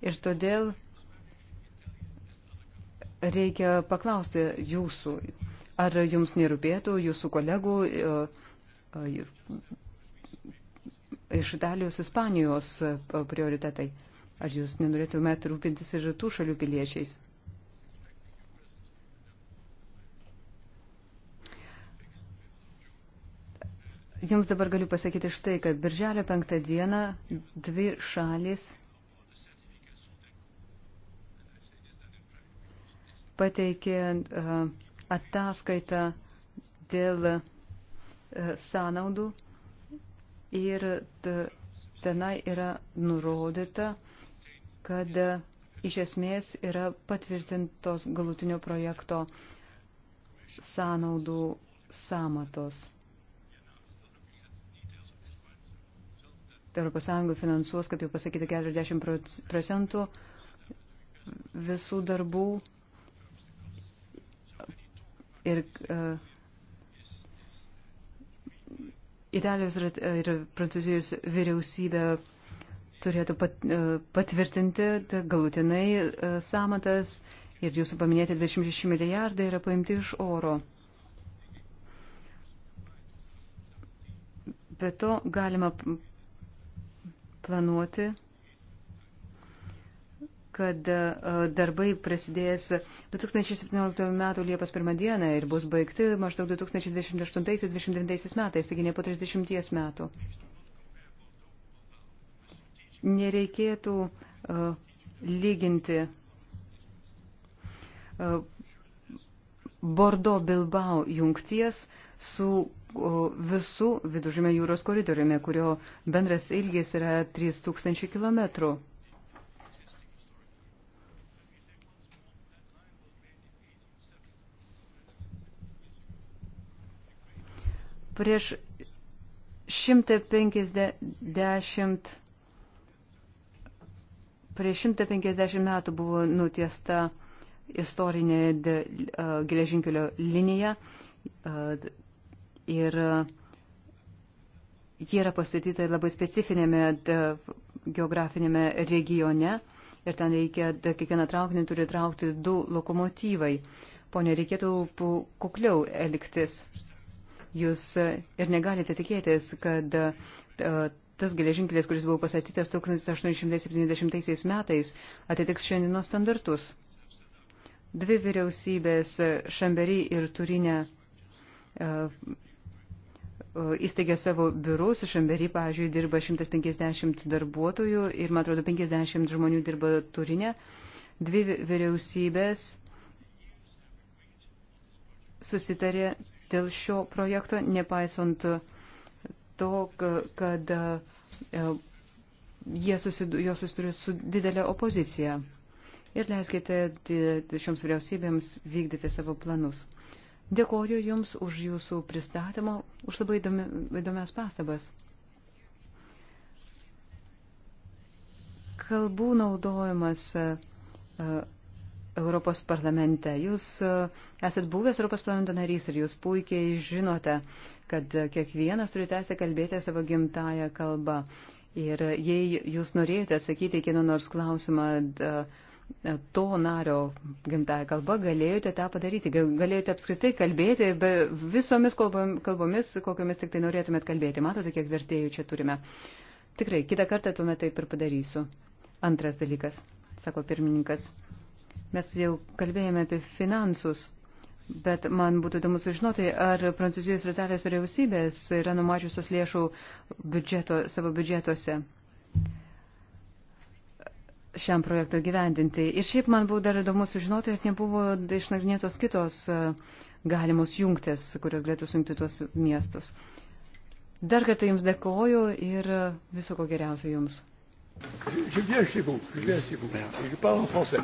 ir todėl reikia paklausti jūsų, ar jums nerūpėtų jūsų kolegų. Uh, iš Italijos, Ispanijos e, prioritetai? Ar jūs nenorėtumėt rūpintis ir tų šalių piliečiais? Jums dabar galiu pasakyti štai, kad birželio penktą dieną dvi šalis pateikė e, ataskaitą dėl E, sąnaudų ir tenai yra nurodyta, kad iš esmės yra patvirtintos galutinio projekto sąnaudų samatos. ES finansuos, kaip jau pasakyta, 40 procentų visų darbų ir uh, Italijos ir Prancūzijos vyriausybė turėtų pat, e, patvirtinti galutinai e, samatas ir jūsų paminėti 26 milijardai yra paimti iš oro. Be to galima planuoti kad e, darbai prasidės 2017 m. Liepos 1 dieną ir bus baigti maždaug 2028-2029 metais, taigi ne po 30 metų. Nereikėtų e, lyginti e, Bordo-Bilbao jungties su visų viduržėme jūros koridoriumi, kurio bendras ilgis yra 3000 km. Prieš 150 prieš 150 metų buvo nutiesta istorinė geležinkelio linija ir ji yra pastatyta labai specifinėme geografinėme regione ir ten reikia, kiekvieną traukinį turi traukti du lokomotyvai. Pone, reikėtų kukliau elgtis jūs e, ir negalite tikėtis, kad e, tas geležinkelis, kuris buvo pasatytas 1870 metais, atitiks šiandienos standartus. Dvi vyriausybės, e, Šamberi ir Turinė, įsteigė savo biurus. Šamberi, pavyzdžiui, dirba 150 darbuotojų ir, man atrodo, 50 žmonių dirba Turinė. Dvi vyriausybės susitarė dėl šio projekto, nepaisant to, kad e, jie susidu, jos susiduria su didelė opozicija. Ir leiskite šioms vyriausybėms vykdyti savo planus. Dėkoju Jums už Jūsų pristatymą, už labai įdomi, įdomias pastabas. Kalbų naudojimas e, Europos parlamente. Jūs e, esat buvęs Europos parlamento narys ir jūs puikiai žinote, kad kiekvienas turi teisę kalbėti savo gimtają kalbą. Ir jei jūs norėjote atsakyti kieno nors klausimą e, to nario gimtają kalbą, galėjote tą padaryti. Galėjote apskritai kalbėti visomis kalbomis, kokiamis tik tai norėtumėt kalbėti. Matote, kiek vertėjų čia turime. Tikrai, kitą kartą tuomet taip ir padarysiu. Antras dalykas, sako pirmininkas. Mes jau kalbėjome apie finansus, bet man būtų įdomu sužinoti, ar Prancūzijos ir Italijos vyriausybės yra numačiusios lėšų biudžeto, savo biudžetuose šiam projektui gyvendinti. Ir šiaip man buvo dar įdomu sužinoti, ar nebuvo išnagrinėtos kitos e, galimos jungtis, kurios galėtų sujungti tuos miestus. Dar kartą Jums dėkoju ir viso ko geriausio Jums. Je viens chez vous, je viens chez vous. Je parle en français.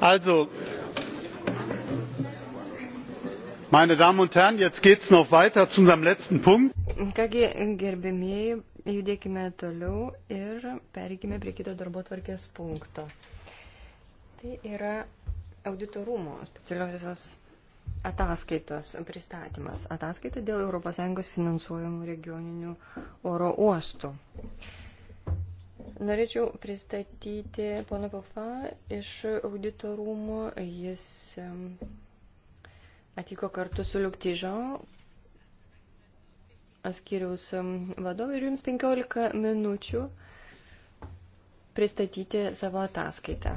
Also, meine Damen und Herren, jetzt geht es noch weiter zu unserem letzten Punkt. Kągi, gerbimieji, judėkime toliau ir pereikime prie kito darbo tvarkės punkto. Tai yra auditorumo specialiosios ataskaitos pristatymas. Ataskaita dėl ES finansuojamų regioninių oro uostų. Norėčiau pristatyti pono Pafa iš auditorumo. Jis atvyko kartu su Liuktyžo skiriaus vadovai ir jums 15 minučių pristatyti savo ataskaitą.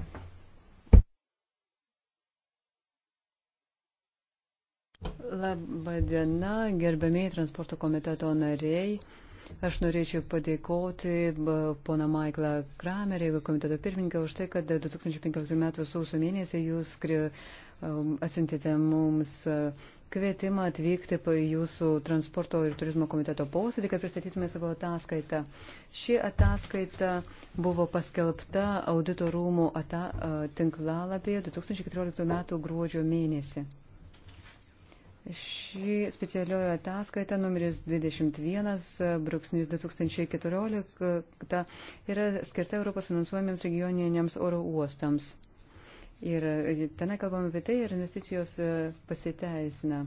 Labą dieną, gerbėmiai transporto komiteto nariai. Aš norėčiau padėkoti pona Maiklą Kramerį, komiteto pirmininką, už tai, kad 2015 m. sausio mėnesį jūs um, atsiuntėte mums kvietimą atvykti į jūsų transporto ir turizmo komiteto posėdį, kad pristatytume savo ataskaitą. Ši ataskaita buvo paskelbta audito rūmų ata, tinklalapyje 2014 m. gruodžio mėnesį. Šį specialiojo ataskaitą numeris 21 brūksnis 2014 yra skirta Europos finansuojamiems regioniniams oro uostams. Ir ten kalbame apie tai ir investicijos e, pasiteisina.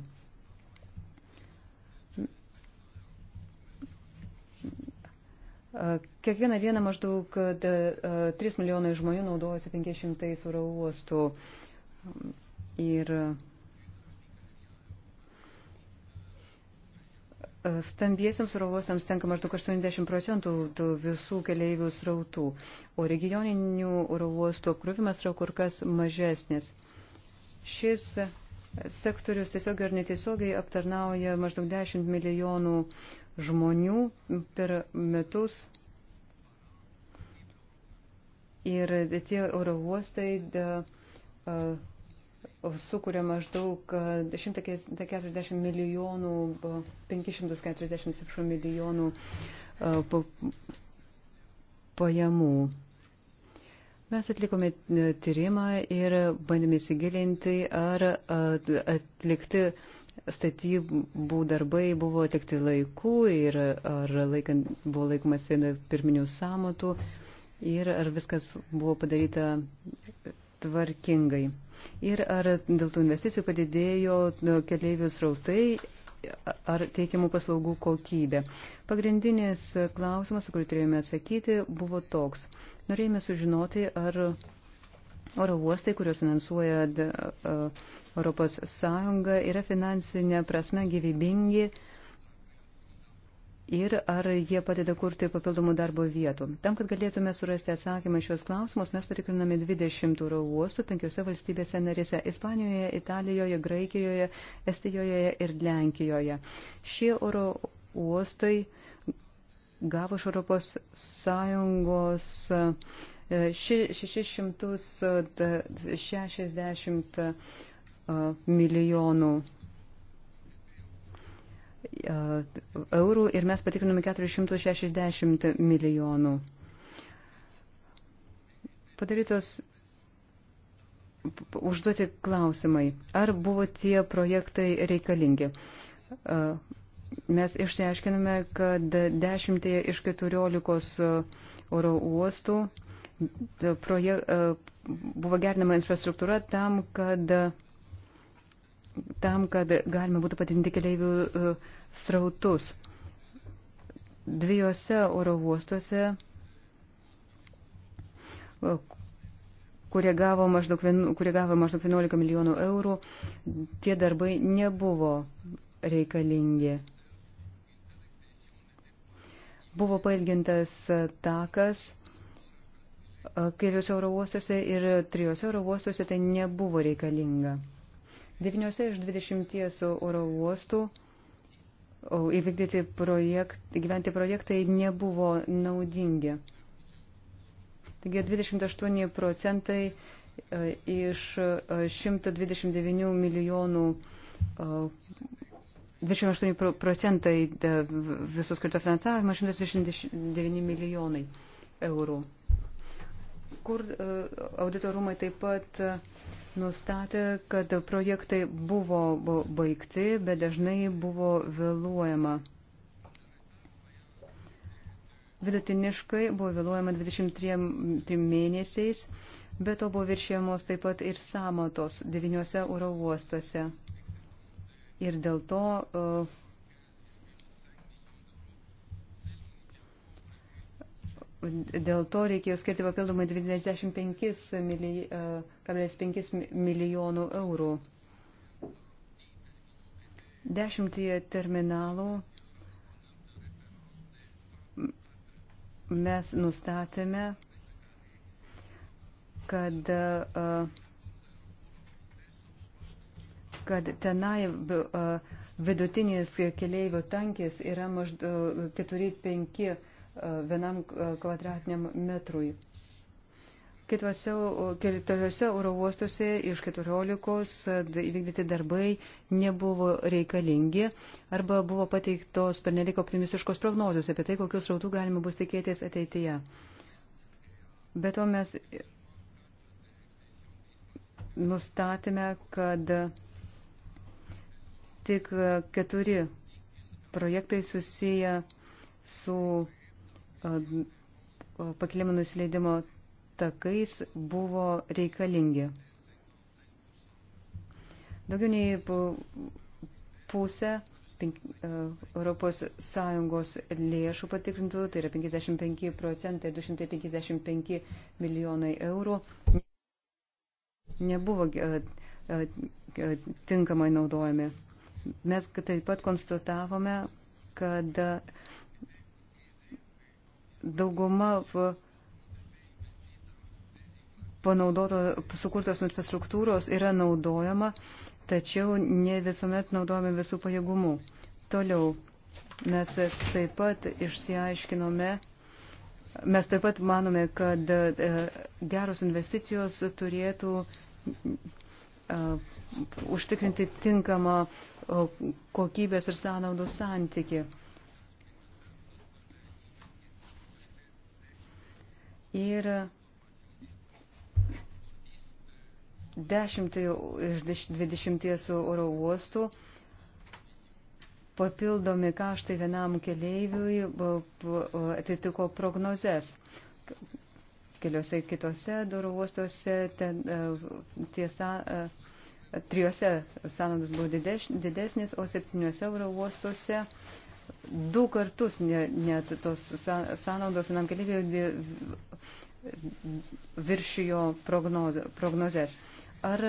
Kiekvieną dieną maždaug 3 e, milijonai žmonių naudojasi 500 oro uostų. Ir Stambiesiams rovosiams tenka maždaug 80 procentų visų keleivių srautų, o regioninių rovostų apkrovimas yra kur kas mažesnis. Šis sektorius tiesiog ir netiesiogiai aptarnauja maždaug 10 milijonų žmonių per metus. Ir tie oro uostai da, uh, sukuria maždaug 140 e, milijonų, 540 e, milijonų e, pajamų. Mes atlikome tyrimą ir bandėme įsigilinti, ar atlikti statybų darbai buvo atlikti laiku ir ar laikant, buvo laikomasi pirminių samatų ir ar viskas buvo padaryta tvarkingai ir ar dėl tų investicijų padidėjo keliaivių srautai ar teikiamų paslaugų kokybė. Pagrindinis klausimas, kurį turėjome atsakyti, buvo toks. Norėjome sužinoti, ar oro uostai, kuriuos finansuoja Europos Sąjunga, yra finansinė prasme gyvybingi ir ar jie padeda kurti papildomų darbo vietų. Tam, kad galėtume surasti atsakymą šios klausimus, mes patikriname 20 oro uostų penkiose valstybėse narėse - Ispanijoje, Italijoje, Graikijoje, Estijoje ir Lenkijoje. Šie oro uostai gavo iš Europos Sąjungos 660 e, e, e, milijonų E, eurų ir mes patikrinome 460 milijonų. Padarytos užduoti klausimai, ar buvo tie projektai reikalingi. E, mes išsiaiškiname, kad 10 iš 14 oro uostų projek, e, buvo gerinama infrastruktūra tam, kad tam, kad galima būtų patinti keliaivių uh, srautus. Dviejose oro uostuose, kurie gavo, maždaug, kurie gavo maždaug 11 milijonų eurų, tie darbai nebuvo reikalingi. Buvo pailgintas takas keliuose oro uostuose ir trijose oro uostuose tai nebuvo reikalinga. Deviniuose iš dvidešimties oro uostų įvykdyti projekt, gyventi projektai nebuvo naudingi. Taigi 28 procentai e, iš 129 e, milijonų 28 e, procentai viso skirto finansavimo 129 milijonai eurų kur e, auditorumai taip pat e, nustatė, kad projektai buvo baigti, bet dažnai buvo vėluojama. Vidutiniškai buvo vėluojama 23 mėnesiais, bet to buvo viršėjamos taip pat ir samatos devyniuose oro uostuose. Ir dėl to uh, Dėl to reikėjo skirti papildomai 25,5 e, milijonų eurų. Dešimtyje terminalų mes nustatėme, kad, e, kad tenai e, vidutinis keliaivių tankis yra maždaug 4-5 vienam kvadratiniam metrui. Kitose, kitose oro uostuose iš 14 įvykdyti darbai nebuvo reikalingi arba buvo pateiktos pernelik optimistiškos prognozijos apie tai, kokius rautų galima bus tikėtis ateityje. Be to mes nustatėme, kad tik keturi projektai susiję su pakilimo nusileidimo takais buvo reikalingi. Daugiau nei pusę Europos Sąjungos lėšų patikrintų, tai yra 55 procentai ir 255 milijonai eurų, nebuvo tinkamai naudojami. Mes taip pat konstatavome, kad dauguma panaudoto, sukurtos infrastruktūros yra naudojama, tačiau ne visuomet naudojame visų pajėgumų. Toliau mes taip pat išsiaiškinome, mes taip pat manome, kad e, geros investicijos turėtų e, užtikrinti tinkamą kokybės ir sąnaudų santyki. Ir dešimt iš dvidešimties oro uostų papildomi kaštai vienam keleiviui atitiko prognozes. Keliuose kitose durų uostuose ten, e, tiesa, e, trijose sąnaudos buvo didesnis, o septyniuose oro uostuose uh, Du kartus net tos sąnaudos vienam keleiviui viršijo prognozes. Ar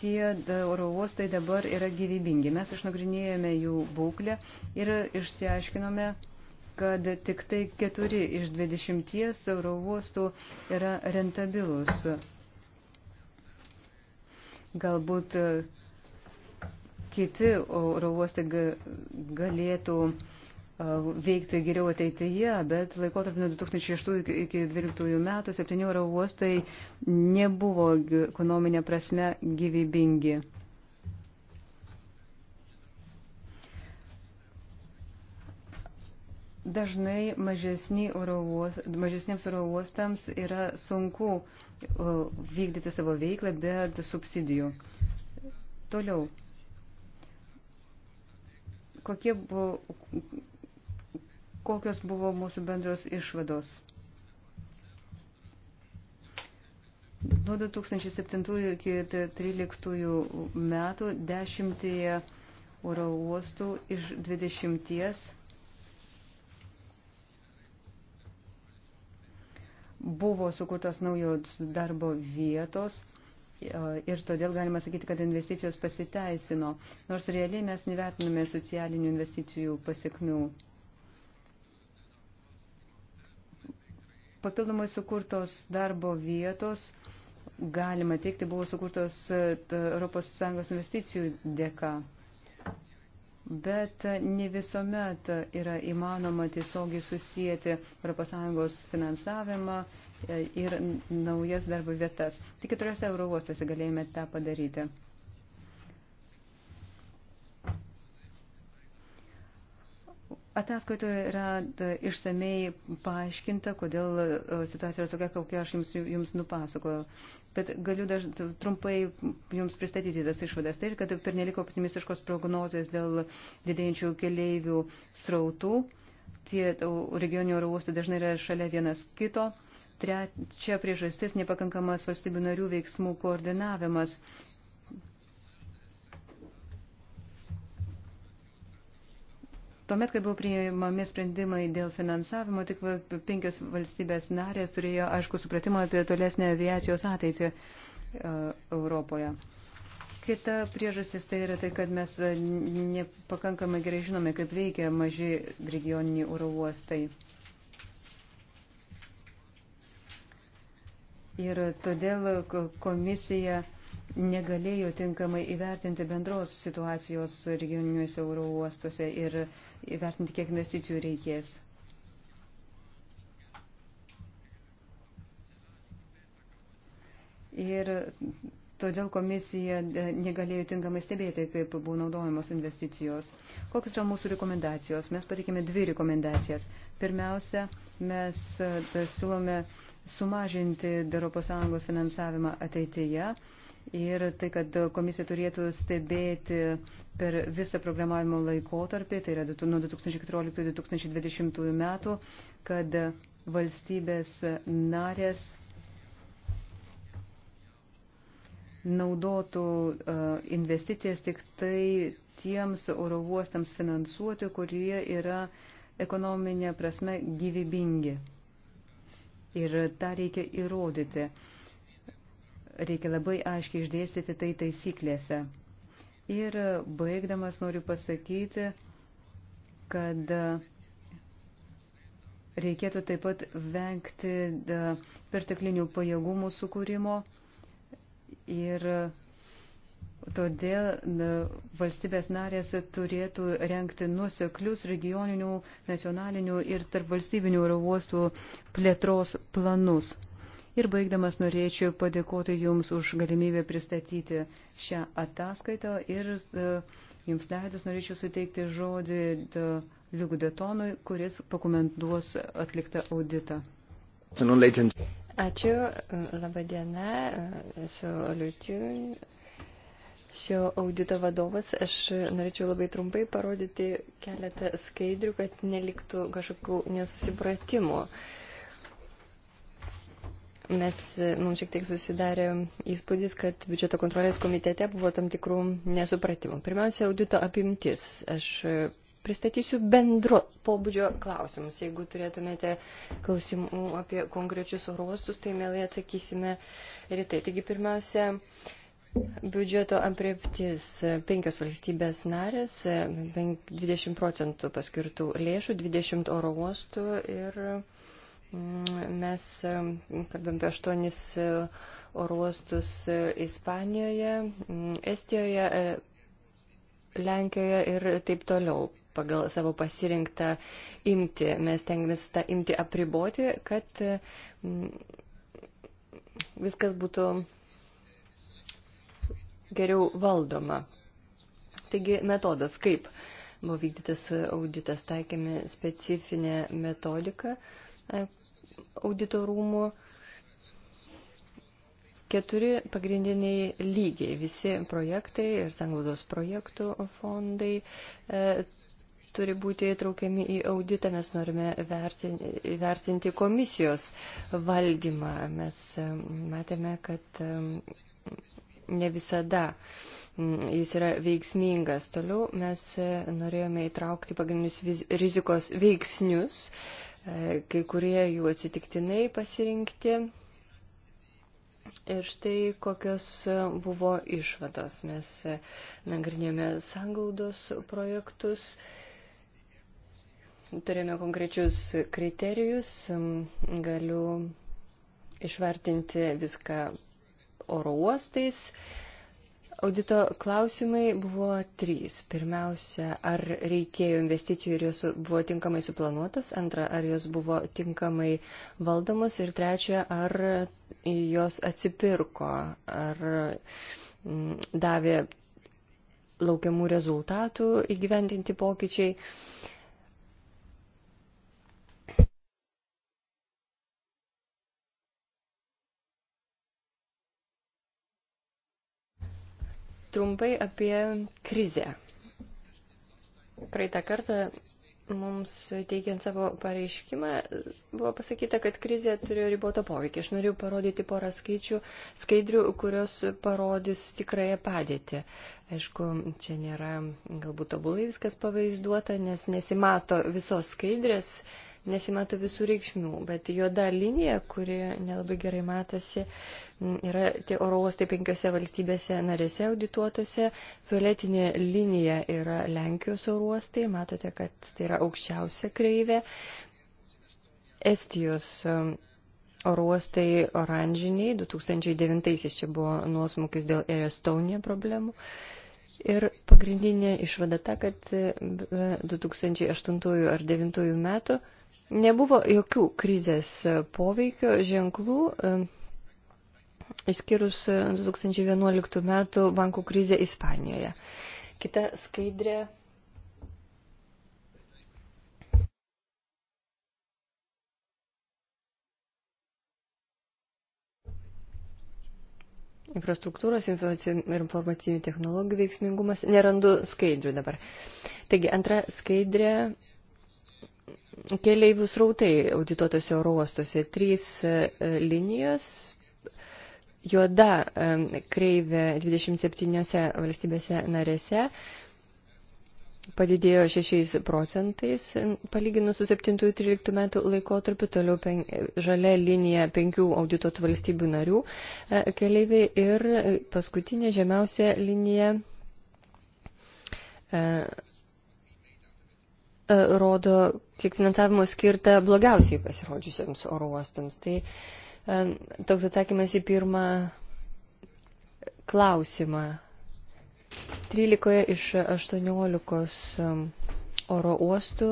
tie oro uostai dabar yra gyvybingi? Mes išnagrinėjome jų būklę ir išsiaiškinome, kad tik tai keturi iš dvidešimties oro uostų yra rentabilus. Galbūt uh, kiti oro uostai galėtų veikti geriau ateityje, bet laikotarp nuo 2006 iki 2012 metų septyni oro uostai nebuvo ekonominė prasme gyvybingi. Dažnai mažesni oro uost, mažesniems oro uostams yra sunku vykdyti savo veiklą be subsidijų. Toliau kokie buvo, kokios buvo mūsų bendros išvados. Nuo 2007 iki 2013 metų dešimtėje oro uostų iš 20 buvo sukurtos naujos darbo vietos Ir todėl galima sakyti, kad investicijos pasiteisino, nors realiai mes nevertiname socialinių investicijų pasiekmių. Papildomai sukurtos darbo vietos, galima teikti, buvo sukurtos ES investicijų dėka. Bet ne visuomet yra įmanoma tiesiogiai susijęti ES finansavimą E, ir naujas darbo vietas. Tik keturiose euro uostose galėjome tą padaryti. Ataskaitoje yra e, išsamei paaiškinta, kodėl e, situacija yra tokia, kokia aš jums, jums nupasakojau. Bet galiu daž, trumpai jums pristatyti tas išvadas. Tai ir kad per nelik optimistiškos prognozijos dėl didėjančių keleivių srautų, tie regioninių oro uostai dažnai yra šalia vienas kito. Trečia priežastis - nepakankamas valstybių narių veiksmų koordinavimas. Tuomet, kai buvo priimami sprendimai dėl finansavimo, tik penkios valstybės narės turėjo aišku supratimą apie tolesnę aviacijos ateitį e, Europoje. Kita priežastis tai yra tai, kad mes e, nepakankamai gerai žinome, kaip veikia maži regioniniai oro uostai. ir todėl komisija negalėjo tinkamai įvertinti bendros situacijos regioniniuose euro uostuose ir įvertinti, kiek investicijų reikės. Ir todėl komisija negalėjo tinkamai stebėti, kaip buvo naudojamos investicijos. Kokios yra mūsų rekomendacijos? Mes patikėme dvi rekomendacijas. Pirmiausia, mes e, siūlome sumažinti ES finansavimą ateityje ir tai, kad komisija turėtų stebėti per visą programavimo laikotarpį, tai yra nuo 2014-2020 metų, kad valstybės narės naudotų e, investicijas tik tai tiems oro uostams finansuoti, kurie yra ekonominė prasme gyvybingi ir tą reikia įrodyti. Reikia labai aiškiai išdėstyti tai taisyklėse. Ir baigdamas noriu pasakyti, kad reikėtų taip pat vengti perteklinių pajėgumų sukūrimo ir Todėl na, valstybės narės turėtų renkti nuseklius regioninių, nacionalinių ir tarpvalstybinių oro uostų plėtros planus. Ir baigdamas norėčiau padėkoti Jums už galimybę pristatyti šią ataskaitą ir uh, Jums leidus norėčiau suteikti žodį e, Liugų Detonui, kuris pakomentuos atliktą auditą. Ačiū, e, laba diena, esu Liutiu šio audito vadovas. Aš norėčiau labai trumpai parodyti keletą skaidrių, kad neliktų kažkokių nesusipratimų. Mes, mums šiek tiek susidarė įspūdis, kad biudžeto kontrolės komitete buvo tam tikrų nesupratimų. Pirmiausia, audito apimtis. Aš pristatysiu bendro pobūdžio klausimus. Jeigu turėtumėte klausimų apie konkrečius orostus, tai mielai atsakysime rytai. Taigi, pirmiausia, Biudžeto apreptis penkios valstybės narės, 20 procentų paskirtų lėšų, 20 oro uostų ir mm, mes mm, kalbam apie aštuonis e, oro uostus e, Ispanijoje, mm, Estijoje, e, Lenkijoje ir taip toliau pagal savo pasirinktą imti. Mes tengiamės tą imti apriboti, kad viskas būtų geriau valdoma. Taigi metodas kaip buvo vykdytas auditas, taikėme specifinę metodiką e, auditorumų. Keturi pagrindiniai lygiai, visi projektai ir sanglaudos projektų fondai e, turi būti įtraukiami į auditą, mes norime vertinti, vertinti komisijos valdymą. Mes e, matėme, kad ne visada mm, jis yra veiksmingas. Toliau mes e, norėjome įtraukti pagrindinius rizikos veiksnius, e, kai kurie jų atsitiktinai pasirinkti. Ir štai kokios e, buvo išvados. Mes nagrinėjome sanglaudos projektus, turėjome konkrečius kriterijus, mm, galiu išvartinti viską oro uostais. Audito klausimai buvo trys. Pirmiausia, ar reikėjo investicijų ir jos buvo tinkamai suplanuotas. Antra, ar jos buvo tinkamai valdomos. Ir trečia, ar jos atsipirko, ar mm, davė laukiamų rezultatų įgyventinti pokyčiai. Trumpai apie krizę. Praeitą kartą mums teikiant savo pareiškimą buvo pasakyta, kad krizė turėjo riboto poveikį. Aš norėjau parodyti porą skaičių, skaidrių, kurios parodys tikrąją padėtį. Aišku, čia nėra galbūt tobulai viskas pavaizduota, nes nesimato visos skaidrės, nesimato visų reikšmių, bet juoda linija, kuri nelabai gerai matosi, yra tie oro uostai penkiose valstybėse narėse audituotose, violetinė linija yra Lenkijos oro uostai, matote, kad tai yra aukščiausia kreivė, Estijos oro uostai oranžiniai, 2009-aisiais čia buvo nuosmukis dėl Air Estonia problemų. Ir pagrindinė išvada ta, kad 2008 ar 2009 metų Nebuvo jokių krizės poveikio ženklų, e, išskyrus 2011 e, metų bankų krizę Ispanijoje. Kita skaidrė. infrastruktūros ir informacinių technologijų veiksmingumas. Nerandu skaidrių dabar. Taigi, antra skaidrė Keleivių srautai audituotose oro uostuose trys e, e, linijos. Juoda e, kreivė 27 valstybėse narėse padidėjo 6 procentais, palyginus su 7-13 metų laikotarpiu, toliau pen, žalia linija 5 audituotų valstybių narių keleiviai ir paskutinė žemiausia linija E, rodo, kiek finansavimo skirta blogiausiai pasirodžiusiems oro uostams. Tai e, toks atsakymas į pirmą klausimą. 13 iš 18 e, oro uostų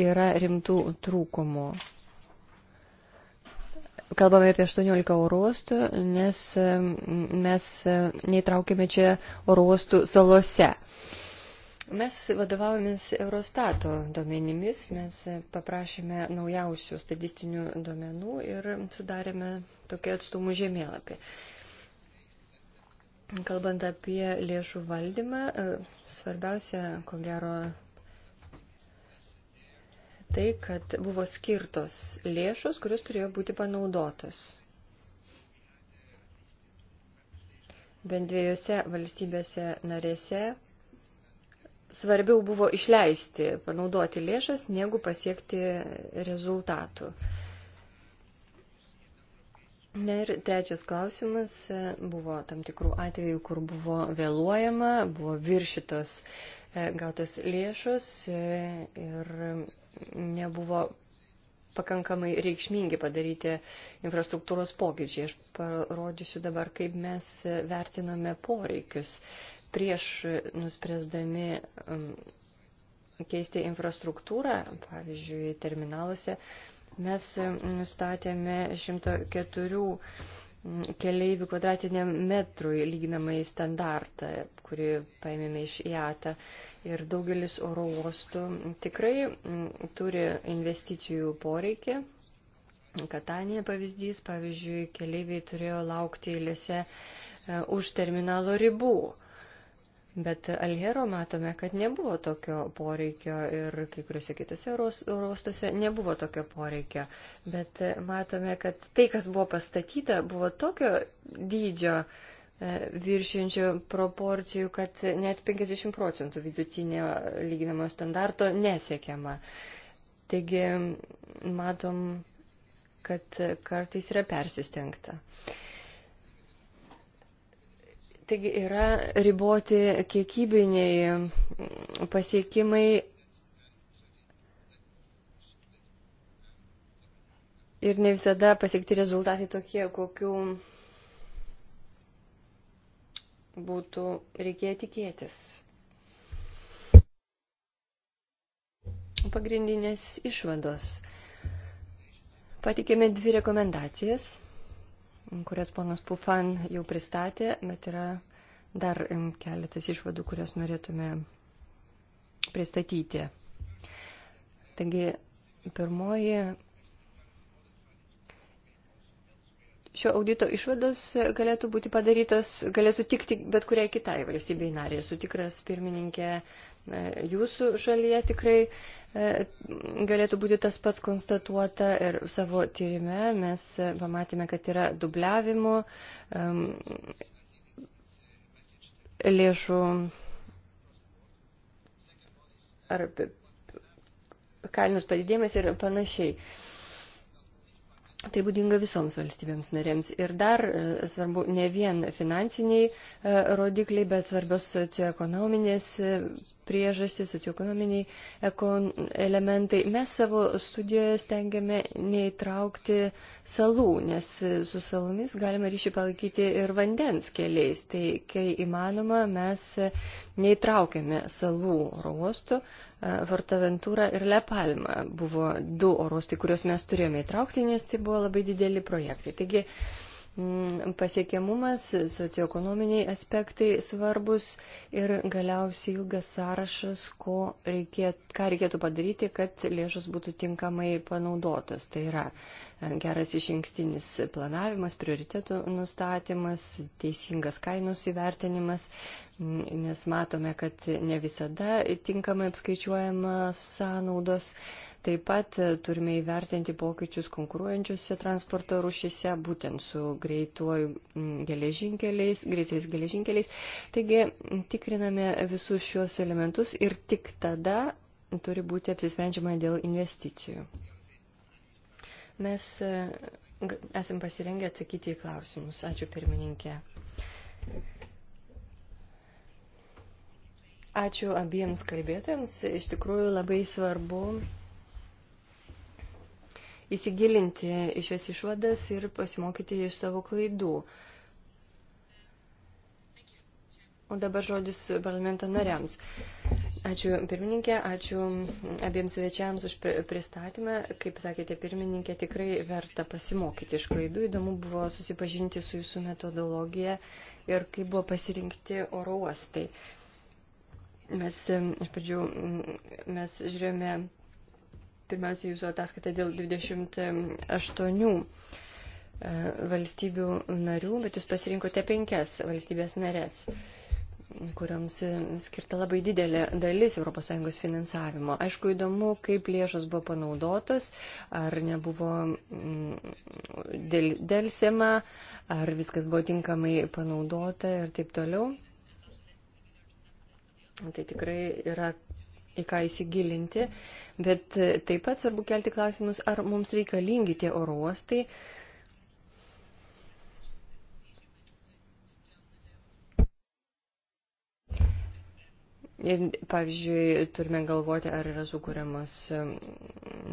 yra rimtų trūkumų. Kalbame apie 18 oro uostų, nes mes neįtraukėme čia oro uostų salose. Mes vadovavomės Eurostato duomenimis, mes paprašėme naujausių statistinių duomenų ir sudarėme tokį atstumų žemėlapį. Kalbant apie lėšų valdymą, svarbiausia, ko gero, tai, kad buvo skirtos lėšos, kurios turėjo būti panaudotos. Bent dviejose valstybėse narėse svarbiau buvo išleisti, panaudoti lėšas, negu pasiekti rezultatų. Na ir trečias klausimas. Buvo tam tikrų atvejų, kur buvo vėluojama, buvo viršytos e, gautas lėšos e, ir nebuvo pakankamai reikšmingi padaryti infrastruktūros pokyčiai. Aš parodysiu dabar, kaip mes vertinome poreikius prieš nuspręsdami um, keisti infrastruktūrą, pavyzdžiui, terminaluose, mes um, nustatėme 104 um, keleivių kvadratiniam metrui lyginamai standartą, kurį paėmėme iš IATA. Ir daugelis oro uostų tikrai turi investicijų poreikį. Katanija pavyzdys, pavyzdžiui, keleiviai turėjo laukti eilėse uh, už terminalo ribų. Bet Alhero matome, kad nebuvo tokio poreikio ir kai kuriuose kitose rostose nebuvo tokio poreikio. Bet matome, kad tai, kas buvo pastatyta, buvo tokio dydžio e, viršinčių proporcijų, kad net 50 procentų vidutinio lyginamo standarto nesiekiama. Taigi matom, kad kartais yra persistengta. Uh, Taigi yra riboti kiekybiniai mm, pasiekimai ir ne visada pasiekti rezultatai tokie, kokiu būtų reikėję tikėtis. Pagrindinės išvados. Patikėme dvi rekomendacijas kurias ponas Pufan jau pristatė, bet yra dar keletas išvadų, kurias norėtume pristatyti. Taigi, pirmoji. Šio audito išvados galėtų būti padarytas, galėtų tikti bet kuriai kitai valstybei narėje. Sutikras pirmininkė, E, jūsų šalyje tikrai e, galėtų būti tas pats konstatuota ir savo tyrime mes e, pamatėme, kad yra dubliavimo lėšų ar kainos padidėjimas ir panašiai. Tai būdinga visoms valstybėms narėms. Ir dar svarbu ne vien finansiniai rodikliai, bet svarbios socioekonominės priežastys, socioekonominiai ekon elementai. Mes savo studijoje stengiame neįtraukti salų, nes su salomis galima ryšį palaikyti ir vandens keliais. Tai kai įmanoma, mes neįtraukėme salų orostų. Fortaventūra ir Lepalma buvo du orostai, kuriuos mes turėjome įtraukti, nes tai buvo labai dideli projektai. Taigi, Mm, pasiekiamumas, socioekonominiai aspektai svarbus ir galiausiai ilgas sąrašas, reikėt, ką reikėtų padaryti, kad lėšos būtų tinkamai panaudotos. Tai yra e, geras išinkstinis planavimas, prioritetų nustatymas, teisingas kainos įvertinimas, mm, nes matome, kad ne visada tinkamai apskaičiuojamas sąnaudos. Taip pat e, turime įvertinti pokyčius konkuruojančiose transporto rušyse, būtent su greituoju geležinkeliais, greitais geležinkeliais. Taigi tikriname visus šios elementus ir tik tada turi būti apsisprendžiama dėl investicijų. Mes e, esam pasirengę atsakyti į klausimus. Ačiū pirmininkė. Ačiū abiems kalbėtojams. Iš tikrųjų labai svarbu įsigilinti į šias išvadas ir pasimokyti iš savo klaidų. O dabar žodis parlamento nariams. Ačiū pirmininkė, ačiū abiems svečiams už pristatymą. Kaip sakėte, pirmininkė tikrai verta pasimokyti iš klaidų. Įdomu buvo susipažinti su jūsų metodologija ir kaip buvo pasirinkti oro uostai. Mes iš pradžių mes žiūrėjome Pirmiausia, jūsų ataskaita dėl 28 e, valstybių narių, bet jūs pasirinkote penkias valstybės narės, kuriams skirta labai didelė dalis ES finansavimo. Aišku, įdomu, kaip lėšos buvo panaudotos, ar nebuvo mm, dėlsiama, ar viskas buvo tinkamai panaudota ir taip toliau. Tai tikrai yra į ką įsigilinti, bet taip pat svarbu kelti klausimus, ar mums reikalingi tie oro uostai. Ir, pavyzdžiui, turime galvoti, ar yra sukūriamas um,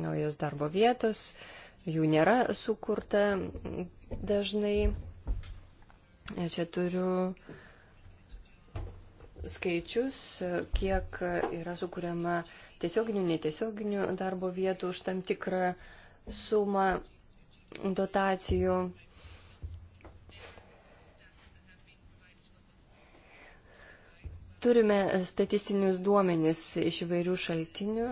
naujos darbo vietos, jų nėra sukurta dažnai. Ir čia turiu uh, skaičius, kiek yra sukūriama tiesioginių, netiesioginių darbo vietų už tam tikrą sumą dotacijų. Turime statistinius duomenis iš įvairių šaltinių,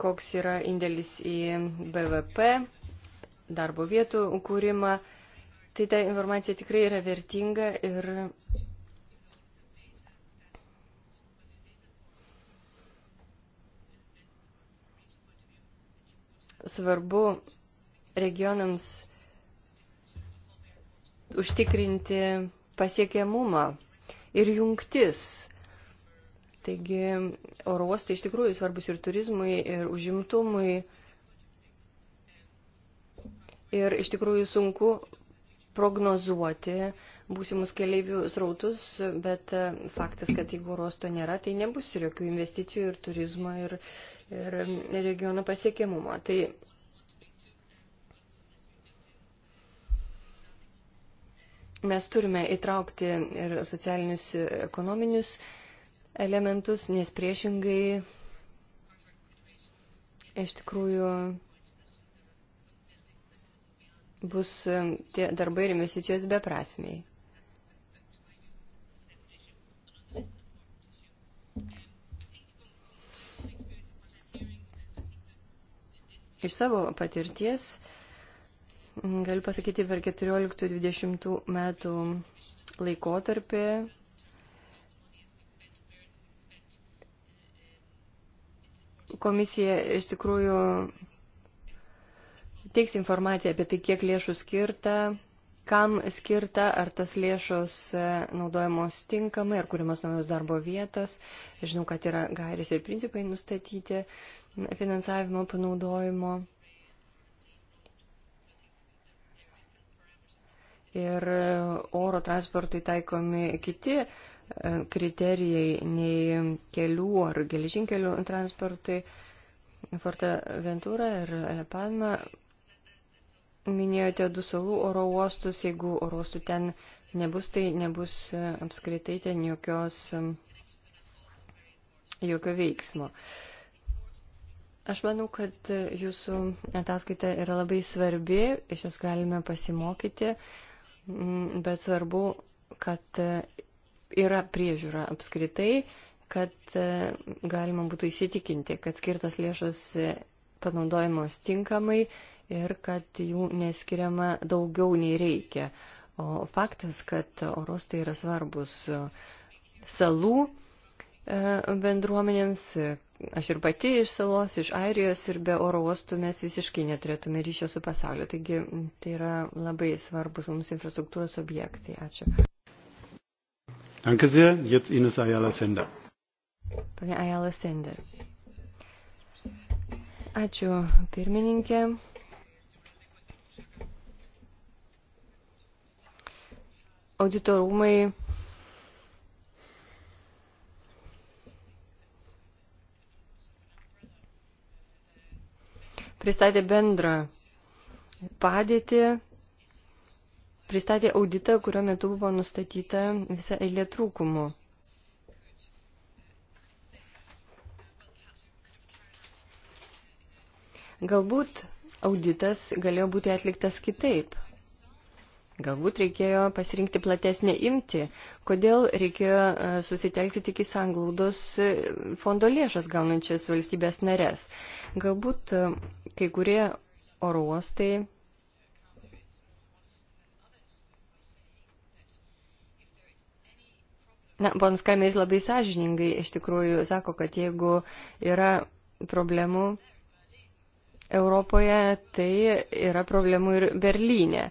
koks yra indėlis į BVP, darbo vietų kūrimą Tai ta informacija tikrai yra vertinga ir svarbu regionams užtikrinti pasiekiamumą ir jungtis. Taigi oro uostai iš tikrųjų svarbus ir turizmui, ir užimtumui. Ir iš tikrųjų sunku prognozuoti būsimus keliaivių srautus, bet e, faktas, kad jeigu rosto nėra, tai nebus ir jokių investicijų ir turizmo ir, ir regiono pasiekimumo. Tai mes turime įtraukti ir socialinius, ir ekonominius elementus, nes priešingai iš tikrųjų bus tie darbai ir investicijos beprasmiai. Iš savo patirties galiu pasakyti per 14-20 metų laikotarpį komisija iš tikrųjų teiks informaciją apie tai, kiek lėšų skirta, kam skirta, ar tos lėšos e, naudojamos tinkamai, ar kūrimas naujos darbo vietos. Žinau, kad yra gairės ir principai nustatyti finansavimo panaudojimo. Ir e, oro transportui taikomi kiti e, kriterijai nei kelių ar geležinkelių transportui. Forte Ventura ir Palma Minėjote du salų oro uostus, jeigu oro uostų ten nebus, tai nebus e, apskritai ten jokios, e, jokio veiksmo. Aš manau, kad e, jūsų ataskaita yra labai svarbi, iš jos galime pasimokyti, bet svarbu, kad yra priežiūra apskritai, kad galima būtų įsitikinti, kad skirtas lėšas panaudojamos tinkamai ir kad jų neskiriama daugiau nei reikia. O faktas, kad orostai yra svarbus e, salų e, bendruomenėms, e, aš ir pati iš salos, iš Airijos ir be oro uostų mes visiškai neturėtume ryšio su pasauliu. Taigi tai yra labai svarbus mums infrastruktūros objektai. Ačiū. Danke sehr. Jetzt Ines Ayala Sender. Pane Ayala Sender. Ačiū pirmininkė. auditorumai pristatė bendrą padėtį, pristatė auditą, kurio metu buvo nustatyta visa eilė trūkumų. Galbūt auditas galėjo būti atliktas kitaip. Galbūt reikėjo pasirinkti platesnį imti. Kodėl reikėjo e, susitelkti tik į sanglaudos e, fondo lėšas gaunančias valstybės narės? Galbūt e, kai kurie oro uostai Na, ponas Kalmės labai sąžiningai iš tikrųjų sako, kad jeigu yra problemų Europoje, tai yra problemų ir Berlyne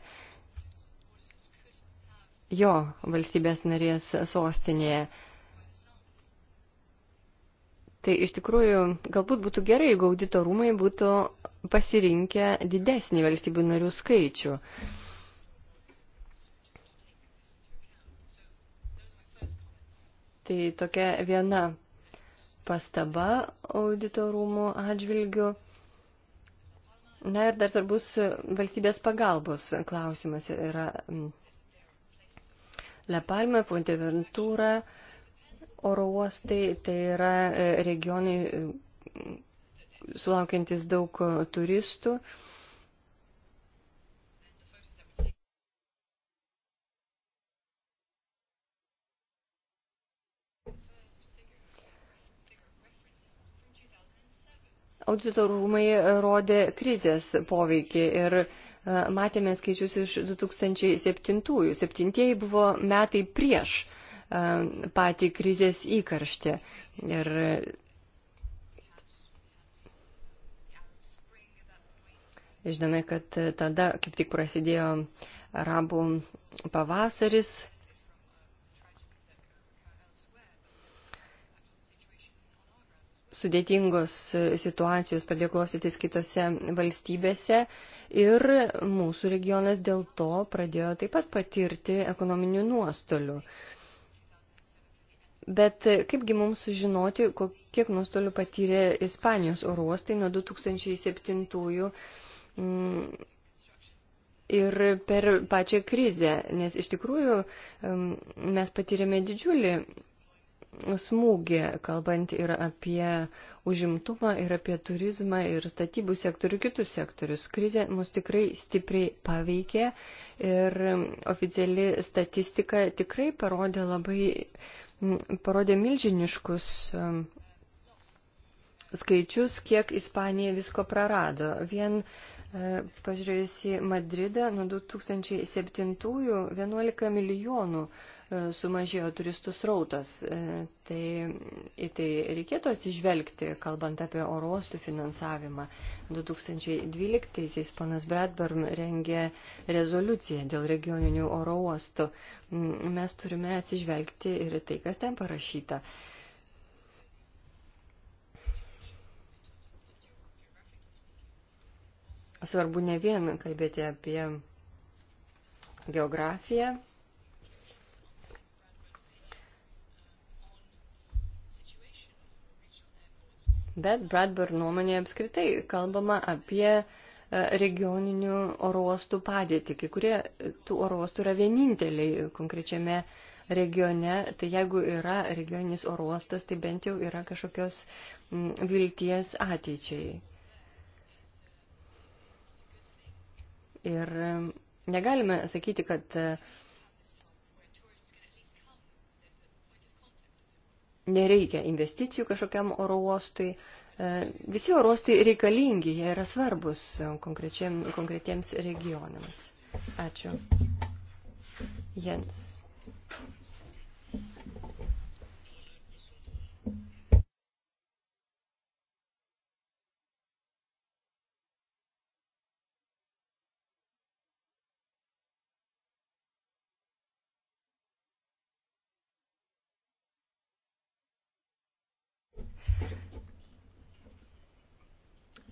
jo valstybės narės sostinėje. Tai iš tikrųjų galbūt būtų gerai, jeigu audito rūmai būtų pasirinkę didesnį valstybių narių skaičių. Tai tokia viena pastaba audito rūmų atžvilgių. Na ir dar svarbus valstybės pagalbos klausimas yra Lepalme, Ponteventura, oro uostai, tai yra e, regionai e, sulaukiantis daug e, turistų. Auditorumai rodė krizės poveikį ir E, matėme skaičius iš 2007-ųjų. Septintieji buvo metai prieš e, patį krizės įkarštį. Ir žinome, kad tada kaip tik prasidėjo arabų pavasaris sudėtingos e, situacijos pradėklostytis kitose valstybėse ir mūsų regionas dėl to pradėjo taip pat patirti ekonominių nuostolių. Bet e, kaipgi mums sužinoti, kiek nuostolių patyrė Ispanijos oruostai nuo 2007 mm, ir per pačią krizę, nes iš tikrųjų mes patyrėme didžiulį smūgį, kalbant ir apie užimtumą, ir apie turizmą, ir statybų sektorių, kitus sektorius. Krizė mus tikrai stipriai paveikė ir oficiali statistika tikrai parodė labai, parodė milžiniškus skaičius, kiek Ispanija visko prarado. Vien e, pažiūrėjus į Madridą nuo 2007-ųjų 11 milijonų sumažėjo turistų srautas. E, tai į tai reikėtų atsižvelgti, kalbant apie orostų finansavimą. 2012-aisiais panas Bradburn rengė rezoliuciją dėl regioninių oro uostų. Mes turime atsižvelgti ir tai, kas ten parašyta. Svarbu ne vien kalbėti apie geografiją, Bet Bradburn nuomonėje apskritai kalbama apie e, regioninių orostų padėtį. Kai kurie e, tų orostų yra vieninteliai konkrečiame regione, tai jeigu yra regioninis orostas, tai bent jau yra kažkokios vilties ateičiai. Ir negalime sakyti, kad e, nereikia investicijų kažkokiam oro uostui. E, visi oro uostai reikalingi, jie yra svarbus e, konkretiems regionams. Ačiū. Jens.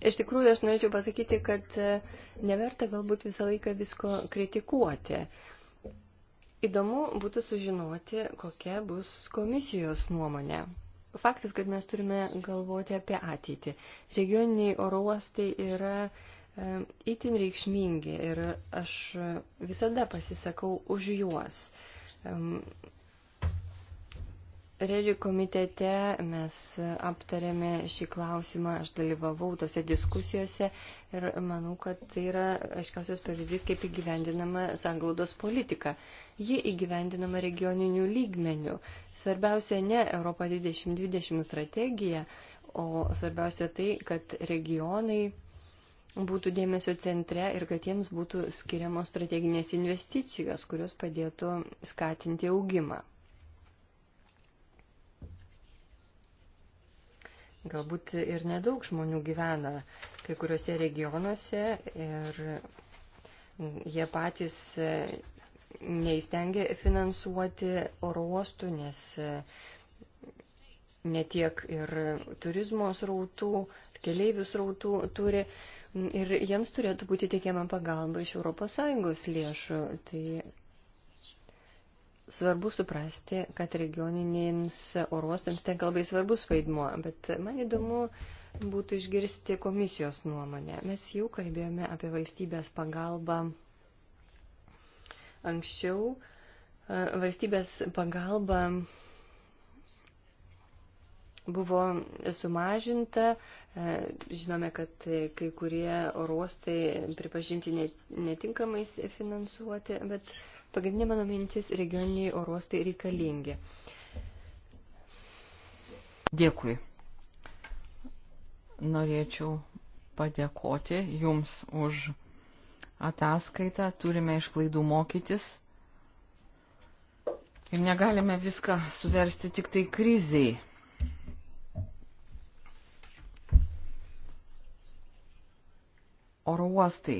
Iš tikrųjų, aš norėčiau pasakyti, kad e, neverta galbūt visą laiką visko kritikuoti. Įdomu būtų sužinoti, kokia bus komisijos nuomonė. Faktas, kad mes turime galvoti apie ateitį. Regioniniai oro uostai yra įtin e, reikšmingi ir aš visada pasisakau už juos. Regių komitete mes aptarėme šį klausimą, aš dalyvavau tose diskusijose ir manau, kad tai yra aiškiausias pavyzdys, kaip įgyvendinama sanglaudos politika. Ji įgyvendinama regioninių lygmenių. Svarbiausia ne Europa 2020 strategija, o svarbiausia tai, kad regionai būtų dėmesio centre ir kad jiems būtų skiriamos strateginės investicijos, kurios padėtų skatinti augimą. Galbūt ir nedaug žmonių gyvena kai kuriuose regionuose ir jie patys e, neįstengia finansuoti oro uostų, nes e, netiek ir turizmo srautų, keliaivių srautų turi. Ir jiems turėtų būti teikiama pagalba iš ES lėšų. Tai Svarbu suprasti, kad regioninėms oruostams tenka labai svarbus vaidmuo, bet man įdomu būtų išgirsti komisijos nuomonę. Mes jau kalbėjome apie valstybės pagalbą anksčiau. Valstybės pagalba buvo sumažinta. Žinome, kad kai kurie oruostai pripažinti netinkamais finansuoti, bet Pagrindinė mano mintis - regioniniai orostai reikalingi. Dėkui. Norėčiau padėkoti Jums už ataskaitą. Turime iš klaidų mokytis. Ir negalime viską suversti tik tai kriziai. Oro uostai,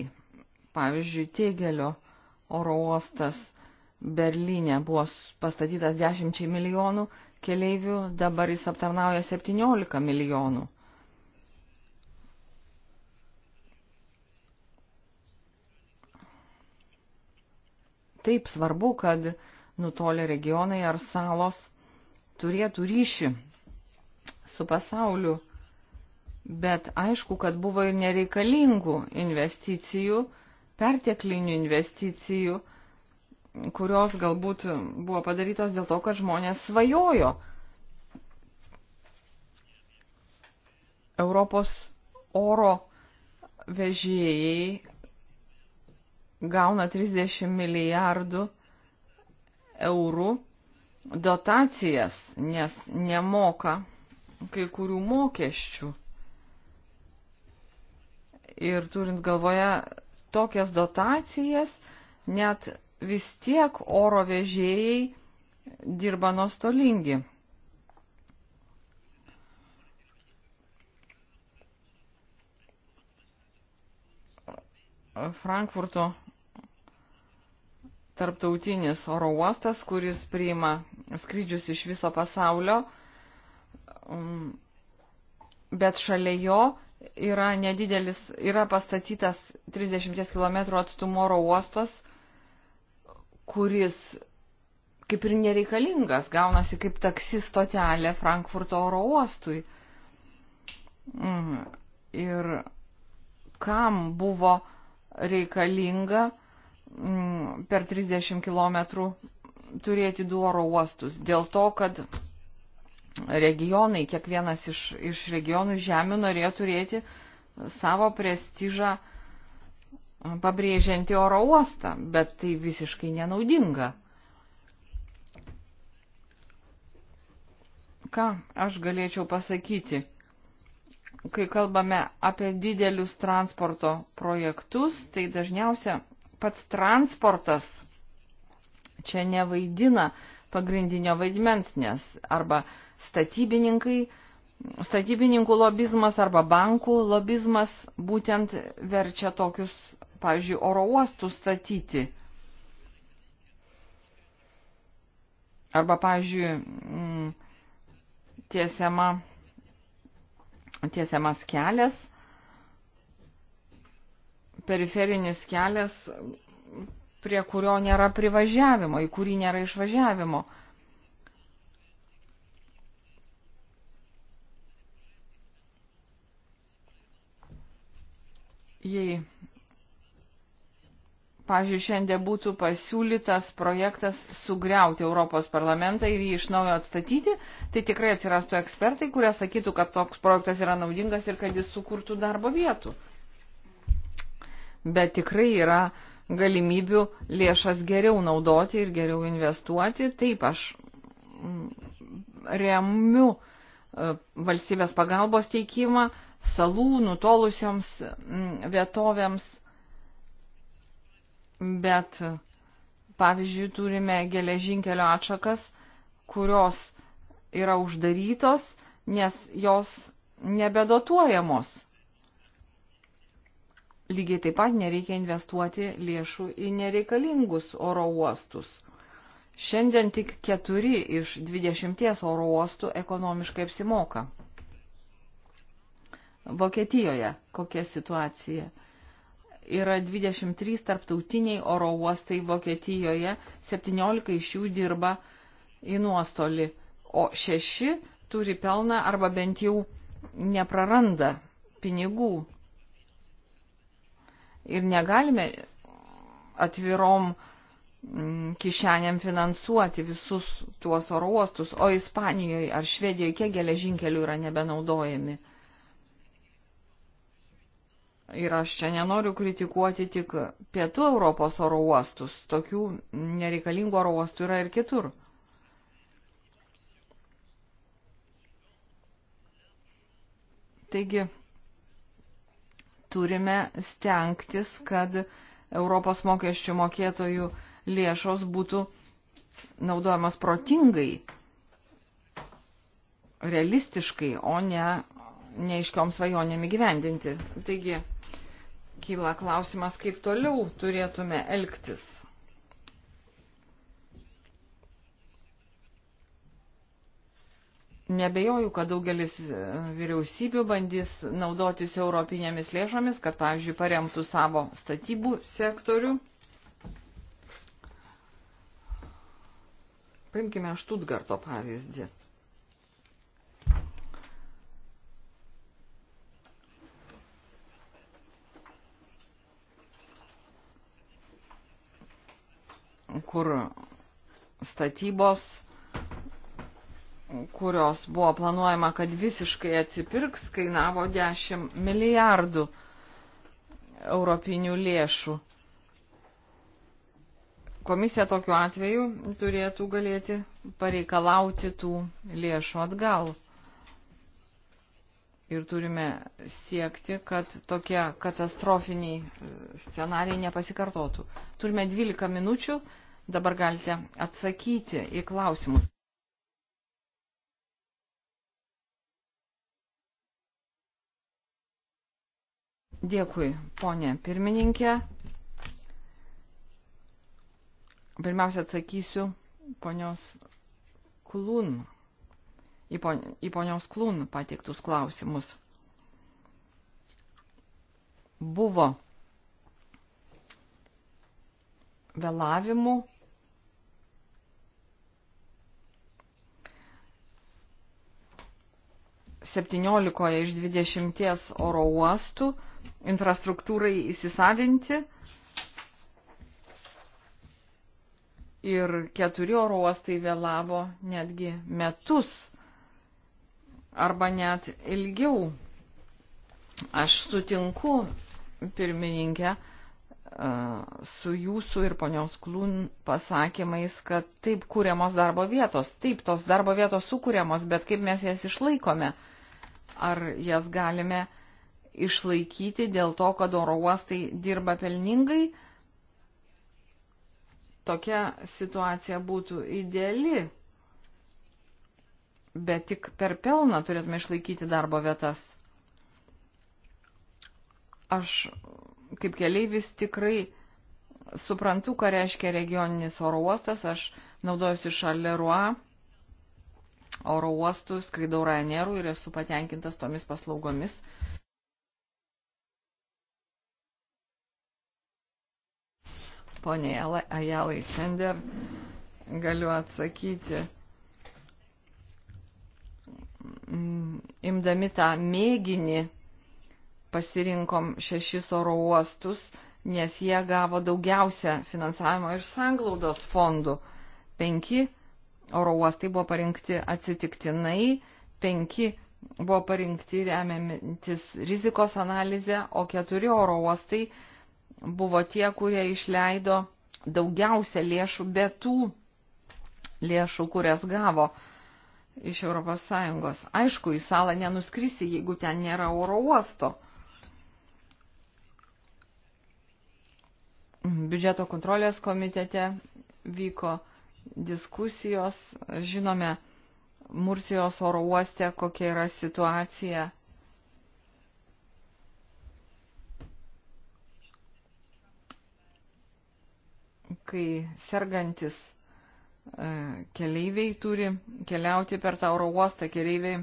pavyzdžiui, Tėgelio oro uostas Berlyne buvo pastatytas 10 milijonų keleivių, dabar jis aptarnauja 17 milijonų. Taip svarbu, kad nutolę regionai ar salos turėtų ryšį su pasauliu, bet aišku, kad buvo ir nereikalingų investicijų, perteklinių investicijų, kurios galbūt buvo padarytos dėl to, kad žmonės svajojo. Europos oro vežėjai gauna 30 milijardų eurų dotacijas, nes nemoka kai kurių mokesčių. Ir turint galvoje tokias dotacijas, net vis tiek oro vežėjai dirba nuostolingi. Frankfurto tarptautinis oro uostas, kuris priima skrydžius iš viso pasaulio, mm, bet šalia jo yra nedidelis, yra pastatytas 30 km atstumo oro uostas, kuris kaip ir nereikalingas, gaunasi kaip taksi stotelė Frankfurto oro uostui. Mm, ir kam buvo reikalinga mm, per 30 km turėti du oro uostus? Dėl to, kad regionai, kiekvienas iš, iš regionų žemių norėjo turėti savo prestižą e, pabrėžiantį oro uostą, bet tai visiškai nenaudinga. Ką aš galėčiau pasakyti? Kai kalbame apie didelius transporto projektus, tai dažniausia pats transportas čia nevaidina uh, pagrindinio vaidmens, nes arba statybininkai, statybininkų lobizmas arba bankų lobizmas būtent verčia tokius, pavyzdžiui, oro uostus statyti. Arba, pavyzdžiui, mm, tiesiama, tiesiamas kelias, periferinis kelias prie kurio nėra privažiavimo, į kurį nėra išvažiavimo. Jei, pažiūrėjau, šiandien būtų pasiūlytas projektas sugriauti Europos parlamentą ir jį iš naujo atstatyti, tai tikrai atsirastų ekspertai, kurie sakytų, kad toks projektas yra naudingas ir kad jis sukurtų darbo vietų bet tikrai yra galimybių lėšas geriau naudoti ir geriau investuoti. Taip, aš mm, remiu e, valstybės pagalbos teikimą salų nutolusioms mm, vietovėms, bet pavyzdžiui turime geležinkelio atšakas, kurios yra uždarytos, nes jos nebedotuojamos lygiai taip pat nereikia investuoti lėšų į nereikalingus oro uostus. Šiandien tik keturi iš dvidešimties oro uostų ekonomiškai apsimoka. Vokietijoje kokia situacija? Yra 23 tarptautiniai oro uostai Vokietijoje, 17 iš jų dirba į nuostolį, o 6 turi pelną arba bent jau nepraranda pinigų ir negalime atvirom mm, kišeniam finansuoti visus tuos oro uostus, o Ispanijoje ar Švedijoje kiek geležinkelių yra nebenaudojami. Ir aš čia nenoriu kritikuoti tik pietų Europos oro uostus. Tokių nereikalingų oro uostų yra ir kitur. Taigi, turime stengtis, kad Europos mokesčių mokėtojų lėšos būtų naudojamos protingai, realistiškai, o ne neiškiom svajonėm įgyvendinti. Taigi, kyla klausimas, kaip toliau turėtume elgtis. Nebejoju, kad daugelis e, vyriausybių bandys naudotis europinėmis lėšomis, kad, pavyzdžiui, paremtų savo statybų sektorių. Paimkime Štutgarto pavyzdį. kur statybos kurios buvo planuojama, kad visiškai atsipirks, kainavo 10 milijardų europinių lėšų. Komisija tokiu atveju turėtų galėti pareikalauti tų lėšų atgal. Ir turime siekti, kad tokie katastrofiniai e, scenarijai nepasikartotų. Turime 12 minučių, dabar galite atsakyti į klausimus. Dėkui, ponė pirmininkė. Pirmiausia, atsakysiu ponios Klun, į, pon, į ponios Klun pateiktus klausimus. Buvo vėlavimų septyniolikoje iš dvidešimties oro uostų infrastruktūrai įsisavinti. Ir keturi oro uostai vėlavo netgi metus arba net ilgiau. Aš sutinku, pirmininkė, su jūsų ir ponios Klun pasakymais, kad taip kūriamos darbo vietos, taip tos darbo vietos sukūriamos, bet kaip mes jas išlaikome, ar jas galime išlaikyti dėl to, kad oro uostai dirba pelningai. Tokia situacija būtų ideali, bet tik per pelną turėtume išlaikyti darbo vietas. Aš kaip keleivis tikrai suprantu, ką reiškia regioninis oro uostas. Aš naudojusi Šalerua oro uostų, skraidau Rainerų ir esu patenkintas tomis paslaugomis, Pone Ajalai Sender, galiu atsakyti, imdami tą mėginį, pasirinkom šešis oro uostus, nes jie gavo daugiausia finansavimo iš sanglaudos fondų. Penki oro uostai buvo parinkti atsitiktinai, penki buvo parinkti remiantis rizikos analizę, o keturi oro uostai buvo tie, kurie išleido daugiausia lėšų be tų lėšų, kurias gavo iš ES. Aišku, į salą nenuskrisi, jeigu ten nėra oro uosto. Biudžeto kontrolės komitete vyko diskusijos, žinome, Mursijos oro uoste, kokia yra situacija kai sergantis e, keleiviai turi keliauti per tą oro uostą, keleiviai,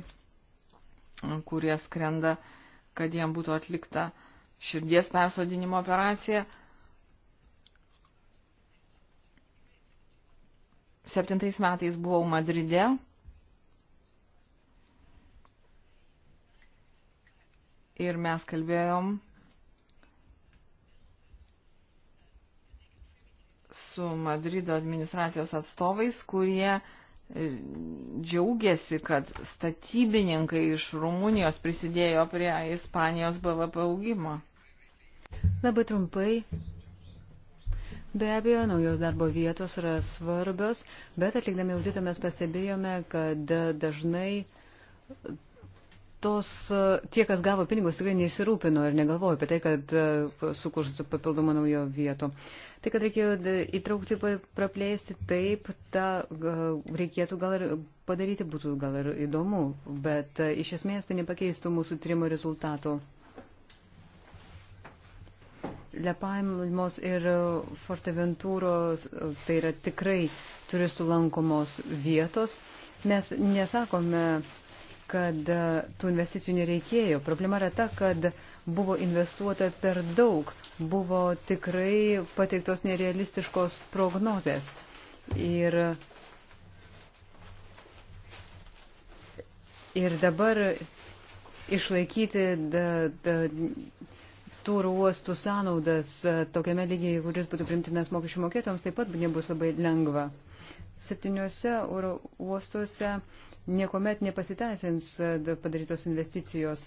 e, kurie skrenda, kad jiem būtų atlikta širdies persodinimo operacija. Septintais metais buvau Madride. Ir mes kalbėjom su Madrido administracijos atstovais, kurie e, džiaugiasi, kad statybininkai iš Rumunijos prisidėjo prie Ispanijos BVP augimo. Labai trumpai. Be abejo, naujos darbo vietos yra svarbios, bet atlikdami auditą mes pastebėjome, kad dažnai tos, tie, kas gavo pinigus, tikrai neįsirūpino ir negalvojo apie tai, kad e, sukurs papildomą naujo vietų. Tai, kad reikėjo e, įtraukti, praplėsti, taip, tą e, reikėtų gal ir padaryti, būtų gal ir įdomu, bet iš esmės tai nepakeistų mūsų tyrimo rezultatų. Lepaimos ir Forteventūros tai yra tikrai turistų lankomos vietos. Mes nesakome, kad e, tų investicijų nereikėjo. Problema yra ta, kad buvo investuota per daug, buvo tikrai pateiktos nerealistiškos prognozės. Ir, ir dabar išlaikyti da, da, tūrų uostų sąnaudas e, tokiame lygiai, kuris būtų primtinas mokesčių mokėtojams, taip pat nebus labai lengva. Septyniuose oro uostuose niekuomet nepasiteisins e, padarytos investicijos.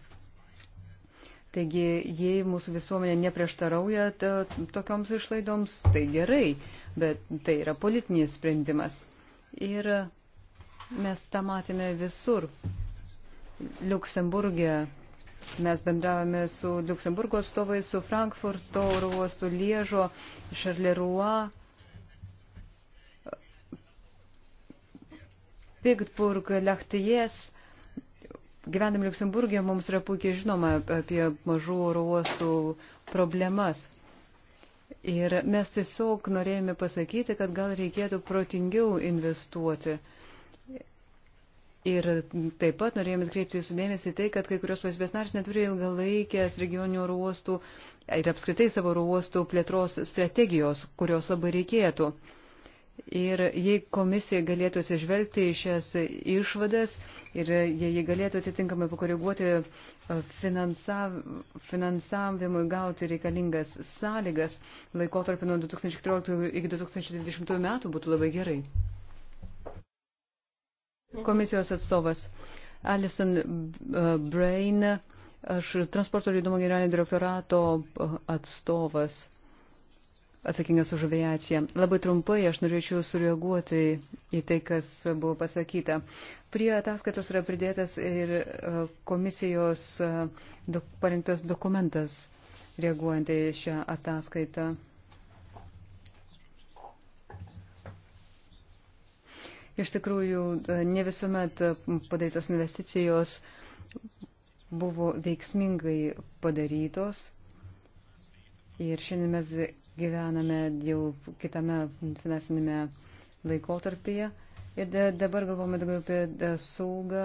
Taigi, jei mūsų visuomenė neprieštarauja tokioms išlaidoms, tai gerai, bet tai yra politinis sprendimas. Ir mes tą matėme visur. Luksemburgė Mes bendravome su Luxemburgo atstovais, su Frankfurto oro uostu, Liežo, Šarlerua. Pigtburg, Lechtijas. Gyvenam Luxemburgė, mums yra puikiai žinoma apie mažų oro uostų problemas. Ir mes tiesiog norėjome pasakyti, kad gal reikėtų protingiau investuoti. Ir taip pat norėjome atkreipti jūsų dėmesį tai, kad kai kurios valstybės narės neturi ilgalaikės regioninių oro uostų ir apskritai savo oro uostų plėtros strategijos, kurios labai reikėtų. Ir jei komisija galėtų atsižvelgti į šias išvadas ir jei jie galėtų atitinkamai pakoreguoti e, finansav, finansavimui gauti reikalingas sąlygas laikotarpį nuo 2014 iki 2020 metų būtų labai gerai. Komisijos atstovas Alison e, Brain, aš transporto judumo generalinio direktorato e, atstovas atsakingas už aviaciją. Labai trumpai aš norėčiau sureaguoti į tai, kas buvo pasakyta. Prie ataskaitos yra pridėtas ir e, komisijos e, dok, parinktas dokumentas reaguojant į šią ataskaitą. Iš tikrųjų, e, ne visuomet padarytos investicijos buvo veiksmingai padarytos Ir šiandien mes gyvename jau kitame finansinėme laikotarpyje. Ir dabar galvome daugiau apie saugą,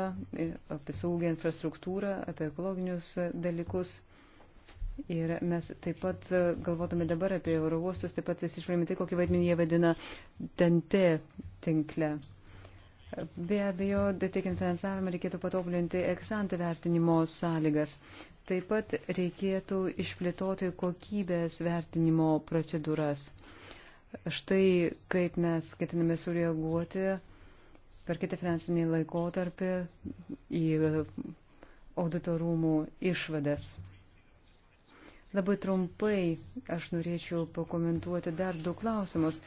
apie saugę infrastruktūrą, apie ekologinius dalykus. Ir mes taip pat e, galvotame dabar apie oro uostus, taip pat visi išmėgime tai, kokį vaidmenį jie vadina TNT tinkle. Be abejo, teikiant finansavimą reikėtų patobulinti eksantį vertinimo sąlygas. Taip pat reikėtų išplėtoti kokybės vertinimo procedūras. Štai kaip mes ketiname sureaguoti per kitą finansinį laikotarpį į auditorumų išvadas. Labai trumpai aš norėčiau pakomentuoti dar du klausimus.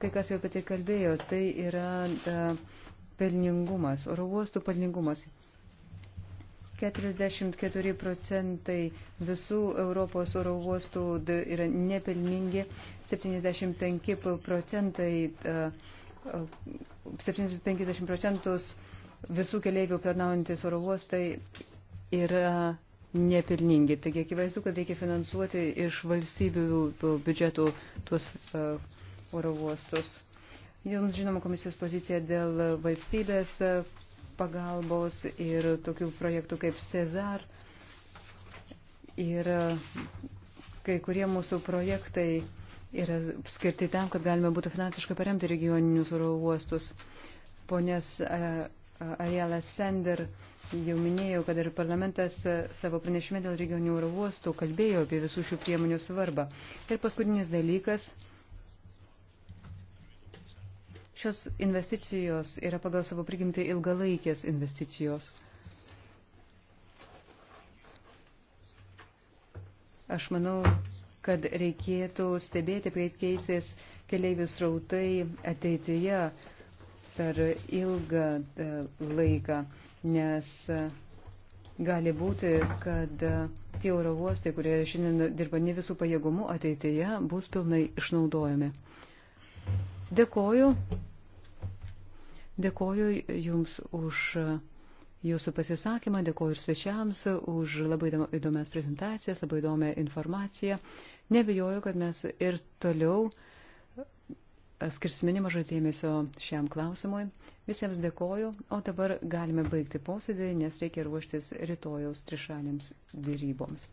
Kai kas jau apie tai kalbėjo, tai yra. Da, e, pelningumas, oro uostų pelningumas. 44 procentai visų Europos oro uostų yra nepelningi, 75 procentai, 50 e, e, procentus visų keleivių tarnaujantis oro uostai yra nepelningi. Taigi akivaizdu, kad reikia finansuoti iš valstybių biudžetų tuos e, oro uostus. Jums žinoma komisijos pozicija dėl valstybės pagalbos ir tokių projektų kaip Cezar. Ir kai kurie mūsų projektai yra skirti tam, kad galime būtų finansiškai paremti regioninius oro uostus. Ponės Ariela Sender jau minėjau, kad ir parlamentas savo pranešime dėl regioninių oro uostų kalbėjo apie visų šių priemonių svarbą. Ir paskutinis dalykas Šios investicijos yra pagal savo prigimtį ilgalaikės investicijos. Aš manau, kad reikėtų stebėti, kaip keisės keliaivių srautai ateityje per ilgą e, laiką, nes e, gali būti, kad e, tie oro uostai, kurie šiandien dirba ne visų pajėgumų, ateityje bus pilnai išnaudojami. Dėkoju. Dėkoju Jums už Jūsų pasisakymą, dėkoju ir svečiams už labai įdomias prezentacijas, labai įdomią informaciją. Nebijoju, kad mes ir toliau skirsime nemažai dėmesio šiam klausimui. Visiems dėkoju, o dabar galime baigti posėdį, nes reikia ruoštis rytojaus trišalėms dėryboms.